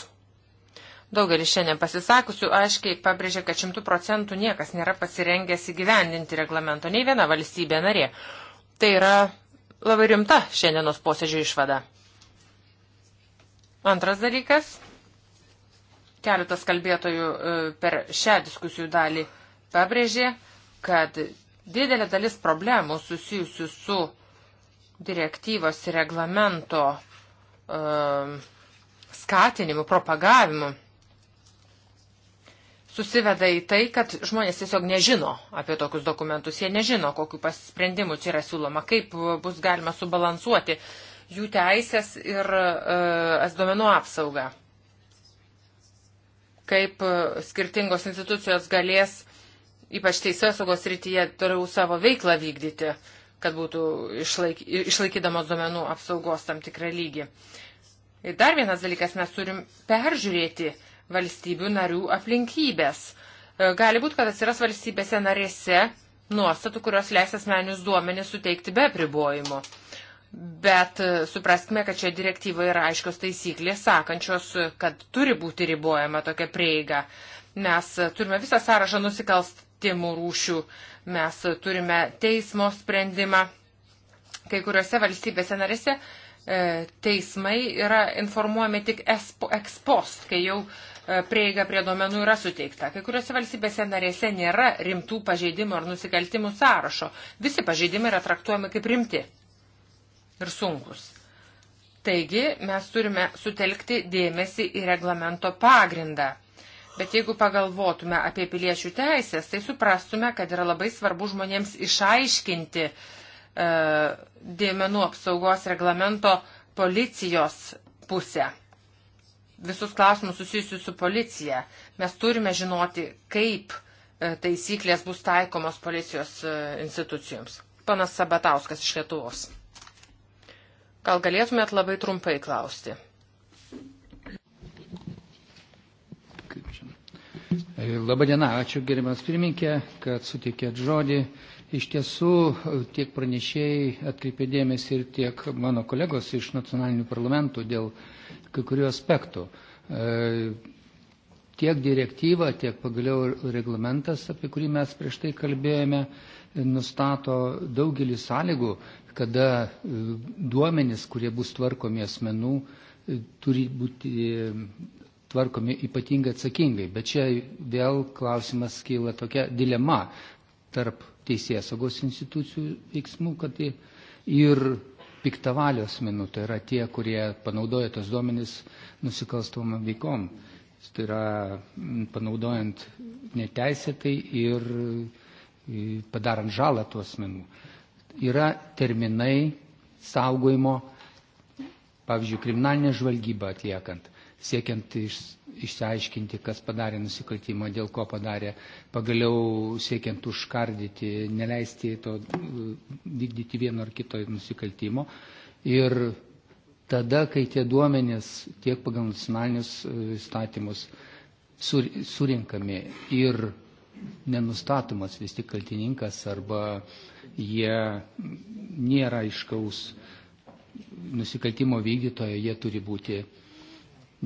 Daugelis šiandien pasisakusių aiškiai pabrėžė, kad šimtų procentų niekas nėra pasirengęs įgyvendinti reglamento, nei viena valstybė narė. Tai yra labai rimta šiandienos posėdžio išvada. Antras dalykas Keletas kalbėtojų e, per šią diskusijų dalį pabrėžė, kad didelė dalis problemų susijusių su direktyvos ir reglamento um, skatinimu, propagavimu susiveda į tai, kad žmonės tiesiog nežino apie tokius dokumentus, jie nežino, kokiu pasisprendimu čia yra siūloma, kaip bus galima subalansuoti jų teisės ir uh, e, asdomenų apsaugą kaip e, skirtingos institucijos galės, ypač teisėsaugos rytyje, toliau savo veiklą vykdyti, kad būtų išlaik, išlaikydamos duomenų apsaugos tam tikrą lygį. Ir dar vienas dalykas, mes turim peržiūrėti valstybių narių aplinkybės. E, gali būti, kad atsiras valstybėse narėse nuostatų, kurios leis asmenius duomenis suteikti be pribojimo. Bet e, supraskime, kad čia direktyva yra aiškios taisyklės, sakančios, kad turi būti ribojama tokia prieiga. Mes turime visą sąrašą nusikalstimų rūšių, mes turime teismo sprendimą. Kai kuriuose valstybėse narėse e, teismai yra informuojami tik ekspost, kai jau e, prieiga prie duomenų yra suteikta. Kai kuriuose valstybėse narėse nėra rimtų pažeidimų ar nusikaltimų sąrašo. Visi pažeidimai yra traktuojami kaip rimti ir sunkus. Taigi mes turime sutelkti dėmesį į reglamento pagrindą. Bet jeigu pagalvotume apie piliečių teisės, tai suprastume, kad yra labai svarbu žmonėms išaiškinti e, dėmenų apsaugos reglamento policijos pusę. Visus klausimus susijusius su policija. Mes turime žinoti, kaip e, taisyklės bus taikomos policijos e, institucijoms. Panas Sabatauskas iš Lietuvos. Gal galėtumėt labai trumpai klausti? Labadiena, ačiū gerimas pirminkė, kad sutikėt žodį. Iš tiesų, tiek pranešėjai atkreipė dėmesį ir tiek mano kolegos iš nacionalinių parlamentų dėl kai kurių aspektų. E, Tiek direktyva, tiek pagaliau reglamentas, apie kurį mes prieš tai kalbėjome, nustato daugelį sąlygų, kada e, duomenys, kurie bus tvarkomi asmenų, e, turi būti e, tvarkomi ypatingai atsakingai. Bet čia vėl klausimas kyla tokia dilema tarp teisės saugos institucijų veiksmų, kad ir piktavalio asmenų, tai yra tie, kurie panaudoja tos duomenys nusikalstomam veikom. Mm. Tai yra panaudojant neteisėtai ir padarant žalą tuos asmenų. Yra terminai saugojimo, pavyzdžiui, kriminalinė žvalgyba atliekant, siekiant iš, išsiaiškinti, kas padarė nusikaltimą, dėl ko padarė, pagaliau siekiant užkardyti, neleisti to vykdyti vieno ar kito nusikaltimo. Ir tada, kai tie duomenys tiek pagal nacionalinius e, įstatymus sur, surinkami ir nenustatomas vis tik kaltininkas arba jie nėra iškaus nusikaltimo vykdytojo, jie turi būti,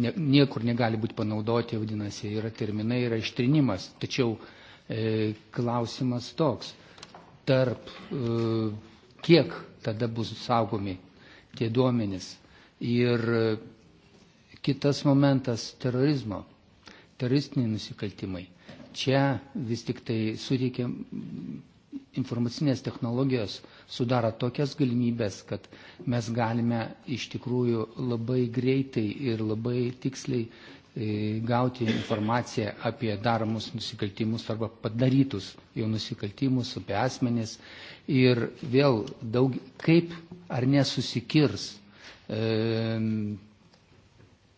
ne, niekur negali būti panaudoti, vadinasi, yra terminai, yra ištrinimas. Tačiau e, klausimas toks, tarp e, kiek tada bus saugomi tie duomenys, Ir e, kitas momentas - terorizmo, teroristiniai nusikaltimai. Čia vis tik tai suteikia informacinės technologijos sudaro tokias galimybės, kad mes galime iš tikrųjų labai greitai ir labai tiksliai e, gauti informaciją apie daromus nusikaltimus arba padarytus jau nusikaltimus apie asmenis ir vėl daug kaip ar nesusikirs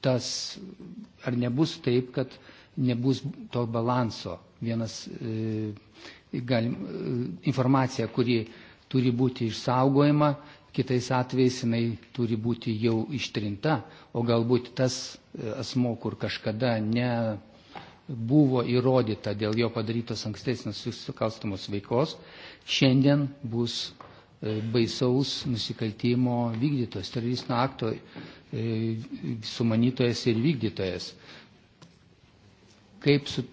tas, ar nebus taip, kad nebus to balanso. Vienas e, galim, e, informacija, kuri turi būti išsaugojama, kitais atvejais jinai turi būti jau ištrinta, o galbūt tas e, asmo, kur kažkada ne buvo įrodyta dėl jo padarytos ankstesnės nusikalstamos veikos, šiandien bus E, baisaus nusikaltimo vykdytos, teroristinio akto e, sumanytojas ir vykdytojas. Kaip, su,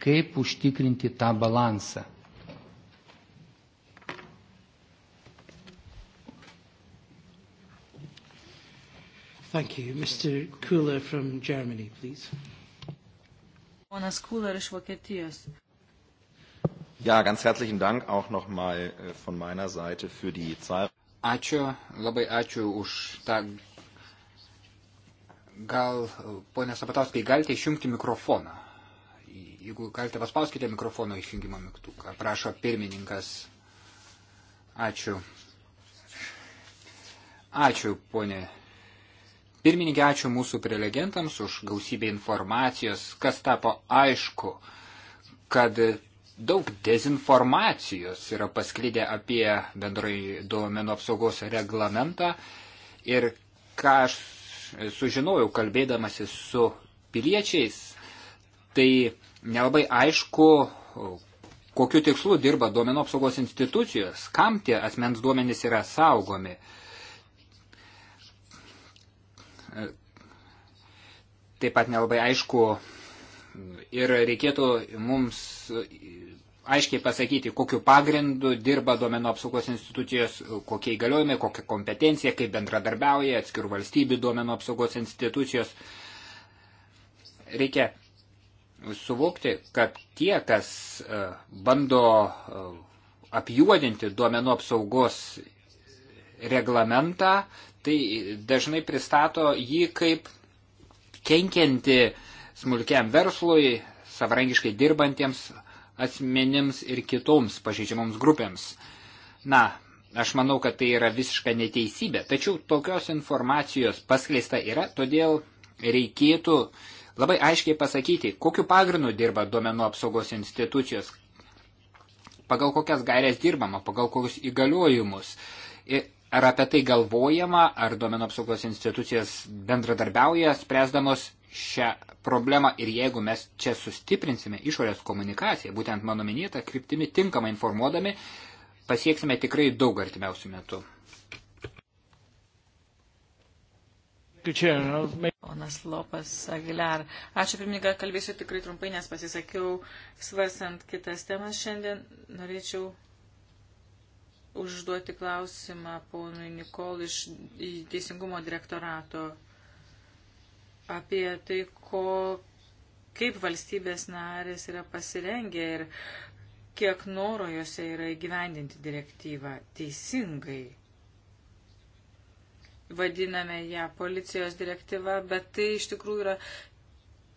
kaip užtikrinti tą balansą? Thank you. Mr. Kuhler from Germany, please. Ponas Kuhler iš Vokietijos. Ja, ganz herzlichen Dank auch nochmal äh, von meiner Seite für die Zahl. Ačiū, labai ačiū už tą. Gal, ponė Sabatauskai, galite išjungti mikrofoną? Jeigu galite, paspauskite mikrofono išjungimo mygtuką. Prašo pirmininkas. Ačiū. Ačiū, ponė. Pirmininkė, ačiū mūsų prelegentams už gausybę informacijos, kas tapo aišku, kad daug dezinformacijos yra pasklydę apie bendrai duomenų apsaugos reglamentą ir ką aš sužinojau kalbėdamasi su piliečiais, tai nelabai aišku, kokiu tikslu dirba duomenų apsaugos institucijos, kam tie asmens duomenys yra saugomi. Taip pat nelabai aišku, ir reikėtų mums aiškiai pasakyti, kokiu pagrindu dirba duomenų apsaugos institucijos, kokie įgaliojimai, kokia kompetencija, kaip bendradarbiauja atskirų valstybių duomenų apsaugos institucijos. Reikia suvokti, kad tie, kas e, bando e, apjuodinti duomenų apsaugos reglamentą, tai dažnai pristato jį kaip kenkianti uh, smulkiam verslui, savarankiškai dirbantiems asmenims ir kitoms pažeidžiamoms grupėms. Na, aš manau, kad tai yra visiška neteisybė, tačiau tokios informacijos paskleista yra, todėl reikėtų labai aiškiai pasakyti, kokiu pagrindu dirba duomenų apsaugos institucijos, pagal kokias gairias dirbama, pagal kokius įgaliojimus. Ar apie tai galvojama, ar duomenų apsaugos institucijas bendradarbiauja, spręsdamos šią problemą ir jeigu mes čia sustiprinsime išorės komunikaciją, būtent mano minėtą kryptimi tinkamai informuodami, pasieksime tikrai daug artimiausių metų. Ponas Lopas Aguilar. Ačiū pirmininką, kalbėsiu tikrai trumpai, nes pasisakiau svarstant kitas temas šiandien. Norėčiau užduoti klausimą ponui Nikol iš Teisingumo direktorato apie tai, ko, kaip valstybės narės yra pasirengę ir kiek noro jose yra įgyvendinti direktyvą teisingai. Vadiname ją policijos direktyva, bet tai iš tikrųjų yra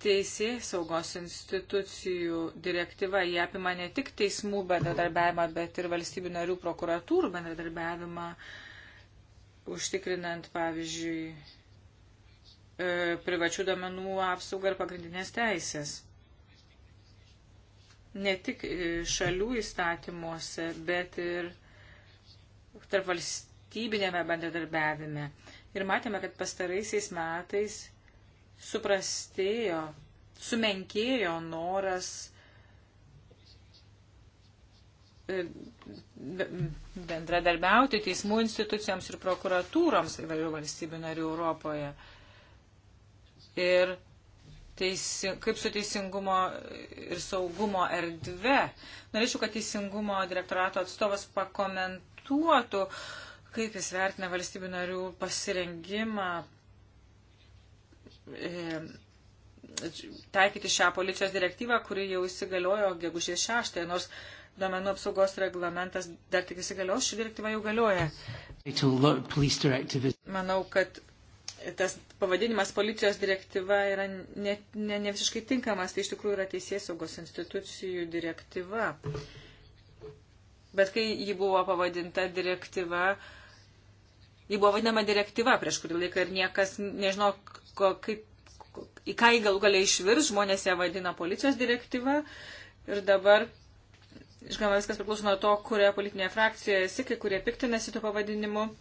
teisėjai saugos institucijų direktyva. Jie apima ne tik teismų bendradarbiavimą, bet ir valstybių narių prokuratūrų bendradarbiavimą, užtikrinant, pavyzdžiui, E, privačių domenų apsaugą ir pagrindinės teisės. Ne tik e, šalių įstatymuose, bet ir tarp valstybinėme bendradarbiavime. Ir matėme, kad pastaraisiais metais suprastėjo, sumenkėjo noras e, bendradarbiauti teismų institucijoms ir prokuratūroms įvairių valstybių narių Europoje ir teisi, kaip su teisingumo ir saugumo erdve. Norėčiau, kad teisingumo direktorato atstovas pakomentuotų, kaip jis vertina valstybių narių pasirengimą e, taikyti šią policijos direktyvą, kuri jau įsigaliojo gegužės 6, nors duomenų apsaugos reglamentas dar tik įsigalios, ši direktyva jau galioja. Manau, kad tas pavadinimas policijos direktyva yra ne, ne, ne visiškai tinkamas, tai iš tikrųjų yra teisės saugos institucijų direktyva. Bet kai ji buvo pavadinta direktyva, ji buvo vadinama direktyva prieš kurį laiką ir niekas nežino, ko, kaip, ko, į ką jį galų galiai išvirs, žmonės ją vadina policijos direktyva ir dabar žinoma, viskas priklauso nuo to, kurioje politinėje frakcijoje esi, kai kurie piktinasi tuo pavadinimu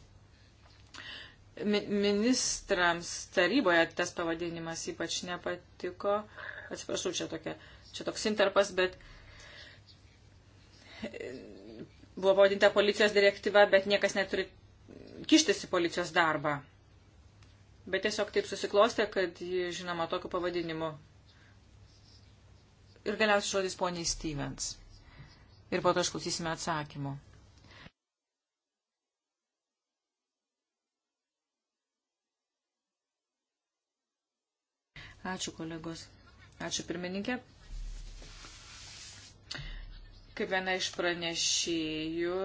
ministrams taryboje tas pavadinimas ypač nepatiko. Atsiprašau, čia, tokia, čia toks interpas, bet buvo pavadinta policijos direktyva, bet niekas neturi kištis į policijos darbą. Bet tiesiog taip susiklostė, kad ji žinoma tokiu pavadinimu. Ir galiausiai žodis poniai Stevens. Ir po to išklausysime atsakymų. Ačiū, kolegos. Ačiū, pirmininkė. Kaip viena iš pranešėjų,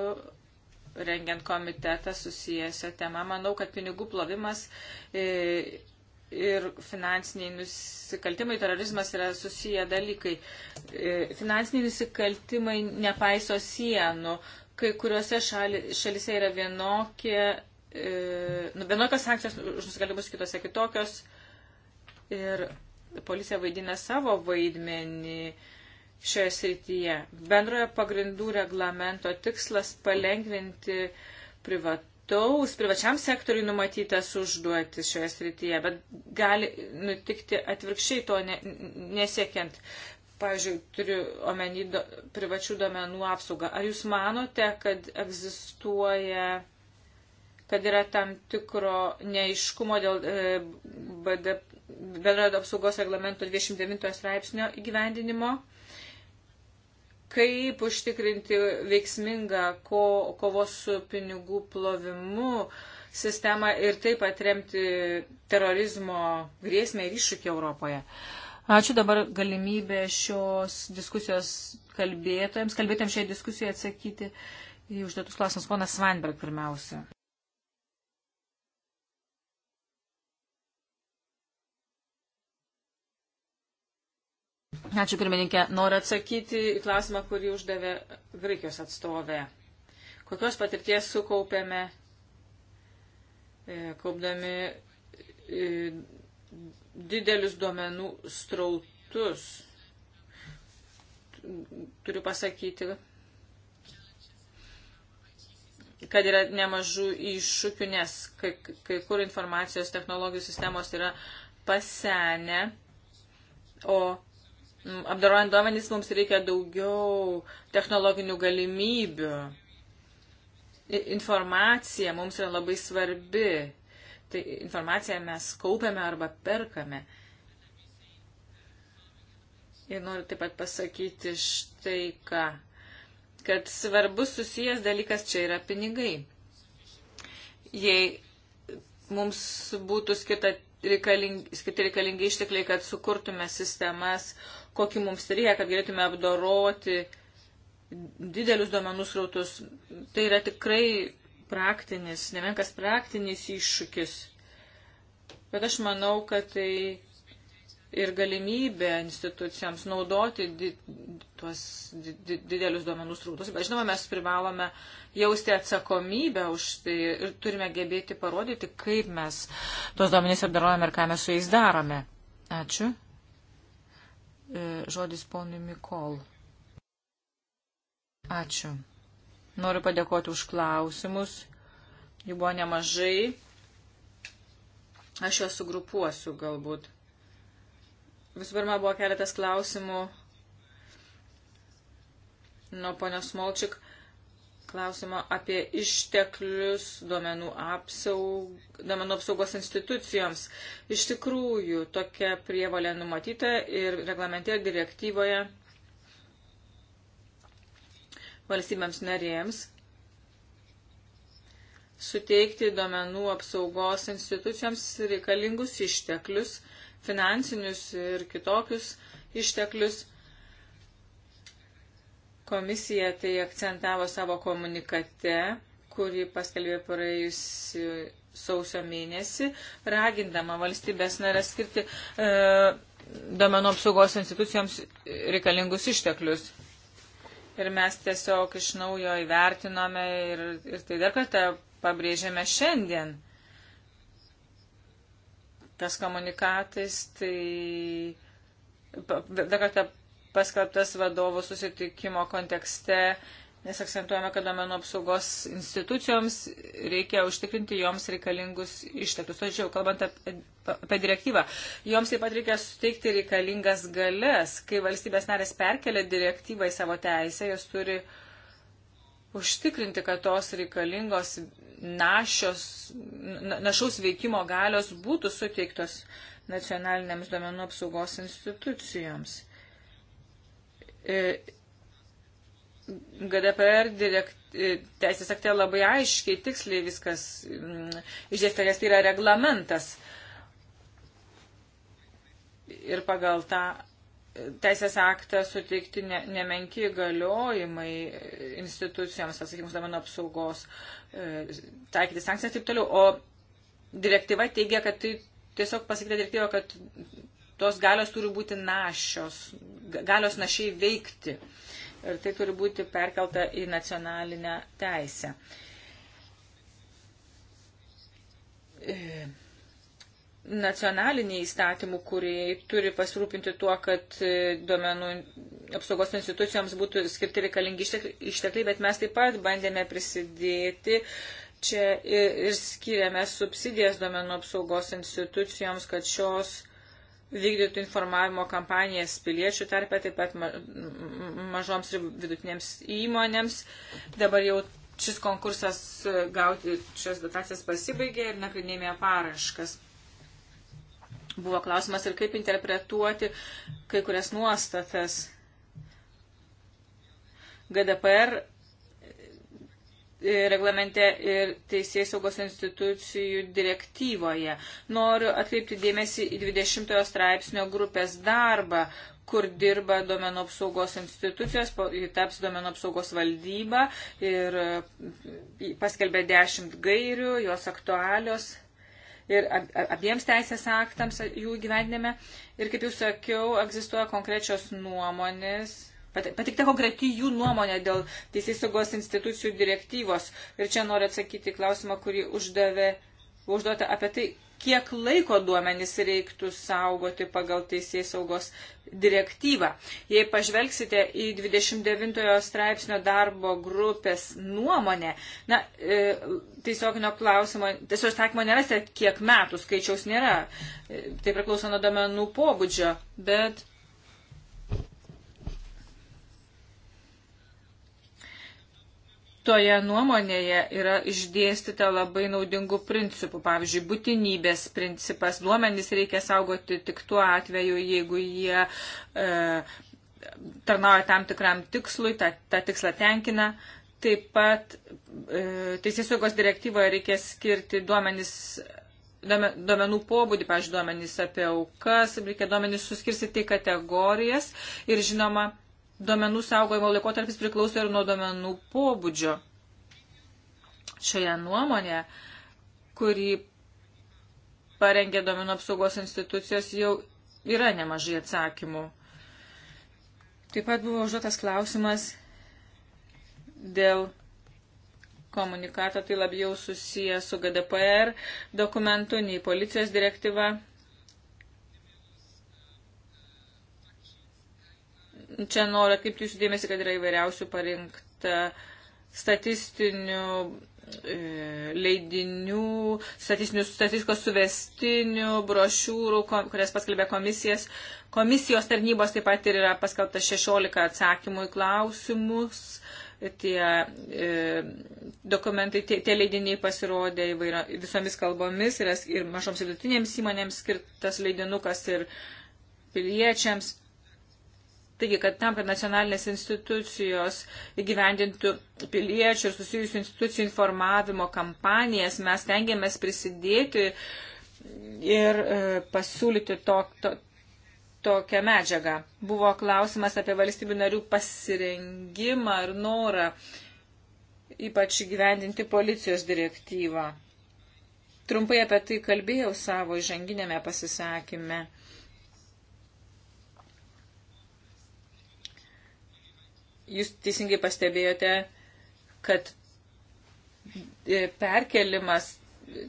rengiant komitetą susijęsią temą, manau, kad pinigų plovimas e, ir finansiniai nusikaltimai, terorizmas yra susiję dalykai. E, finansiniai nusikaltimai nepaiso sienų. Kai kuriuose šali, šalise yra vienokie, e, nu, vienokios sankcijos už nusikaltimus, kitose kitokios. kitokios ir policija vaidina savo vaidmenį šioje srityje. Bendrojo pagrindų reglamento tikslas palengvinti privataus, privačiam sektoriui numatytas užduotis šioje srityje, bet gali nutikti atvirkščiai to ne, nesiekiant. Pavyzdžiui, turiu omeny do, privačių domenų apsaugą. Ar jūs manote, kad egzistuoja kad yra tam tikro neiškumo dėl e, BD, bendrojo apsaugos reglamento 29 straipsnio įgyvendinimo, kaip užtikrinti veiksmingą ko, kovos su pinigų plovimu sistemą ir taip atremti terorizmo grėsmę ir iššūkį Europoje. Ačiū dabar galimybę šios diskusijos kalbėtojams, kalbėtėms šiai diskusijai atsakyti į užduotus klausimus. Ponas Svanberg pirmiausia. Ačiū pirmininkė. Noriu atsakyti į klausimą, kurį uždavė Graikijos atstovė. Kokios patirties sukaupėme, e, kaupdami e, didelius duomenų strautus? Turiu pasakyti, kad yra nemažų iššūkių, nes kai, kai kur informacijos technologijų sistemos yra pasenę, o Mm, Apdarojant duomenys mums reikia daugiau technologinių galimybių. Informacija mums yra labai svarbi. Tai informaciją mes kaupiame arba perkame. Ir noriu taip pat pasakyti štai ką, kad svarbus susijęs dalykas čia yra pinigai. Jei mums būtų skirta reikaling, skirti reikalingi ištekliai, kad sukurtume sistemas, kokį mums reikia, kad galėtume apdoroti didelius duomenų srautus. Tai yra tikrai praktinis, nemenkas praktinis iššūkis. Bet aš manau, kad tai ir galimybė institucijams naudoti di tuos di di didelius duomenų srautus. Bet žinoma, mes privalome jausti atsakomybę už tai ir turime gebėti parodyti, kaip mes tuos duomenys apdarojame ir ką mes su jais darome. Ačiū. E, žodis ponui Mikol. Ačiū. Noriu padėkoti už klausimus. Jų buvo nemažai. Aš juos sugrupuosiu galbūt. Visų pirma, buvo keletas klausimų nuo ponios Molčik klausimą apie išteklius duomenų, apsaug, duomenų apsaugos institucijoms. Iš tikrųjų, tokia prievalė numatyta ir reglamente ir direktyvoje valstybėms narėms suteikti duomenų apsaugos institucijoms reikalingus išteklius, finansinius ir kitokius išteklius Komisija tai akcentavo savo komunikate, kurį paskelbė praėjusiu sausio mėnesį, ragindama valstybės narės skirti e, domenų apsaugos institucijoms reikalingus išteklius. Ir mes tiesiog iš naujo įvertinome ir, ir tai dar kartą pabrėžėme šiandien. Tas komunikatas, tai dar kartą paskelbtas vadovų susitikimo kontekste, nes akcentuojame, kad domenų apsaugos institucijoms reikia užtikrinti joms reikalingus išteklius. Tačiau, kalbant apie, apie direktyvą, joms taip pat reikia suteikti reikalingas galės. Kai valstybės narės perkelia direktyvą į savo teisę, jos turi užtikrinti, kad tos reikalingos našios, našaus veikimo galios būtų suteiktos nacionalinėms duomenų apsaugos institucijoms. E, GDPR direkt, e, teisės akte labai aiškiai, tiksliai viskas mm, išdėsta, nes tai yra reglamentas. Ir pagal tą e, teisės aktą suteikti ne, nemenki galiojimai institucijoms, atsakymus domenų apsaugos, taikyti sankcijas ir taip toliau. O direktyva teigia, kad tai tiesiog pasakyti direktyvą, kad tos galios turi būti našios, galios našiai veikti. Ir tai turi būti perkelta į nacionalinę teisę. E, nacionaliniai įstatymų, kurie turi pasirūpinti tuo, kad e, duomenų apsaugos institucijoms būtų skirti reikalingi ištekliai, bet mes taip pat bandėme prisidėti čia ir skiriame subsidijas duomenų apsaugos institucijoms, kad šios vykdytų informavimo kampanijas piliečių tarpe, taip pat mažoms ir vidutinėms įmonėms. Dabar jau šis konkursas e, gauti šios dotacijas pasibaigė ir nagrinėjame paraškas. Buvo klausimas ir kaip interpretuoti kai kurias nuostatas. GDPR reglamente ir teisės saugos institucijų direktyvoje. Noriu atkreipti dėmesį į 20 straipsnio grupės darbą, kur dirba domenų apsaugos institucijos, taps domenų apsaugos valdyba ir e, paskelbė 10 gairių, jos aktualios ir abiems teisės aktams jų gyvendėme. Ir kaip jau sakiau, egzistuoja konkrečios nuomonės patikta konkreti jų nuomonė dėl teisėsaugos institucijų direktyvos. Ir čia noriu atsakyti klausimą, kurį uždavė, užduota apie tai, kiek laiko duomenys reiktų saugoti pagal teisėsaugos direktyvą. Jei pažvelgsite į 29 straipsnio darbo grupės nuomonę, na, e, tiesioginio klausimo, tiesiog sakymo nerasite, kiek metų skaičiaus nėra. E, tai priklauso nuo domenų pobūdžio, bet Toje nuomonėje yra išdėstyta labai naudingų principų, pavyzdžiui, būtinybės principas. Duomenys reikia saugoti tik tuo atveju, jeigu jie e, tarnauja tam tikram tikslui, tą, tą tikslą tenkina. Taip pat e, teisėsaugos direktyvoje reikia skirti duomenys duomenų pobūdį, pažiūrėjau, duomenys apie aukas, reikia duomenys suskirstyti į kategorijas ir žinoma, Duomenų saugojimo laikotarpis priklauso ir nuo duomenų pobūdžio. Šioje nuomonė, kurį parengė duomenų apsaugos institucijos, jau yra nemažai atsakymų. Taip pat buvo užduotas klausimas dėl komunikato, tai labiau susiję su GDPR dokumentu nei policijos direktyva. Čia noriu atkreipti jūsų dėmesį, kad yra įvairiausių parinkta statistinių e, leidinių, statistikos suvestinių, brošiūrų, kurias paskelbė komisijas. Komisijos tarnybos taip pat ir yra paskelbta 16 atsakymų į klausimus. Tie e, dokumentai, tie, tie leidiniai pasirodė įvairio, visomis kalbomis, yra ir mažoms vidutinėms įmonėms skirtas leidinukas ir piliečiams. Taigi, kad tam, kad nacionalinės institucijos įgyvendintų piliečių ir susijusių institucijų informavimo kampanijas, mes tengiamės prisidėti ir e, pasiūlyti to, to, tokią medžiagą. Buvo klausimas apie valstybių narių pasirengimą ir norą ypač gyvendinti policijos direktyvą. Trumpai apie tai kalbėjau savo žanginėme pasisakymė. jūs teisingai pastebėjote, kad e, perkelimas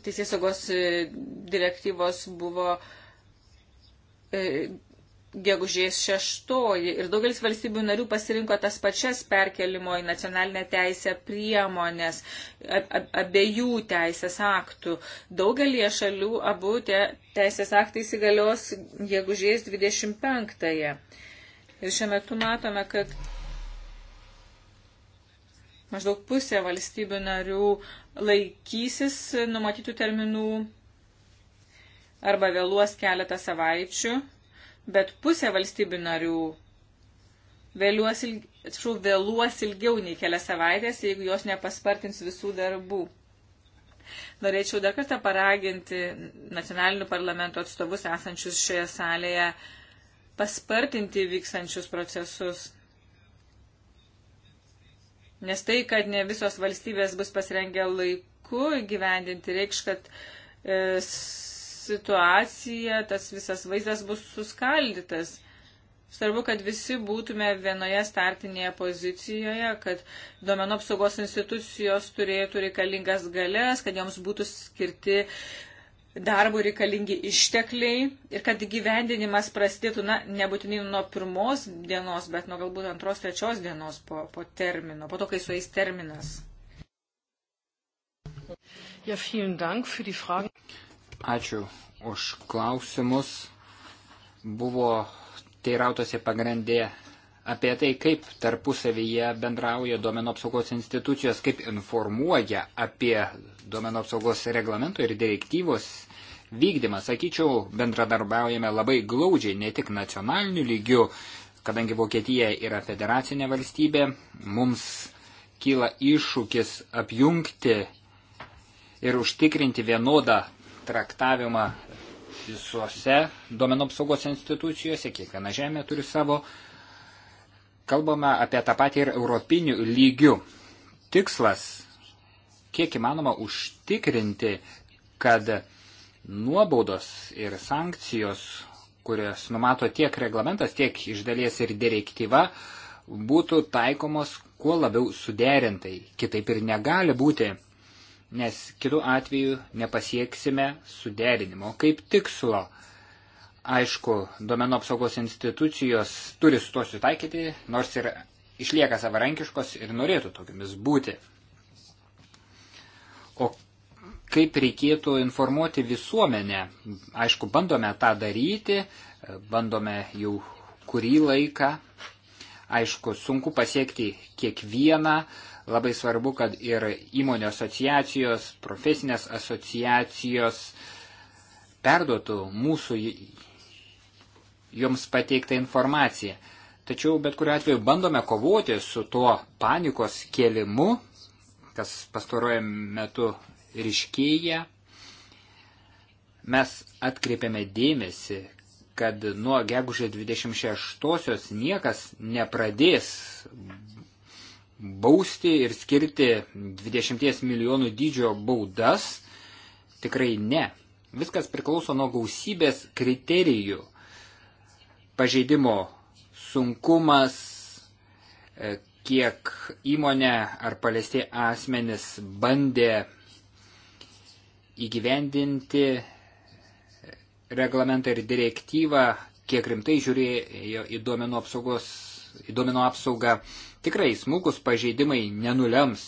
teisės saugos e, direktyvos buvo e, gegužės šeštoji ir daugelis valstybių narių pasirinko tas pačias perkelimo į nacionalinę teisę priemonės, abiejų teisės aktų. Daugelie šalių abu tie teisės aktai įsigalios gegužės 25-ąją. Ir šiuo metu matome, kad Maždaug pusė valstybių narių laikysis numatytų terminų arba vėluos keletą savaičių, bet pusė valstybių narių vėluos, ilg... Atsiprašau, vėluos ilgiau nei kelias savaitės, jeigu jos nepaspartins visų darbų. Norėčiau dar kartą paraginti nacionalinių parlamento atstovus esančius šioje salėje paspartinti vykstančius procesus. Nes tai, kad ne visos valstybės bus pasirengę laiku gyvendinti, reikš, kad e, situacija, tas visas vaizdas bus suskaldytas. Svarbu, kad visi būtume vienoje startinėje pozicijoje, kad duomenų apsaugos institucijos turėtų reikalingas galės, kad joms būtų skirti darbų reikalingi ištekliai ir kad gyvendinimas prasidėtų, na, nebūtinai nuo pirmos dienos, bet nuo galbūt antros, trečios dienos po, po termino, po to, kai sueis terminas. Ja, dank für die Fragen. Ačiū už klausimus. Buvo teirautose pagrindė apie tai, kaip tarpusavyje bendrauja duomenų apsaugos institucijos, kaip informuoja apie duomenų apsaugos reglamento ir direktyvos vykdymą. Sakyčiau, bendradarbiaujame labai glaudžiai, ne tik nacionaliniu lygiu, kadangi Vokietija yra federacinė valstybė, mums kyla iššūkis apjungti ir užtikrinti vienodą traktavimą visose domenų apsaugos institucijose, kiekviena žemė turi savo. Kalbame apie tą patį ir europinių lygių. Tikslas, kiek įmanoma, užtikrinti, kad nuobaudos ir sankcijos, kurias numato tiek reglamentas, tiek iš dalies ir direktyva, būtų taikomos kuo labiau suderintai. Kitaip ir negali būti, nes kitų atveju nepasieksime suderinimo kaip tikslo. Aišku, domenų apsaugos institucijos turi su to sutaikyti, nors ir išlieka savarankiškos ir norėtų tokiamis būti kaip reikėtų informuoti visuomenę. Aišku, bandome tą daryti, bandome jau kurį laiką. Aišku, sunku pasiekti kiekvieną. Labai svarbu, kad ir įmonių asociacijos, profesinės asociacijos perduotų mūsų joms pateiktą informaciją. Tačiau bet kuriu atveju bandome kovoti su tuo panikos kėlimu, kas pastarojame metu ryškėja. Mes atkreipiame dėmesį, kad nuo gegužės 26-osios niekas nepradės bausti ir skirti 20 milijonų dydžio baudas. Tikrai ne. Viskas priklauso nuo gausybės kriterijų. Pažeidimo sunkumas, e, kiek įmonė ar palesti asmenis bandė įgyvendinti reglamentą ir direktyvą, kiek rimtai žiūrėjo į duomenų, apsaugos, į duomenų apsaugą. Tikrai smulkus pažeidimai nenulems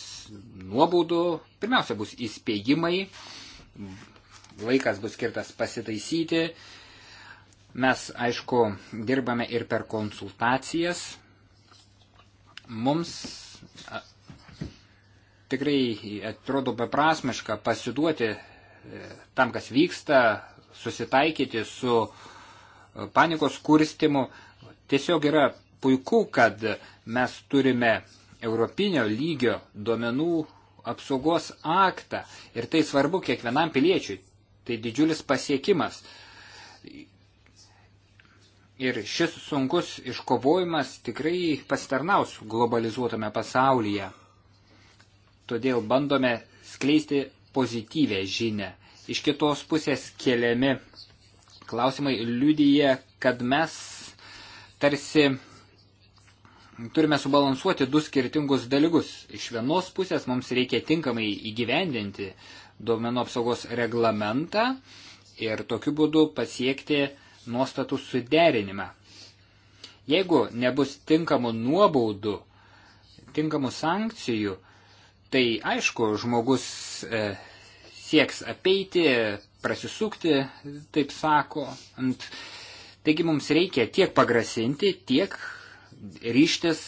nuobaudų, pirmiausia bus įspėjimai, laikas bus skirtas pasitaisyti. Mes, aišku, dirbame ir per konsultacijas. Mums tikrai atrodo beprasmiška pasiduoti tam, kas vyksta, susitaikyti su e, panikos kurstimu. Tiesiog yra puiku, kad mes turime europinio lygio duomenų apsaugos aktą ir tai svarbu kiekvienam piliečiui. Tai didžiulis pasiekimas. Ir šis sunkus iškovojimas tikrai pasitarnaus globalizuotame pasaulyje. Todėl bandome skleisti pozityvę žinę. Iš kitos pusės keliami klausimai liudyje, kad mes tarsi turime subalansuoti du skirtingus dalykus. Iš vienos pusės mums reikia tinkamai įgyvendinti duomenų apsaugos reglamentą ir tokiu būdu pasiekti nuostatų suderinimą. Jeigu nebus tinkamų nuobaudų, tinkamų sankcijų, Tai aišku, žmogus e, sieks apeiti, prasisukti, taip sako. Ant, taigi mums reikia tiek pagrasinti, tiek ryštis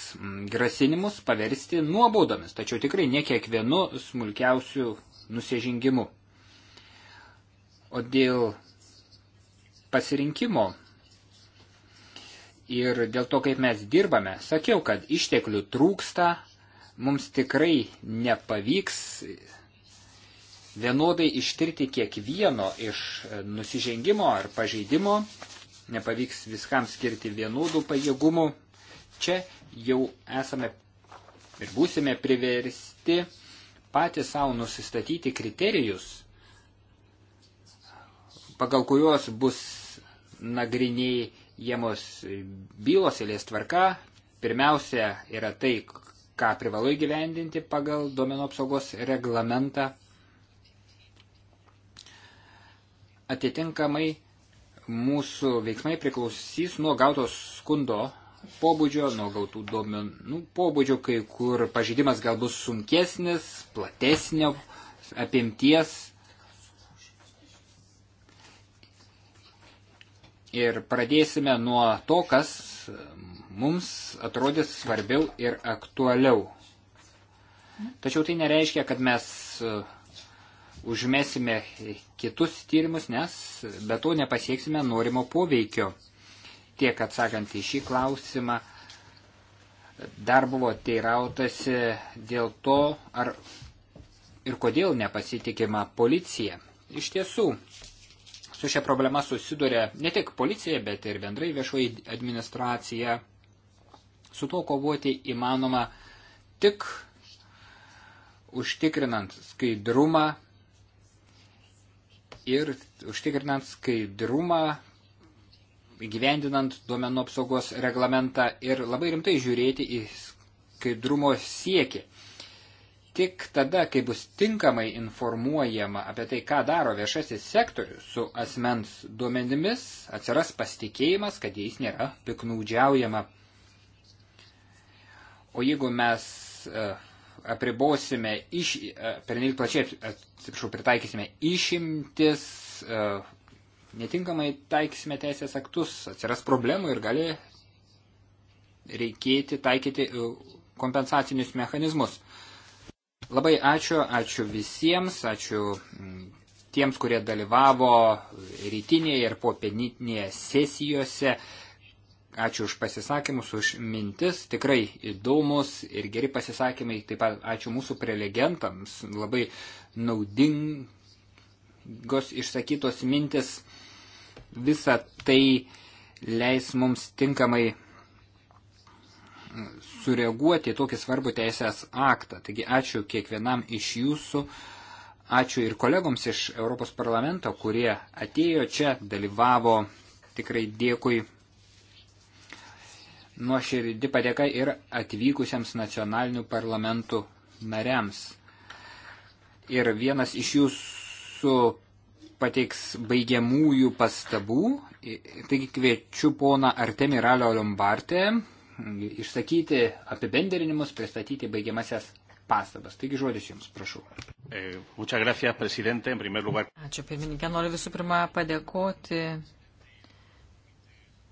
grasinimus paversti nuobaudomis, tačiau tikrai ne kiekvienu smulkiausiu nusižengimu. O dėl pasirinkimo ir dėl to, kaip mes dirbame, sakiau, kad išteklių trūksta, mums tikrai nepavyks vienodai ištirti kiekvieno iš e, nusižengimo ar pažeidimo, nepavyks viskam skirti vienodų pajėgumų. Čia jau esame ir būsime priversti patys savo nusistatyti kriterijus, pagal kuriuos bus nagrinėjamos bylos eilės tvarka. Pirmiausia yra tai, ką privalu įgyvendinti pagal duomenų apsaugos reglamentą. Atitinkamai mūsų veiksmai priklausys nuo gautos skundo pobūdžio, nuo gautų duomenų pobūdžio, kai kur pažydimas gal bus sunkesnis, platesnio apimties. Ir pradėsime nuo to, kas mums atrodys svarbiau ir aktualiau. Tačiau tai nereiškia, kad mes e, užmesime kitus tyrimus, nes be to nepasieksime norimo poveikio. Tiek atsakant į šį klausimą, dar buvo teirautasi dėl to, ar ir kodėl nepasitikima policija. Iš tiesų, su šia problema susiduria ne tik policija, bet ir bendrai viešoji administracija. Su to kovoti įmanoma tik užtikrinant skaidrumą ir užtikrinant skaidrumą, gyvendinant duomenų apsaugos reglamentą ir labai rimtai žiūrėti į skaidrumo siekį. Tik tada, kai bus tinkamai informuojama apie tai, ką daro viešasis sektorius su asmens duomenimis, atsiras pasitikėjimas, kad jais nėra piknaudžiaujama. O jeigu mes e, apribosime, iš, e, pernelyg plačiai, atsiprašau, pritaikysime išimtis, e, netinkamai taikysime teisės aktus, atsiras problemų ir gali reikėti taikyti kompensacinius mechanizmus. Labai ačiū, ačiū visiems, ačiū tiems, kurie dalyvavo rytinėje ir popieninėje sesijose. Ačiū už pasisakymus, už mintis, tikrai įdomus ir geri pasisakymai. Taip pat ačiū mūsų prelegentams, labai naudingos išsakytos mintis. Visa tai leis mums tinkamai sureaguoti į tokį svarbų teisės aktą. Taigi ačiū kiekvienam iš jūsų. Ačiū ir kolegoms iš Europos parlamento, kurie atėjo čia, dalyvavo. Tikrai dėkui nuoširdi padėka ir atvykusiems nacionalinių parlamentų nariams. Ir vienas iš jūsų pateiks baigiamųjų pastabų. Taigi kviečiu poną Artemį Ralio Lombartę išsakyti apibendrinimus, pristatyti baigiamasias pastabas. Taigi žodis Jums, prašau. Eh, Ačiū, pirmininkė. Noriu visų pirma padėkoti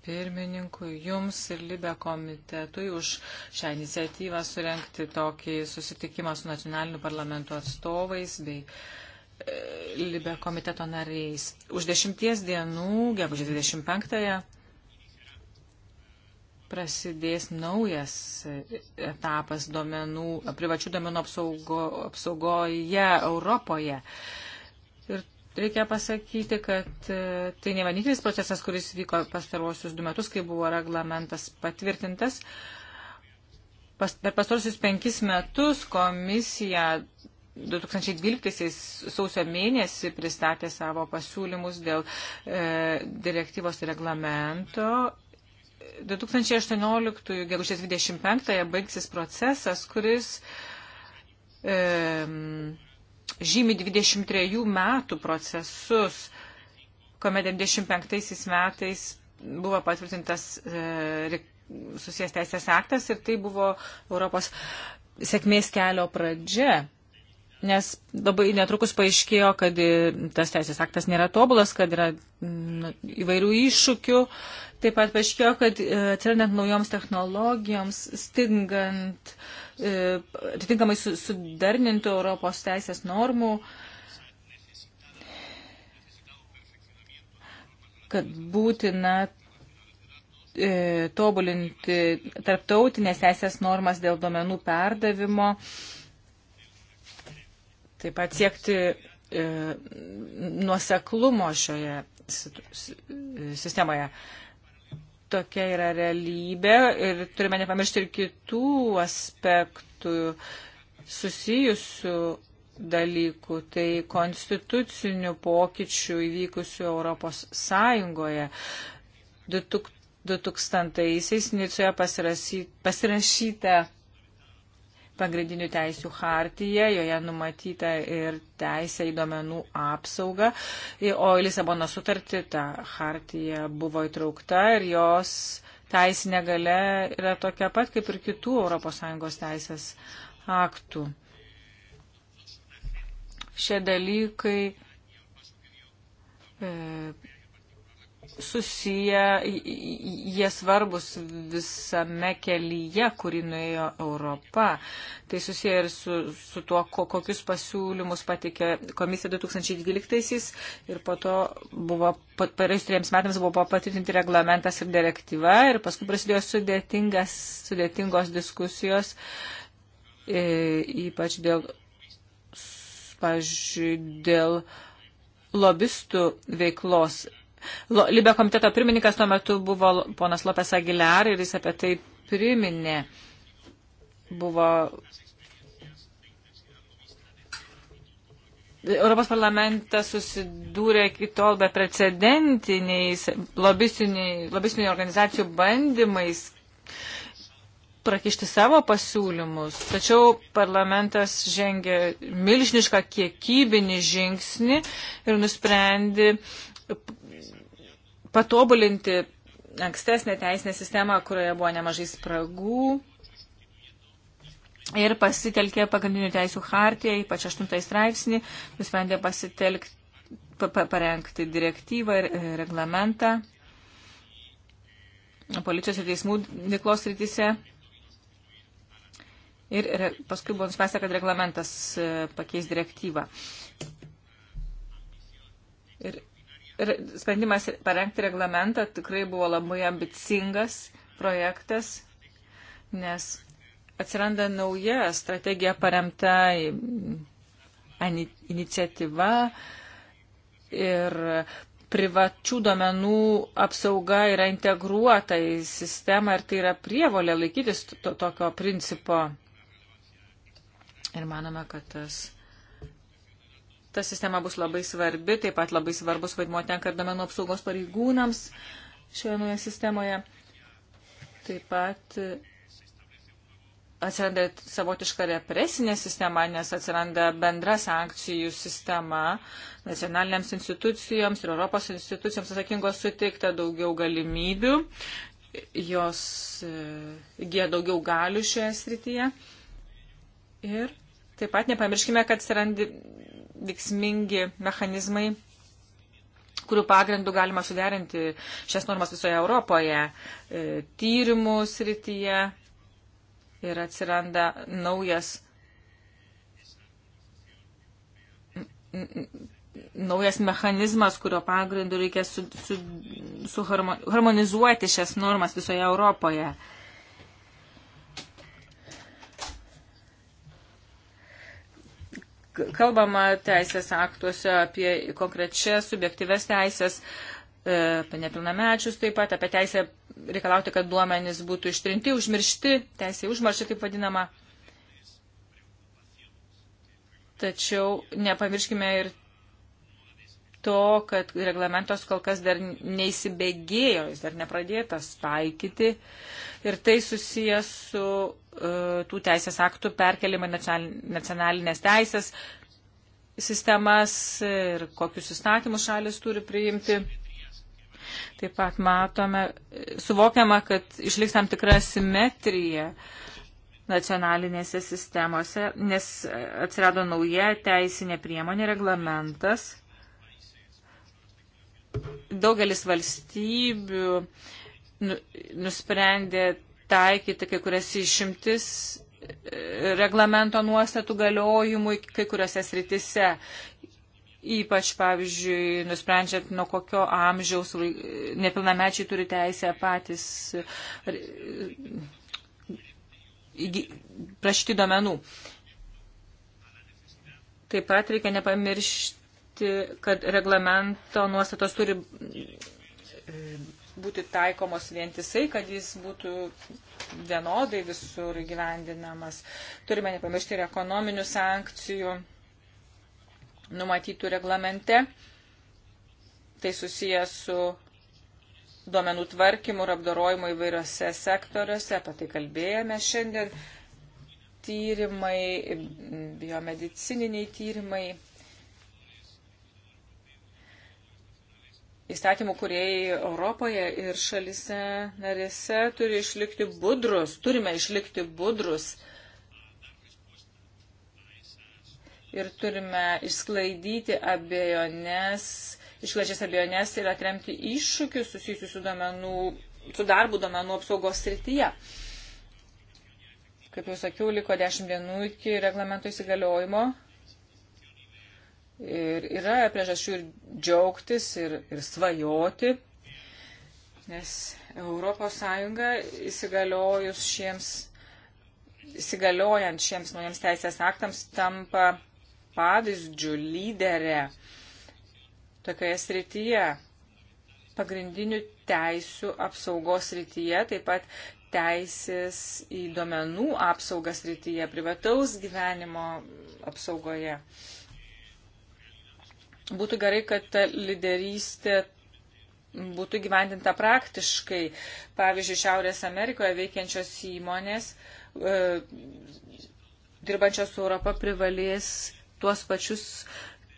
pirmininkui, jums ir Libe komitetui už šią iniciatyvą surenkti tokį susitikimą su nacionaliniu parlamentu atstovais bei e, Libe komiteto nariais. Už dešimties dienų, gegužės 25-ąją, prasidės naujas etapas domenų, privačių domenų apsaugo, apsaugoje Europoje. Uh, Reikia pasakyti, kad e, tai ne vienintelis procesas, kuris vyko pastaruosius du metus, kai buvo reglamentas patvirtintas. Pas, per pastaruosius penkis metus komisija 2012 sausio mėnesį pristatė savo pasiūlymus dėl e, direktyvos reglamento 2018 gegužės 25 baigsis procesas, kuris e, žymi 23 metų procesus, kuomet 95 metais buvo patvirtintas e, susijęs teisės aktas ir tai buvo Europos sėkmės kelio pradžia. Nes labai netrukus paaiškėjo, kad e, tas teisės aktas nėra tobulas, kad yra nu, įvairių iššūkių. Taip pat paaiškėjo, kad e, atsirandant naujoms technologijoms, stingant uh, E, atitinkamai sudarnintų Europos teisės normų, kad būtina e, tobulinti tarptautinės teisės normas dėl domenų perdavimo, taip pat siekti e, nuoseklumo šioje sistemoje tokia yra realybė ir turime nepamiršti ir kitų aspektų susijusių dalykų, tai konstitucinių pokyčių įvykusių Europos Sąjungoje. 2000-aisiais Nicoje pasirašyta pagrindinių teisių hartiją, joje numatyta ir teisė į domenų apsaugą, o į Lisabono sutartį ta hartija buvo įtraukta ir jos teisinė gale yra tokia pat kaip ir kitų ES teisės aktų. Šie dalykai e, susiję, jie svarbus visame kelyje, kurį nuėjo Europa. Tai susiję ir su, su tuo, ko, kokius pasiūlymus patikė komisija 2012-aisiais ir po to buvo, praėjus triems metams buvo patvirtinti reglamentas ir direktyva ir paskui prasidėjo sudėtingos diskusijos, e, ypač dėl, pažiūrėjau, dėl lobistų veiklos Libio komiteto pirmininkas tuo metu buvo ponas Lopes Aguilar ir jis apie tai priminė. Buvo Europos parlamentas susidūrė iki tol be precedentiniais lobistinių organizacijų bandymais prakišti savo pasiūlymus. Tačiau parlamentas žengė milžinišką kiekybinį žingsnį ir nusprendė patobulinti ankstesnę teisinę sistemą, kurioje buvo nemažai spragų ir pasitelkė pagrindinių teisų hartiją, ypač 8 straipsnį, nusprendė pasitelkti, parengti direktyvą ir e, reglamentą policijos ir teismų veiklos rytise. Ir paskui buvo nuspręsta, kad reglamentas e, pakeis direktyvą. Ir sprendimas parengti reglamentą tikrai buvo labai ambicingas projektas, nes atsiranda nauja strategija paremta iniciatyva ir privačių duomenų apsauga yra integruota į sistemą ir tai yra prievolė laikytis to, tokio principo. Ir manome, kad tas Ta sistema bus labai svarbi, taip pat labai svarbus vaidmuo tenka ir domenų apsaugos pareigūnams šioje naujoje sistemoje. Taip pat e, atsiranda savotiška represinė sistema, nes atsiranda bendra sankcijų sistema nacionaliniams institucijoms ir Europos institucijoms atsakingos suteikta daugiau galimybių, jos e, įgyja daugiau galių šioje srityje. Ir taip pat nepamirškime, kad atsirandi veiksmingi mechanizmai, kurių pagrindų galima suderinti šias normas visoje Europoje, e, tyrimų srityje ir atsiranda naujas naujas mechanizmas, kurio pagrindu reikia su, su, su harmonizuoti šias normas visoje Europoje. Uh, kalbama teisės aktuose apie konkrečias subjektyves teisės, e, apie nepilnamečius taip pat, apie teisę reikalauti, kad duomenys būtų ištrinti, užmiršti, teisė užmaršti taip vadinama. Tačiau nepamirškime ir to, kad reglamentas kol kas dar neįsibėgėjo, jis dar nepradėtas taikyti. Ir tai susijęs su uh, tų teisės aktų perkelimą nacionalinės teisės sistemas ir kokius įstatymus šalis turi priimti. Taip pat matome, suvokiama, kad išliks tam tikra simetrija nacionalinėse sistemose, nes atsirado nauja teisinė priemonė, reglamentas daugelis valstybių nu, nusprendė taikyti kai kurias išimtis e, reglamento nuostatų galiojimui kai kuriuose sritise. Ypač, pavyzdžiui, nusprendžiant, nuo kokio amžiaus nepilnamečiai turi teisę patys e, prašyti domenų. Taip pat reikia nepamiršti pasakyti, kad reglamento nuostatos turi e, būti taikomos vientisai, kad jis būtų vienodai visur gyvendinamas. Turime nepamiršti ir ekonominių sankcijų numatytų reglamente. Tai susijęs su duomenų tvarkymu ir apdorojimu įvairiose sektoriuose. Apie tai kalbėjome šiandien. Tyrimai, biomedicininiai tyrimai įstatymų, kurie Europoje ir šalise narėse turi išlikti budrus, turime išlikti budrus. Ir turime išsklaidyti abejonės, išklaidžias abejonės ir atremti iššūkius susijusius su, domenų, su darbu domenų apsaugos srityje. Kaip jau sakiau, liko 10 dienų iki reglamento įsigaliojimo Ir yra priežasčių ir džiaugtis, ir, ir svajoti, nes ES įsigaliojus šiems, įsigaliojant šiems naujiems teisės aktams tampa pavyzdžių lyderė tokioje srityje, pagrindinių teisų apsaugos srityje, taip pat teisės į duomenų apsaugas srityje, privataus gyvenimo apsaugoje būtų gerai, kad ta lyderystė būtų gyvendinta praktiškai. Pavyzdžiui, Šiaurės Amerikoje veikiančios įmonės, e, dirbančios su Europa, privalės tuos pačius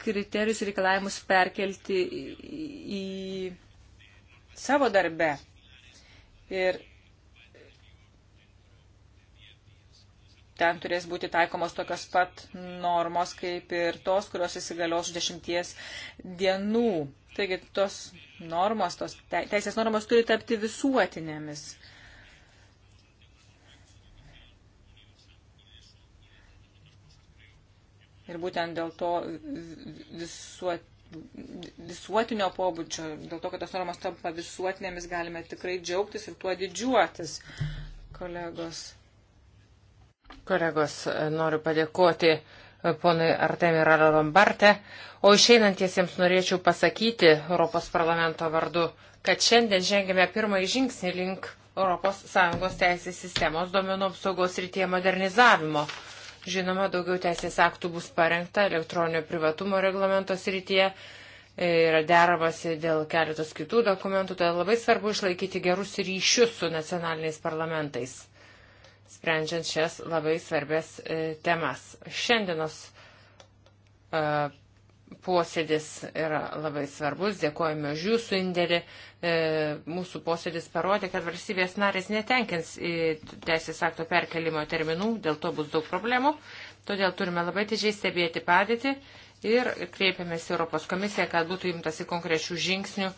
kriterijus ir reikalavimus perkelti į, į savo darbę. Ir ten turės būti taikomos tokios pat normos, kaip ir tos, kurios įsigalios už dešimties dienų. Taigi tos normos, tos teisės normos turi tapti visuotinėmis. Ir būtent dėl to visuot, visuotinio pobūdžio, dėl to, kad tos normos tampa visuotinėmis, galime tikrai džiaugtis ir tuo didžiuotis, kolegos. Kolegos, noriu padėkoti ponui Artemirado Lombarte, o išeinantiesiems norėčiau pasakyti Europos parlamento vardu, kad šiandien žengėme pirmąjį žingsnį link ES teisės sistemos duomenų apsaugos rytie modernizavimo. Žinoma, daugiau teisės aktų bus parengta elektroninio privatumo reglamento srityje, yra deramasi dėl keletos kitų dokumentų, todėl tai labai svarbu išlaikyti gerus ryšius su nacionaliniais parlamentais sprendžiant šias labai svarbės e, temas. Šiandienos e, posėdis yra labai svarbus, dėkojame už jūsų indėlį. E, mūsų posėdis parodė, kad valstybės narės netenkins į teisės akto perkelimo terminų, dėl to bus daug problemų, todėl turime labai didžiai stebėti padėtį ir kreipiamės Europos komisiją, kad būtų imtasi konkrečių žingsnių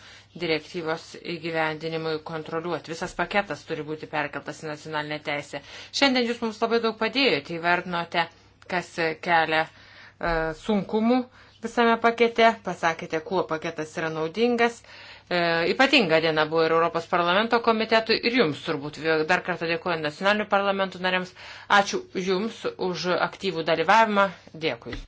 direktyvos įgyvendinimui kontroliuoti. Visas paketas turi būti perkeltas į nacionalinę teisę. Šiandien jūs mums labai daug padėjote, įvardinote, kas kelia e, sunkumų visame pakete, pasakėte, kuo paketas yra naudingas. E, ypatinga diena buvo ir Europos parlamento komitetui, ir jums turbūt. Dar kartą dėkuoju nacionalinių parlamentų nariams. Ačiū jums už aktyvų dalyvavimą. Dėkui.